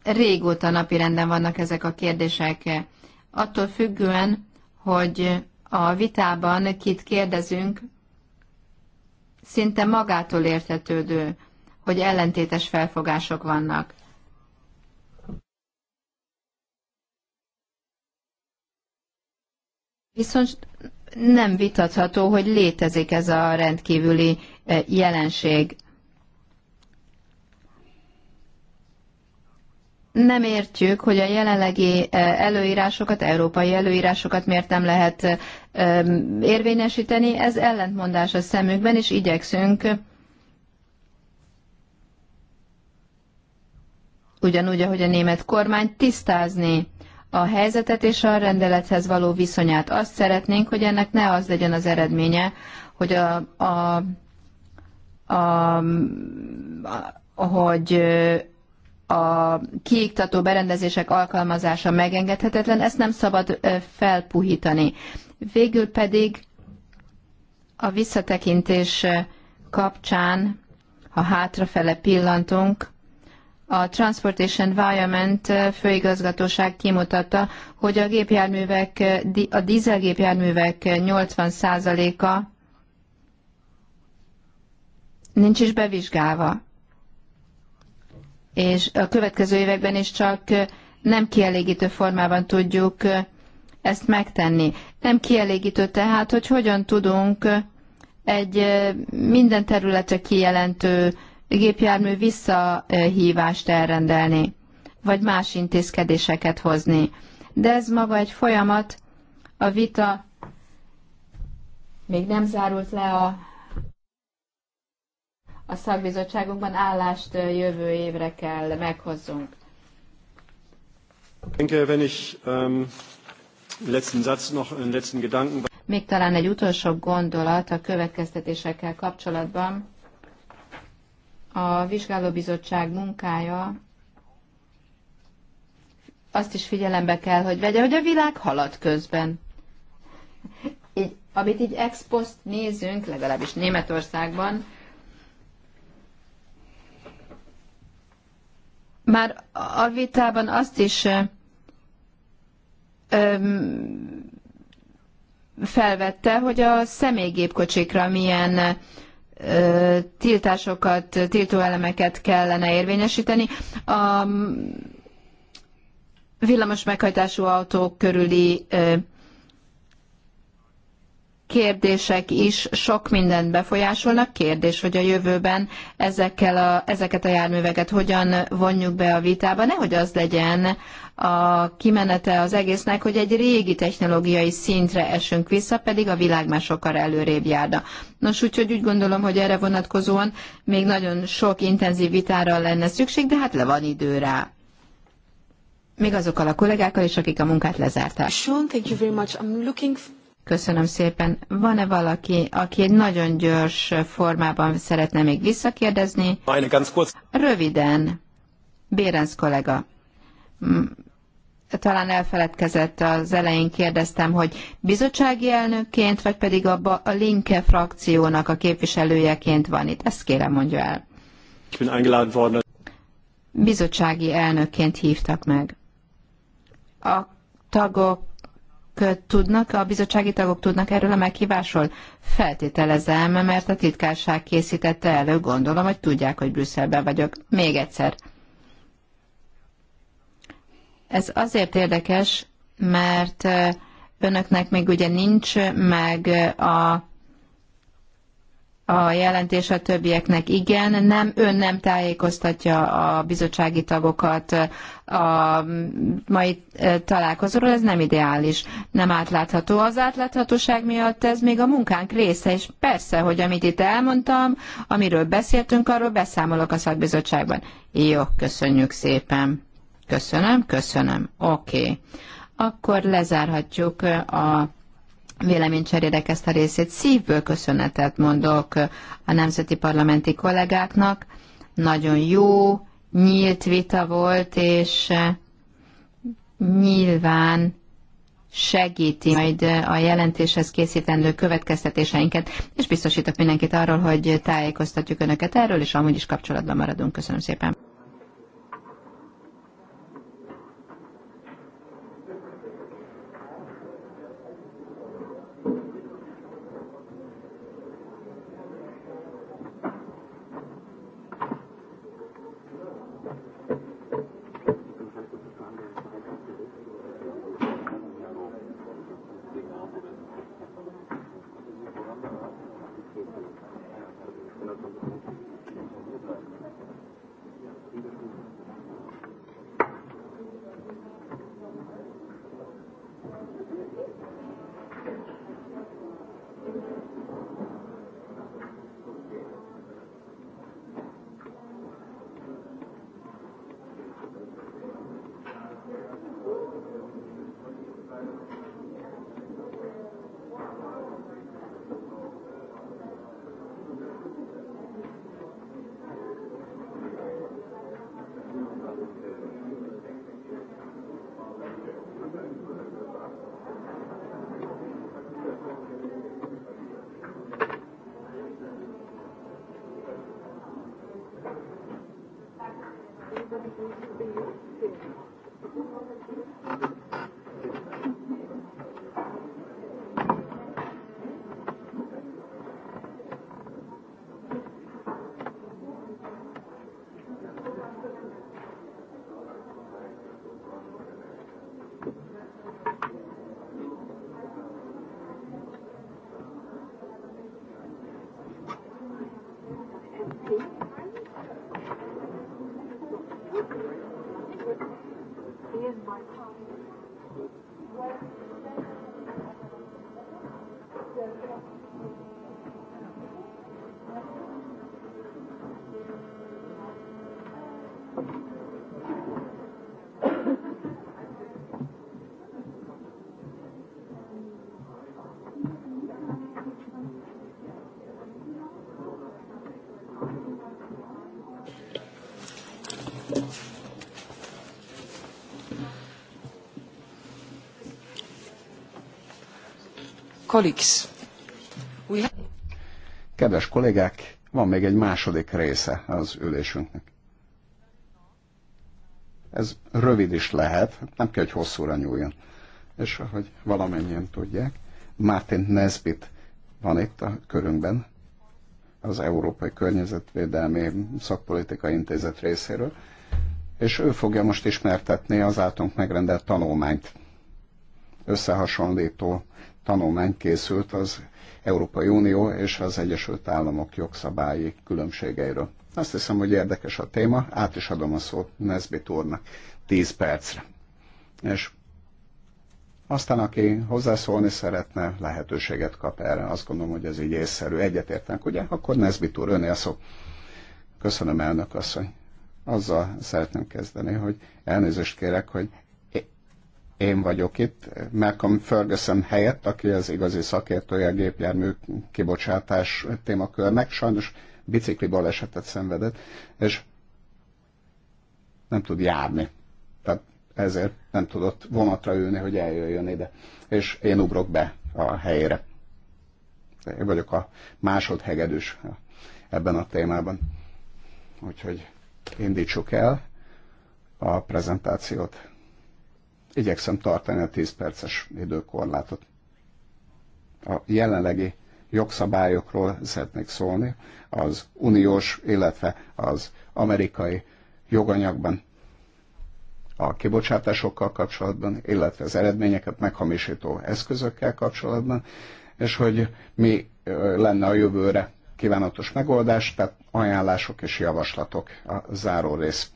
Speaker 3: Régóta napirenden vannak ezek a kérdések. Attól függően, hogy a vitában kit kérdezünk, szinte magától értetődő, hogy ellentétes felfogások vannak. Viszont nem vitatható, hogy létezik ez a rendkívüli eh, jelenség. nem értjük, hogy a jelenlegi e, előírásokat, európai előírásokat miért nem lehet e, érvényesíteni. Ez ellentmondás a szemükben, és igyekszünk ugyanúgy, ahogy a német kormány tisztázni a helyzetet és a rendelethez való viszonyát. Azt szeretnénk, hogy ennek ne az legyen az eredménye, hogy a, a, a, a hogy a kiiktató berendezések alkalmazása megengedhetetlen, ezt nem szabad felpuhítani. Végül pedig a visszatekintés kapcsán, ha hátrafele pillantunk, a Transportation Environment főigazgatóság kimutatta, hogy a gépjárművek, a dízelgépjárművek 80%-a nincs is bevizsgálva és a következő években is csak nem kielégítő formában tudjuk ezt megtenni. Nem kielégítő tehát, hogy hogyan tudunk egy minden területre kijelentő gépjármű visszahívást elrendelni, vagy más intézkedéseket hozni. De ez maga egy folyamat, a vita még nem zárult le a a szakbizottságunkban állást jövő évre kell meghozzunk. Ähm, Még talán egy utolsó gondolat a következtetésekkel kapcsolatban. A vizsgálóbizottság munkája azt is figyelembe kell, hogy vegye, hogy a világ halad közben. Így, amit így ex post nézünk, legalábbis Németországban, Már a vitában azt is öm, felvette, hogy a személygépkocsikra milyen tiltásokat, tiltóelemeket kellene érvényesíteni. A, villamos meghajtású autók körüli kérdések is sok mindent befolyásolnak. Kérdés, hogy a jövőben ezekkel a, ezeket a járműveket hogyan vonjuk be a vitába. Nehogy az legyen a kimenete az egésznek, hogy egy régi technológiai szintre esünk vissza, pedig a világ már sokkal előrébb járna. Nos, úgyhogy úgy gondolom, hogy erre vonatkozóan még nagyon sok intenzív vitára lenne szükség, de hát le van idő rá még azokkal a kollégákkal is, akik a munkát lezárták. Sean, thank you very much. I'm looking Köszönöm szépen. Van-e valaki, aki egy nagyon gyors formában szeretne még visszakérdezni? Röviden. Bérenc kollega. Talán elfeledkezett az elején kérdeztem, hogy bizottsági elnökként, vagy pedig a, a Linke frakciónak a képviselőjeként van itt. Ezt kérem mondja el. Bizottsági elnökként hívtak meg. A tagok tudnak, a bizottsági tagok tudnak erről a meghívásról? Feltételezem, mert a titkárság készítette elő, gondolom, hogy tudják, hogy Brüsszelben vagyok. Még egyszer. Ez azért érdekes, mert önöknek még ugye nincs meg a a jelentés a többieknek igen, nem, ön nem tájékoztatja a bizottsági tagokat a mai e, találkozóról, ez nem ideális, nem átlátható. Az átláthatóság miatt ez még a munkánk része, és persze, hogy amit itt elmondtam, amiről beszéltünk, arról beszámolok a szakbizottságban. Jó, köszönjük szépen. Köszönöm, köszönöm. Oké. Okay. Akkor lezárhatjuk e, a véleménycserére ezt a részét. Szívből köszönetet mondok a nemzeti parlamenti kollégáknak. Nagyon jó, nyílt vita volt, és eh, nyilván segíti majd eh, a jelentéshez készítendő következtetéseinket, és biztosítok mindenkit arról, hogy tájékoztatjuk Önöket erről, és amúgy is kapcsolatban maradunk. Köszönöm szépen.
Speaker 1: Kedves kollégák, van még egy második része az ülésünknek. Ez rövid is lehet, nem kell, hogy hosszúra nyúljon. És ahogy valamennyien tudják, Martin Nesbit van itt a körünkben, az Európai Környezetvédelmi Szakpolitika Intézet részéről, és ő fogja most ismertetni az általunk megrendelt tanulmányt, összehasonlító tanulmány készült az Európai Unió és az Egyesült Államok jogszabályi különbségeiről. Azt hiszem, hogy érdekes a téma, át is adom a szót Nesbit úrnak 10 percre. És aztán, aki hozzászólni szeretne, lehetőséget kap erre. Azt gondolom, hogy ez így észszerű. Egyetértenek, ugye? Akkor Nesbit úr, a szó. Köszönöm, elnök asszony. Azzal szeretném kezdeni, hogy elnézést kérek, hogy én vagyok itt, Malcolm Ferguson helyett, aki az igazi szakértője a gépjármű kibocsátás témakörnek, sajnos bicikli balesetet szenvedett, és nem tud járni. Tehát ezért nem tudott vonatra ülni, hogy eljöjjön ide. És én ugrok be a helyére. Én vagyok a másodhegedűs ebben a témában. Úgyhogy indítsuk el a prezentációt igyekszem tartani a 10 perces időkorlátot. A jelenlegi jogszabályokról szeretnék szólni, az uniós, illetve az amerikai joganyagban a kibocsátásokkal kapcsolatban, illetve az eredményeket meghamisító eszközökkel kapcsolatban, és hogy mi lenne a jövőre kívánatos megoldás, tehát ajánlások és javaslatok a záró rész.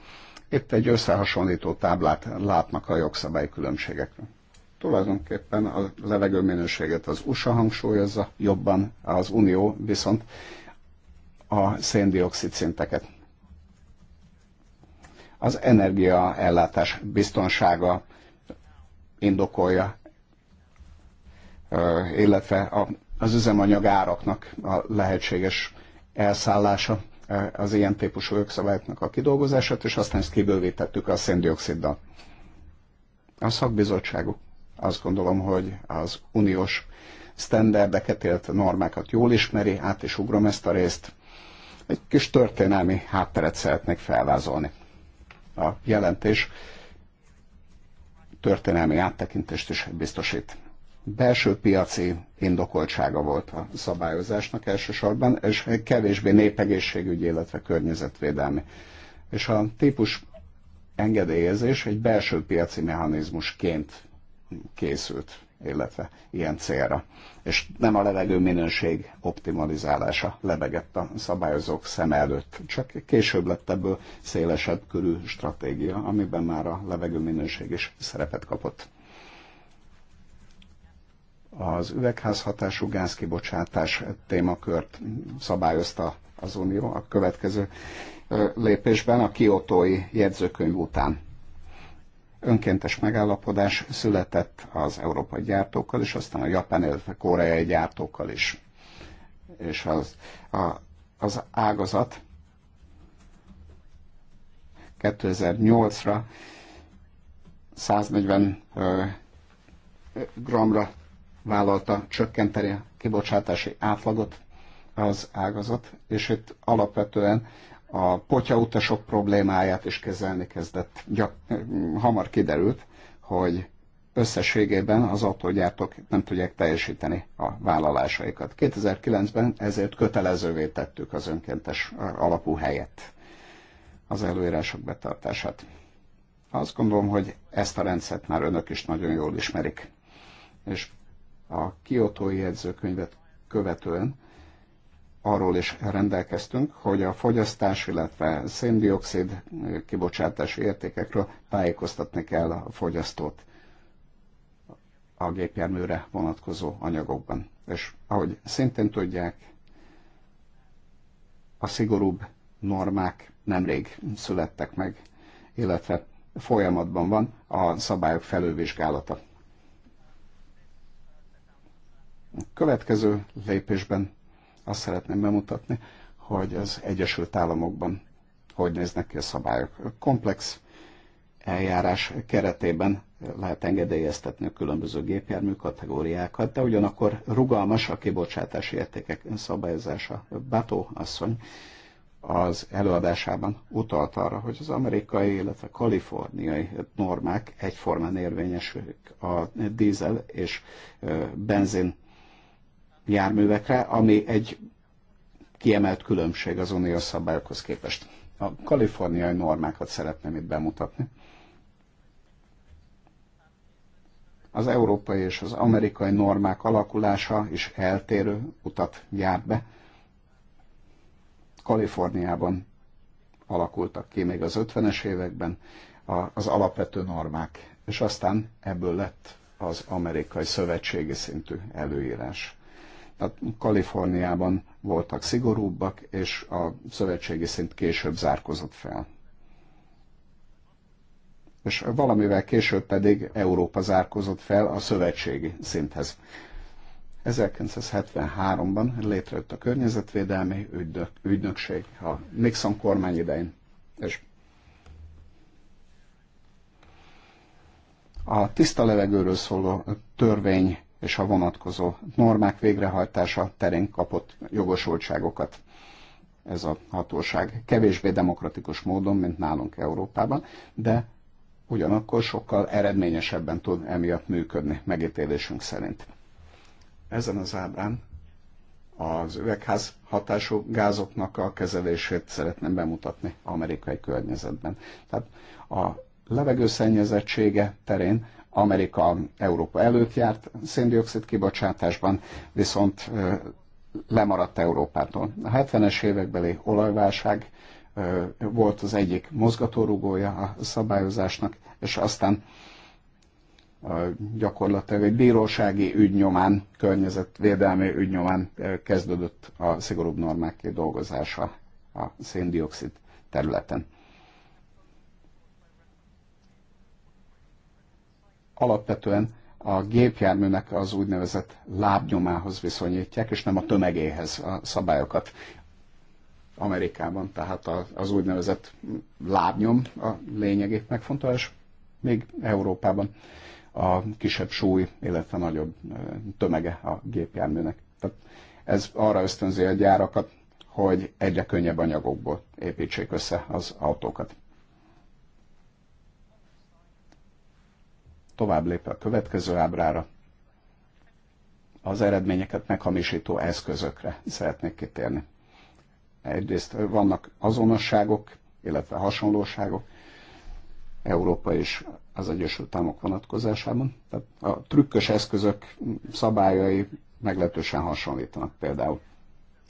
Speaker 1: Itt egy összehasonlító táblát látnak a jogszabály különbségekről. Tulajdonképpen a levegőminőséget az USA hangsúlyozza jobban, az Unió viszont a széndiokszid szinteket. Az energiaellátás biztonsága indokolja, illetve az üzemanyag áraknak a lehetséges elszállása az ilyen típusú jogszabályoknak a kidolgozását, és aztán ezt kibővítettük a széndioksziddal. A szakbizottságok azt gondolom, hogy az uniós sztenderdeket, illetve normákat jól ismeri, át is ugrom ezt a részt. Egy kis történelmi hátteret szeretnék felvázolni. A jelentés történelmi áttekintést is biztosít belső piaci indokoltsága volt a szabályozásnak elsősorban, és kevésbé népegészségügyi, illetve környezetvédelmi. És a típus engedélyezés egy belső piaci mechanizmusként készült, illetve ilyen célra. És nem a levegő minőség optimalizálása lebegett a szabályozók szem előtt, csak később lett ebből szélesebb körű stratégia, amiben már a levegő minőség is szerepet kapott az üvegházhatású gázkibocsátás témakört szabályozta az Unió a következő lépésben a kiotói jegyzőkönyv után. Önkéntes megállapodás született az európai gyártókkal, és aztán a japán, illetve koreai gyártókkal is. És az, a, az ágazat 2008-ra 140 gramra vállalta csökkenteni a kibocsátási átlagot az ágazat, és itt alapvetően a potyautasok problémáját is kezelni kezdett. Gyak, hamar kiderült, hogy összességében az autógyártók nem tudják teljesíteni a vállalásaikat. 2009-ben ezért kötelezővé tettük az önkéntes alapú helyet az előírások betartását. Azt gondolom, hogy ezt a rendszert már önök is nagyon jól ismerik. És a kiotói jegyzőkönyvet követően arról is rendelkeztünk, hogy a fogyasztás, illetve széndiokszid kibocsátási értékekről tájékoztatni kell a fogyasztót a gépjárműre vonatkozó anyagokban. És ahogy szintén tudják, a szigorúbb normák nemrég születtek meg, illetve folyamatban van a szabályok felülvizsgálata. következő lépésben azt szeretném bemutatni, hogy az Egyesült Államokban hogy néznek ki a szabályok. Komplex eljárás keretében lehet engedélyeztetni a különböző gépjármű kategóriákat, de ugyanakkor rugalmas a kibocsátási értékek szabályozása. Bató asszony az előadásában utalt arra, hogy az amerikai, illetve kaliforniai normák egyformán érvényesülnek a dízel és benzin járművekre, ami egy kiemelt különbség az uniós szabályokhoz képest. A kaliforniai normákat szeretném itt bemutatni. Az európai és az amerikai normák alakulása is eltérő utat jár be. Kaliforniában alakultak ki még az 50-es években az alapvető normák, és aztán ebből lett az amerikai szövetségi szintű előírás. Tehát Kaliforniában voltak szigorúbbak, és a szövetségi szint később zárkozott fel. És valamivel később pedig Európa zárkozott fel a szövetségi szinthez. 1973-ban létrejött a környezetvédelmi ügynök, ügynökség a Nixon kormány idején, és a tiszta levegőről szóló törvény és a vonatkozó normák végrehajtása terén kapott jogosultságokat ez a hatóság. Kevésbé demokratikus módon, mint nálunk Európában, de ugyanakkor sokkal eredményesebben tud emiatt működni, megítélésünk szerint. Ezen az ábrán az üvegház hatású gázoknak a kezelését szeretném bemutatni amerikai környezetben. Tehát a levegőszennyezettsége terén Amerika Európa előtt járt széndiokszid kibocsátásban, viszont lemaradt Európától. A 70-es évekbeli olajválság volt az egyik mozgatórugója a szabályozásnak, és aztán gyakorlatilag egy bírósági ügynyomán, környezetvédelmi ügynyomán kezdődött a szigorúbb normák kidolgozása a széndiokszid területen. alapvetően a gépjárműnek az úgynevezett lábnyomához viszonyítják, és nem a tömegéhez a szabályokat. Amerikában, tehát az úgynevezett lábnyom a lényegét megfontolás, még Európában a kisebb súly, illetve nagyobb tömege a gépjárműnek. Tehát ez arra ösztönzi a gyárakat, hogy egyre könnyebb anyagokból építsék össze az autókat. tovább lépve a következő ábrára, az eredményeket meghamisító eszközökre szeretnék kitérni. Egyrészt vannak azonosságok, illetve hasonlóságok, Európa és az Egyesült Államok vonatkozásában. Tehát a trükkös eszközök szabályai meglehetősen hasonlítanak például.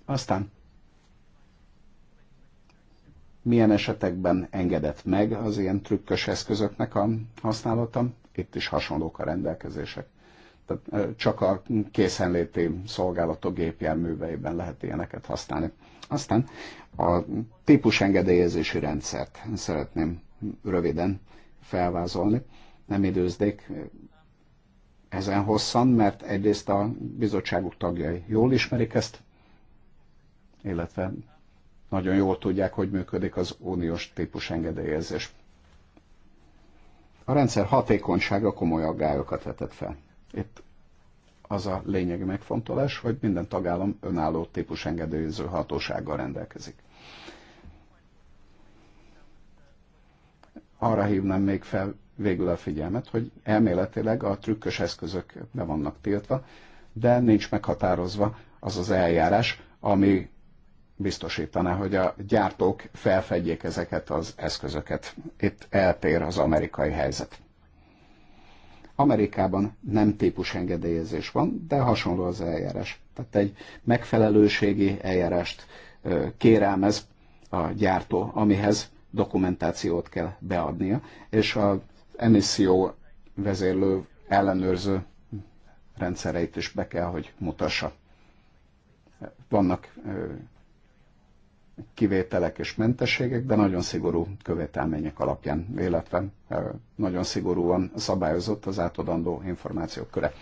Speaker 1: Aztán milyen esetekben engedett meg az ilyen trükkös eszközöknek a használata? itt is hasonlók a rendelkezések. Tehát csak a készenléti szolgálatok gépjárműveiben lehet ilyeneket használni. Aztán a típus engedélyezési rendszert szeretném röviden felvázolni. Nem időzdék ezen hosszan, mert egyrészt a bizottságuk tagjai jól ismerik ezt, illetve nagyon jól tudják, hogy működik az uniós típus engedélyezés. A rendszer hatékonysága komoly aggályokat vetett fel. Itt az a lényegi megfontolás, hogy minden tagállam önálló típus engedélyező hatósággal rendelkezik. Arra hívnám még fel végül a figyelmet, hogy elméletileg a trükkös eszközök be vannak tiltva, de nincs meghatározva az az eljárás, ami biztosítaná, hogy a gyártók felfedjék ezeket az eszközöket. Itt eltér az amerikai helyzet. Amerikában nem típus engedélyezés van, de hasonló az eljárás. Tehát egy megfelelőségi eljárást kérelmez a gyártó, amihez dokumentációt kell beadnia, és az emisszió vezérlő ellenőrző rendszereit is be kell, hogy mutassa. Vannak kivételek és mentességek, de nagyon szigorú követelmények alapján, illetve eh, nagyon szigorúan szabályozott az átadandó információk köre.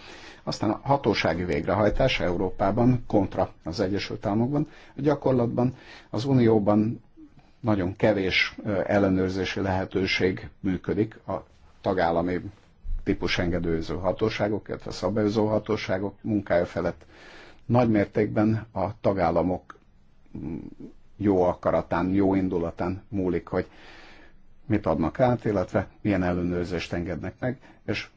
Speaker 1: Aztán a hatósági végrehajtás Európában kontra az Egyesült Államokban. A gyakorlatban az Unióban nagyon kevés eh, ellenőrzési lehetőség működik a tagállami típus engedőző hatóságok, illetve szabályozó hatóságok munkája felett. Nagy mértékben a tagállamok mm, jó akaratán, jó indulatán múlik, hogy mit adnak át, illetve milyen ellenőrzést engednek meg, és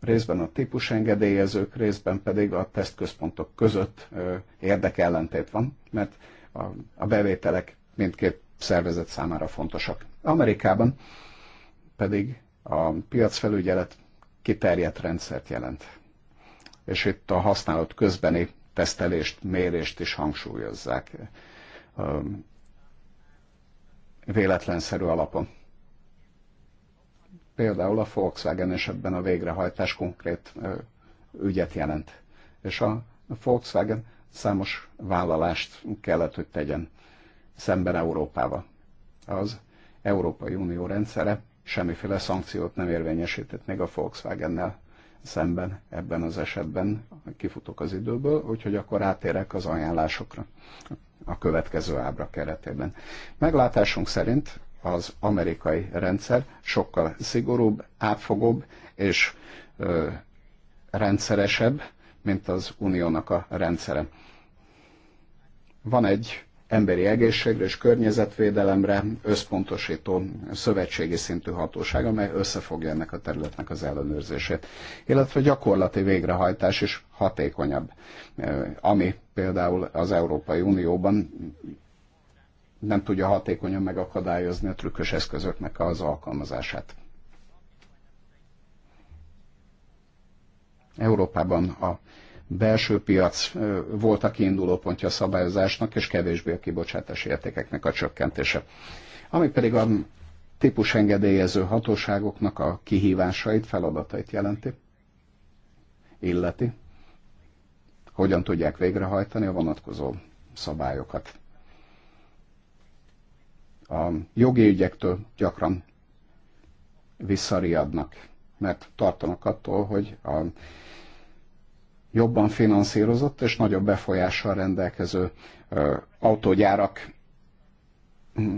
Speaker 1: részben a típusengedélyezők, részben pedig a tesztközpontok között érdekellentét van, mert a bevételek mindkét szervezet számára fontosak. Amerikában pedig a piacfelügyelet kiterjedt rendszert jelent. És itt a használat közbeni tesztelést, mérést is hangsúlyozzák véletlenszerű alapon. Például a Volkswagen esetben a végrehajtás konkrét ügyet jelent. És a Volkswagen számos vállalást kellett, hogy tegyen szemben Európával. Az Európai Unió rendszere semmiféle szankciót nem érvényesített még a Volkswagennel szemben ebben az esetben. Kifutok az időből, úgyhogy akkor átérek az ajánlásokra a következő ábra keretében. Meglátásunk szerint az amerikai rendszer sokkal szigorúbb, átfogóbb és ö, rendszeresebb, mint az uniónak a rendszere. Van egy emberi egészségre és környezetvédelemre összpontosító szövetségi szintű hatóság, amely összefogja ennek a területnek az ellenőrzését. Illetve gyakorlati végrehajtás is hatékonyabb, e, ami például az Európai Unióban nem tudja hatékonyan megakadályozni a trükkös eszközöknek az alkalmazását. Európában a belső piac volt a kiinduló pontja a szabályozásnak, és kevésbé a kibocsátási értékeknek a csökkentése. Ami pedig a típus engedélyező hatóságoknak a kihívásait, feladatait jelenti, illeti, hogyan tudják végrehajtani a vonatkozó szabályokat. A jogi ügyektől gyakran visszariadnak, mert tartanak attól, hogy a jobban finanszírozott és nagyobb befolyással rendelkező autógyárak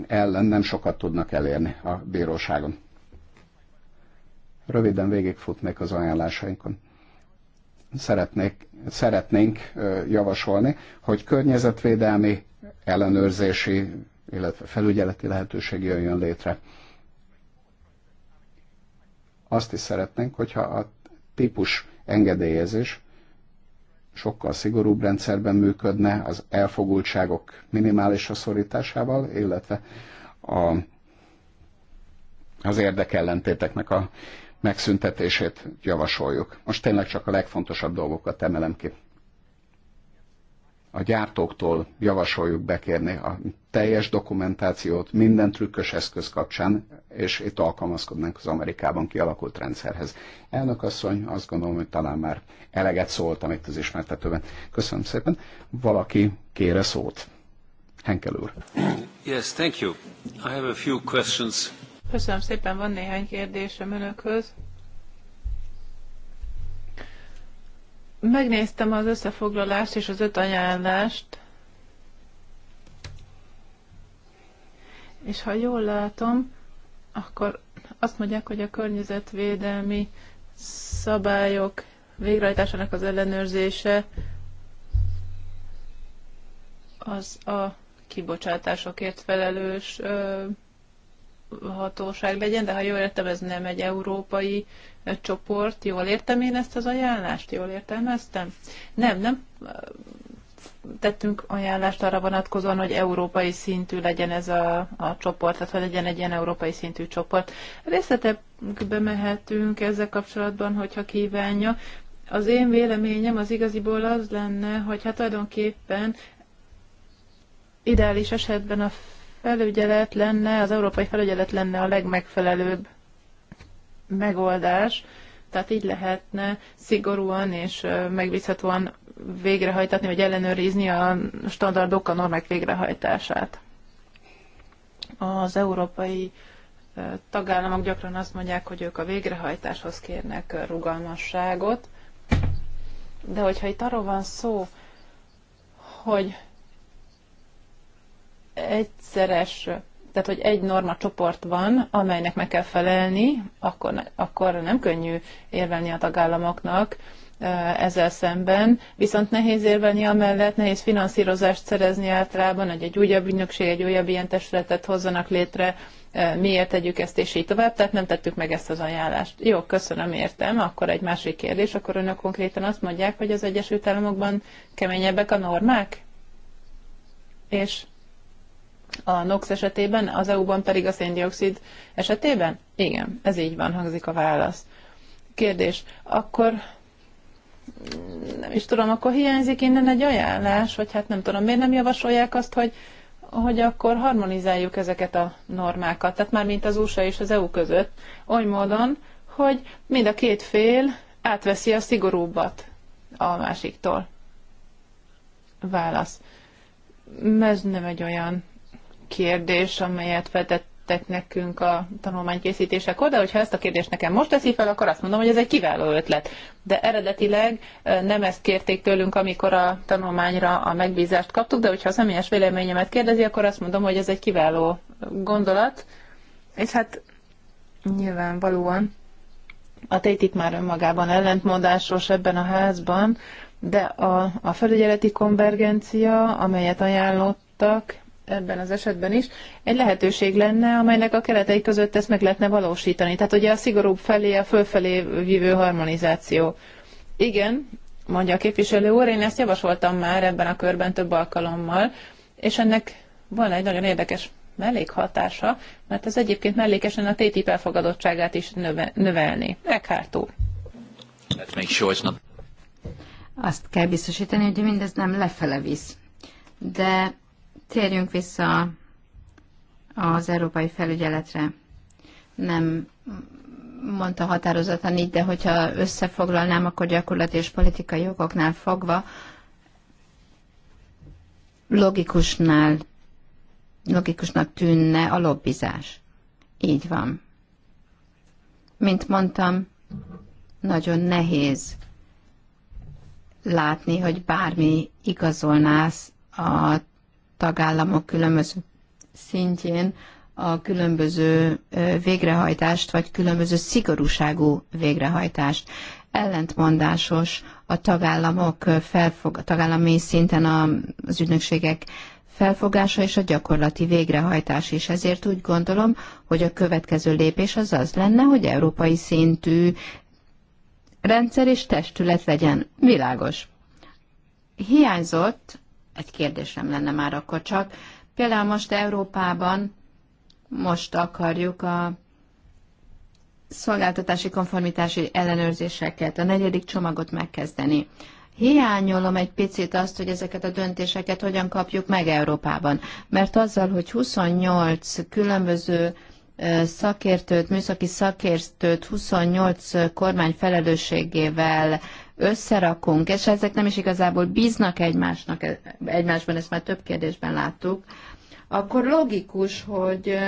Speaker 1: ellen nem sokat tudnak elérni a bíróságon. Röviden végigfutnék az ajánlásainkon. Szeretnék, szeretnénk javasolni, hogy környezetvédelmi ellenőrzési, illetve felügyeleti lehetőség jöjjön létre. Azt is szeretnénk, hogyha a típus engedélyezés sokkal szigorúbb rendszerben működne az elfogultságok minimálisra szorításával, illetve a, az érdekellentéteknek a megszüntetését javasoljuk. Most tényleg csak a legfontosabb dolgokat emelem ki a gyártóktól javasoljuk bekérni a teljes dokumentációt minden trükkös eszköz kapcsán, és itt alkalmazkodnánk az Amerikában kialakult rendszerhez. Elnök asszony, azt gondolom, hogy talán már eleget szóltam itt az ismertetőben. Köszönöm szépen. Valaki kére szót. Henkel úr. Yes, thank you. I have a few questions.
Speaker 2: Köszönöm szépen, van néhány kérdésem önökhöz. Megnéztem az összefoglalást és az öt ajánlást, és ha jól látom, akkor azt mondják, hogy a környezetvédelmi szabályok végrehajtásának az ellenőrzése az a kibocsátásokért felelős hatóság legyen, de ha jól értem, ez nem egy európai csoport. Jól értem én ezt az ajánlást? Jól értelmeztem? Nem, nem tettünk ajánlást arra vonatkozóan, hogy európai szintű legyen ez a, a csoport, tehát hogy legyen egy ilyen európai szintű csoport. Részletekbe mehetünk ezzel kapcsolatban, hogyha kívánja. Az én véleményem az igaziból az lenne, hogy hát tulajdonképpen ideális esetben a felügyelet lenne, az európai felügyelet lenne a legmegfelelőbb megoldás, tehát így lehetne szigorúan és megbízhatóan végrehajtatni, vagy ellenőrizni a standardok, a normák végrehajtását. Az európai tagállamok gyakran azt mondják, hogy ők a végrehajtáshoz kérnek rugalmasságot, de hogyha itt arról van szó, hogy egyszeres tehát hogy egy norma csoport van, amelynek meg kell felelni, akkor, akkor nem könnyű érvelni a tagállamoknak ezzel szemben, viszont nehéz érvelni amellett, nehéz finanszírozást szerezni általában, hogy egy újabb ügynökség, egy újabb ilyen testületet hozzanak létre, miért tegyük ezt, és így tovább, tehát nem tettük meg ezt az ajánlást. Jó, köszönöm, értem. Akkor egy másik kérdés, akkor önök konkrétan azt mondják, hogy az Egyesült Államokban keményebbek a normák? És a NOx esetében, az EU-ban pedig a széndiokszid esetében? Igen, ez így van, hangzik a válasz. Kérdés, akkor mm, nem is tudom, akkor hiányzik innen egy ajánlás, vagy hát nem tudom, miért nem javasolják azt, hogy, hogy akkor harmonizáljuk ezeket a normákat, tehát már mint az USA és az EU között, oly módon, hogy mind a két fél átveszi a szigorúbbat a másiktól. Válasz. Ez nem egy olyan kérdés, amelyet vetettek nekünk a tanulmánykészítések de hogyha ezt a kérdést nekem most teszi fel, akkor azt mondom, hogy ez egy kiváló ötlet. De eredetileg nem ezt kérték tőlünk, amikor a tanulmányra a megbízást kaptuk, de hogyha a személyes véleményemet kérdezi, akkor azt mondom, hogy ez egy kiváló gondolat, és hát nyilvánvalóan a itt már önmagában ellentmondásos ebben a házban, de a, a felügyeleti konvergencia, amelyet ajánlottak, ebben az esetben is, egy lehetőség lenne, amelynek a keretei között ezt meg lehetne valósítani. Tehát ugye a szigorúbb felé, a fölfelé vívő harmonizáció. Igen, mondja a képviselő úr, én ezt javasoltam már ebben a körben több alkalommal, és ennek van egy nagyon érdekes mellékhatása, mert ez egyébként mellékesen a TTIP elfogadottságát is növe, növelni. Meghártó.
Speaker 3: Azt kell biztosítani, hogy mindez nem lefele visz. De Térjünk vissza az európai felügyeletre. Nem mondta határozatlan így, de hogyha összefoglalnám, akkor gyakorlati és politikai jogoknál fogva logikusnál, logikusnak tűnne a lobbizás. Így van. Mint mondtam, nagyon nehéz látni, hogy bármi igazolnász a tagállamok különböző szintjén a különböző végrehajtást, vagy különböző szigorúságú végrehajtást. Ellentmondásos a tagállamok felfog, tagállami szinten az ügynökségek felfogása és a gyakorlati végrehajtás is. Ezért úgy gondolom, hogy a következő lépés az az lenne, hogy európai szintű rendszer és testület legyen. Világos. Hiányzott egy kérdésem lenne már akkor csak. Például most Európában most akarjuk a szolgáltatási konformitási ellenőrzéseket, a negyedik csomagot megkezdeni. Hiányolom egy picit azt, hogy ezeket a döntéseket hogyan kapjuk meg Európában. Mert azzal, hogy 28 különböző szakértőt, műszaki szakértőt 28 kormány felelősségével összerakunk, és ezek nem is igazából bíznak egymásnak, egymásban, ezt már több kérdésben láttuk, akkor logikus, hogy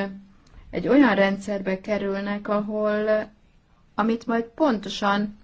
Speaker 3: egy olyan rendszerbe kerülnek, ahol, amit majd pontosan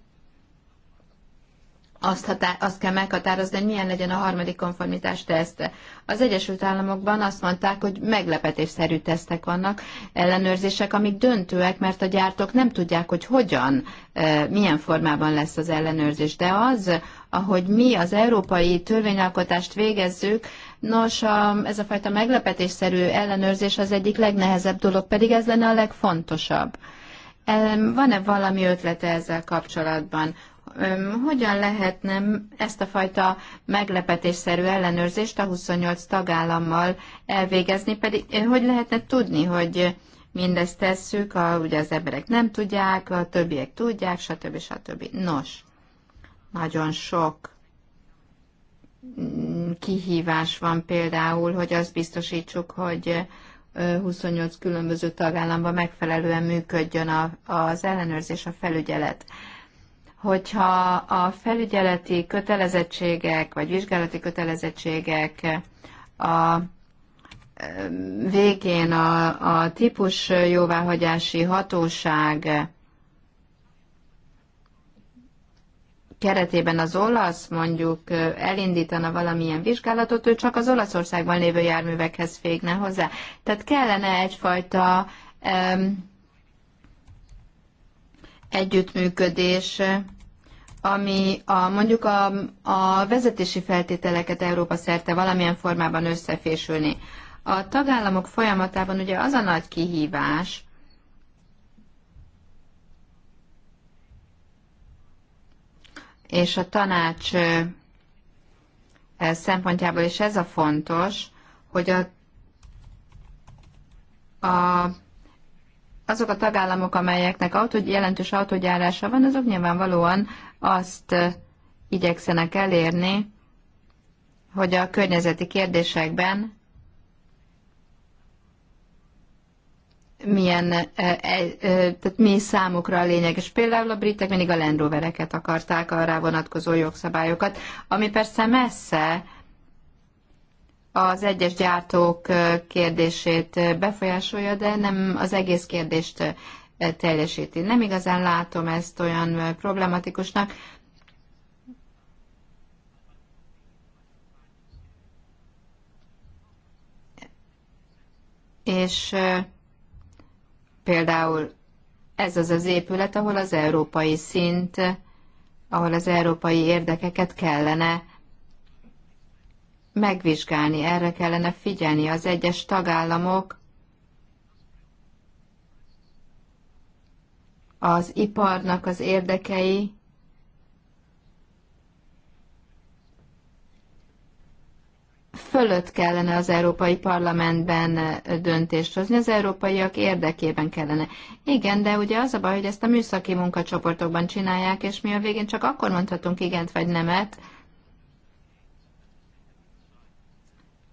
Speaker 3: azt, azt kell meghatározni, hogy milyen legyen a harmadik konformitás teszt. Az Egyesült Államokban azt mondták, hogy meglepetésszerű tesztek vannak, ellenőrzések, amik döntőek, mert a gyártók nem tudják, hogy hogyan, e, milyen formában lesz az ellenőrzés. De az, ahogy mi az európai törvényalkotást végezzük, Nos, a, ez a fajta meglepetésszerű ellenőrzés az egyik legnehezebb dolog, pedig ez lenne a legfontosabb. E, van-e valami ötlete ezzel kapcsolatban? hogyan lehetne ezt a fajta meglepetésszerű ellenőrzést a 28 tagállammal elvégezni, pedig eh, hogy lehetne tudni, hogy mindezt tesszük, a, ugye az emberek nem tudják, a többiek tudják, stb. stb. Nos, nagyon sok mm, kihívás van például, hogy azt biztosítsuk, hogy 28 különböző tagállamban megfelelően működjön a, az ellenőrzés, a felügyelet hogyha a felügyeleti kötelezettségek vagy vizsgálati kötelezettségek a végén a, a típus jóváhagyási hatóság keretében az olasz mondjuk elindítana valamilyen vizsgálatot, ő csak az Olaszországban lévő járművekhez fégne hozzá. Tehát kellene egyfajta um, együttműködés ami a, mondjuk a, a vezetési feltételeket Európa szerte valamilyen formában összefésülni. A tagállamok folyamatában ugye az a nagy kihívás, és a tanács szempontjából is ez a fontos, hogy a, a, azok a tagállamok, amelyeknek autó, jelentős autógyárása van, azok nyilvánvalóan azt igyekszenek elérni, hogy a környezeti kérdésekben milyen, e, e, tehát mi számukra a lényeges. Például a britek mindig a Land Rovereket akarták, arra vonatkozó jogszabályokat, ami persze messze az egyes gyártók kérdését befolyásolja, de nem az egész kérdést teljesíti. Nem igazán látom ezt olyan problematikusnak. És például ez az az épület, ahol az európai szint, ahol az európai érdekeket kellene megvizsgálni, erre kellene figyelni. Az egyes tagállamok az iparnak az érdekei, fölött kellene az Európai Parlamentben döntést hozni, az európaiak érdekében kellene. Igen, de ugye az a baj, hogy ezt a műszaki munkacsoportokban csinálják, és mi a végén csak akkor mondhatunk igent vagy nemet,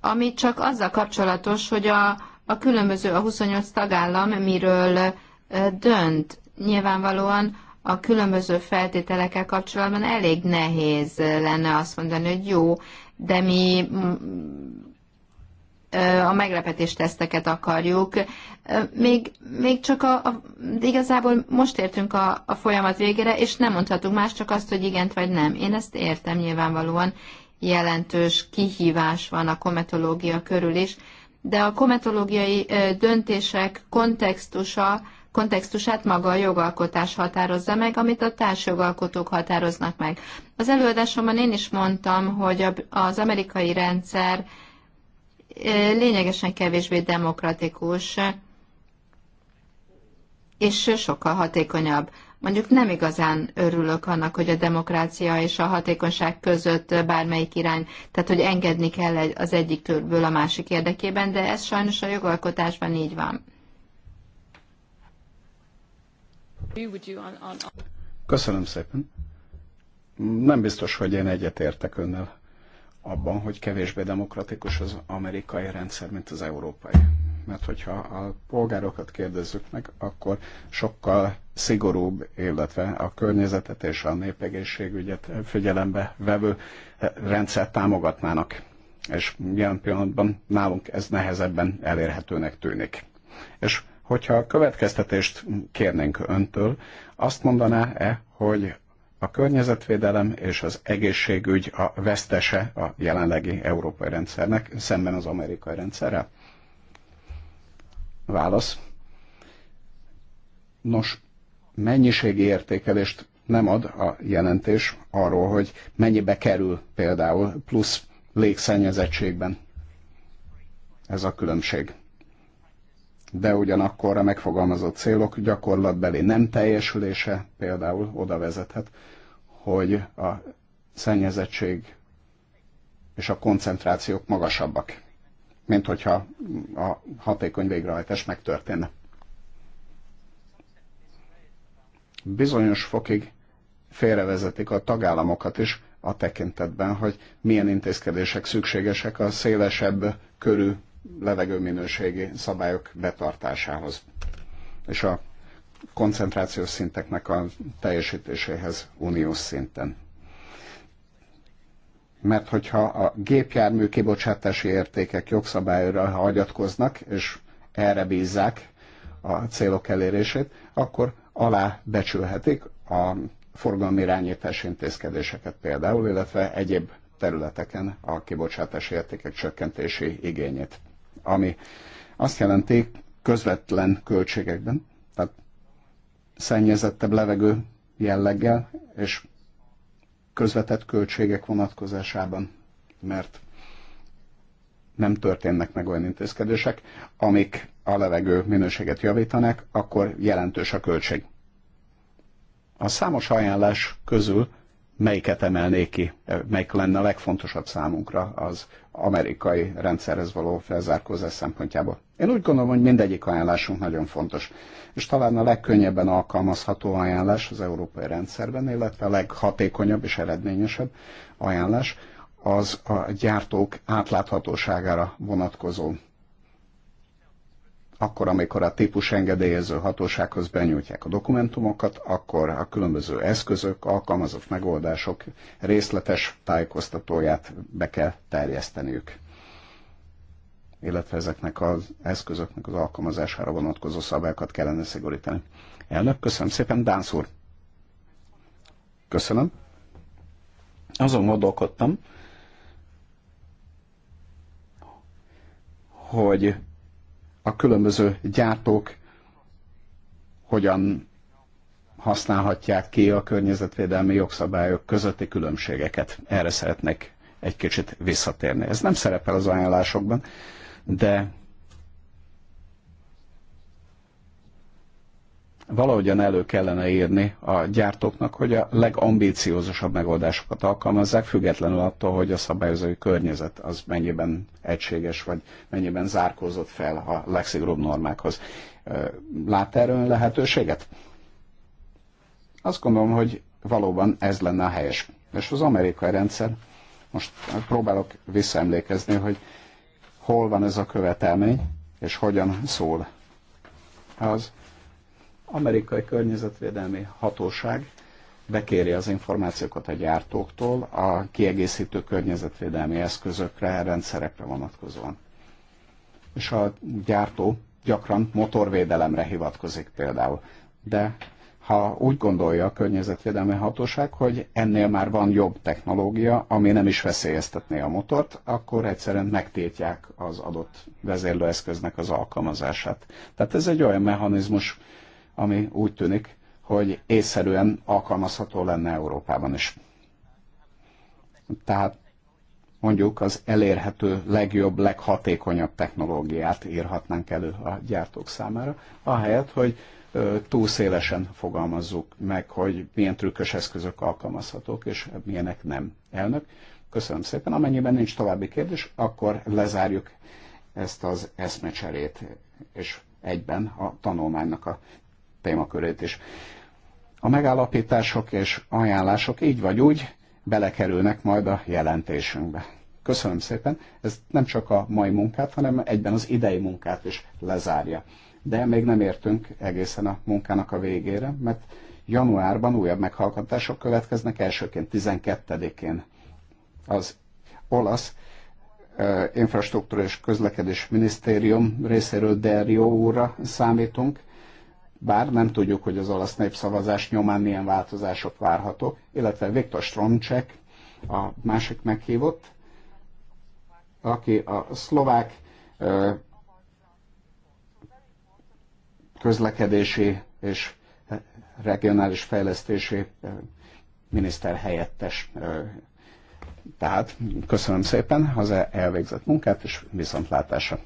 Speaker 3: ami csak azzal kapcsolatos, hogy a, a különböző, a 28 tagállam miről dönt nyilvánvalóan a különböző feltételekkel kapcsolatban elég nehéz lenne azt mondani, hogy jó, de mi mm, a meglepetés teszteket akarjuk. Még, még csak a, a, igazából most értünk a, a folyamat végére, és nem mondhatunk más, csak azt, hogy igent vagy nem. Én ezt értem nyilvánvalóan, jelentős kihívás van a kometológia körül is, de a kometológiai döntések kontextusa kontextusát maga a jogalkotás határozza meg, amit a társjogalkotók határoznak meg. Az előadásomban én is mondtam, hogy az amerikai rendszer eh, lényegesen kevésbé demokratikus, és sokkal hatékonyabb. Mondjuk nem igazán örülök annak, hogy a demokrácia és a hatékonyság között bármelyik irány, tehát hogy engedni kell az egyik törből a másik érdekében, de ez sajnos a jogalkotásban így van.
Speaker 1: Köszönöm szépen. Nem biztos, hogy én egyetértek önnel abban, hogy kevésbé demokratikus az amerikai rendszer, mint az európai. Mert hogyha a polgárokat kérdezzük meg, akkor sokkal szigorúbb, illetve a környezetet és a népegészségügyet figyelembe vevő rendszert támogatnának. És jelen pillanatban nálunk ez nehezebben elérhetőnek tűnik. És Hogyha a következtetést kérnénk öntől, azt mondaná-e, hogy a környezetvédelem és az egészségügy a vesztese a jelenlegi európai rendszernek szemben az amerikai rendszerrel? Válasz. Nos, mennyiségi értékelést nem ad a jelentés arról, hogy mennyibe kerül például plusz légszennyezettségben ez a különbség de ugyanakkor a megfogalmazott célok gyakorlatbeli nem teljesülése például oda vezethet, hogy a szennyezettség és a koncentrációk magasabbak, mint hogyha a hatékony végrehajtás megtörténne. Bizonyos fokig félrevezetik a tagállamokat is a tekintetben, hogy milyen intézkedések szükségesek a szélesebb körű levegőminőségi szabályok betartásához és a koncentrációs szinteknek a teljesítéséhez uniós szinten. Mert hogyha a gépjármű kibocsátási értékek jogszabályra hagyatkoznak, és erre bízzák a célok elérését, akkor alá becsülhetik a forgalmi irányítás intézkedéseket például, illetve egyéb területeken a kibocsátási értékek csökkentési igényét ami azt jelenti közvetlen költségekben, tehát szennyezettebb levegő jelleggel és közvetett költségek vonatkozásában, mert nem történnek meg olyan intézkedések, amik a levegő minőséget javítanak, akkor jelentős a költség. A számos ajánlás közül melyiket emelnék ki, eh, melyik lenne a legfontosabb számunkra az amerikai rendszerhez való felzárkózás szempontjából. Én úgy gondolom, hogy mindegyik ajánlásunk nagyon fontos, és talán a legkönnyebben alkalmazható ajánlás az európai rendszerben, illetve a leghatékonyabb és eredményesebb ajánlás az a gyártók átláthatóságára vonatkozó akkor, amikor a típus engedélyező hatósághoz benyújtják a dokumentumokat, akkor a különböző eszközök, alkalmazott megoldások részletes tájékoztatóját be kell terjeszteniük illetve ezeknek az eszközöknek az alkalmazására vonatkozó szabályokat kellene szigorítani. Elnök, köszönöm szépen, Dánsz úr. Köszönöm. Azon gondolkodtam, hogy a különböző gyártók hogyan használhatják ki a környezetvédelmi jogszabályok közötti különbségeket. Erre szeretnék egy kicsit visszatérni. Ez nem szerepel az ajánlásokban, de valahogyan elő kellene írni a gyártóknak, hogy a legambíciózusabb megoldásokat alkalmazzák, függetlenül attól, hogy a szabályozói környezet az mennyiben egységes, vagy mennyiben zárkózott fel a legszigorúbb normákhoz. Lát erről ön lehetőséget? Azt gondolom, hogy valóban ez lenne a helyes. És az amerikai rendszer, most próbálok visszaemlékezni, hogy hol van ez a követelmény, és hogyan szól. Az amerikai környezetvédelmi hatóság bekéri az információkat a gyártóktól a kiegészítő környezetvédelmi eszközökre, rendszerekre vonatkozóan. És a gyártó gyakran motorvédelemre hivatkozik például. De ha úgy gondolja a környezetvédelmi hatóság, hogy ennél már van jobb technológia, ami nem is veszélyeztetné a motort, akkor egyszerűen megtiltják az adott vezérlőeszköznek az alkalmazását. Tehát ez egy olyan mechanizmus, ami úgy tűnik, hogy észszerűen alkalmazható lenne Európában is. Tehát mondjuk az elérhető legjobb, leghatékonyabb technológiát írhatnánk elő a gyártók számára, ahelyett, hogy túl szélesen fogalmazzuk meg, hogy milyen trükkös eszközök alkalmazhatók, és milyenek nem. Elnök, köszönöm szépen. Amennyiben nincs további kérdés, akkor lezárjuk ezt az eszmecserét, és egyben a tanulmánynak a témakörét is. A megállapítások és ajánlások így vagy úgy belekerülnek majd a jelentésünkbe. Köszönöm szépen, ez nem csak a mai munkát, hanem egyben az idei munkát is lezárja. De még nem értünk egészen a munkának a végére, mert januárban újabb meghallgatások következnek, elsőként 12-én az olasz infrastruktúra és közlekedés minisztérium részéről Derio úrra számítunk, bár nem tudjuk, hogy az olasz népszavazás nyomán milyen változások várhatók, illetve Viktor Stromcsek, a másik meghívott, aki a szlovák közlekedési és regionális fejlesztési miniszter helyettes. Tehát köszönöm szépen az elvégzett munkát, és viszontlátásra.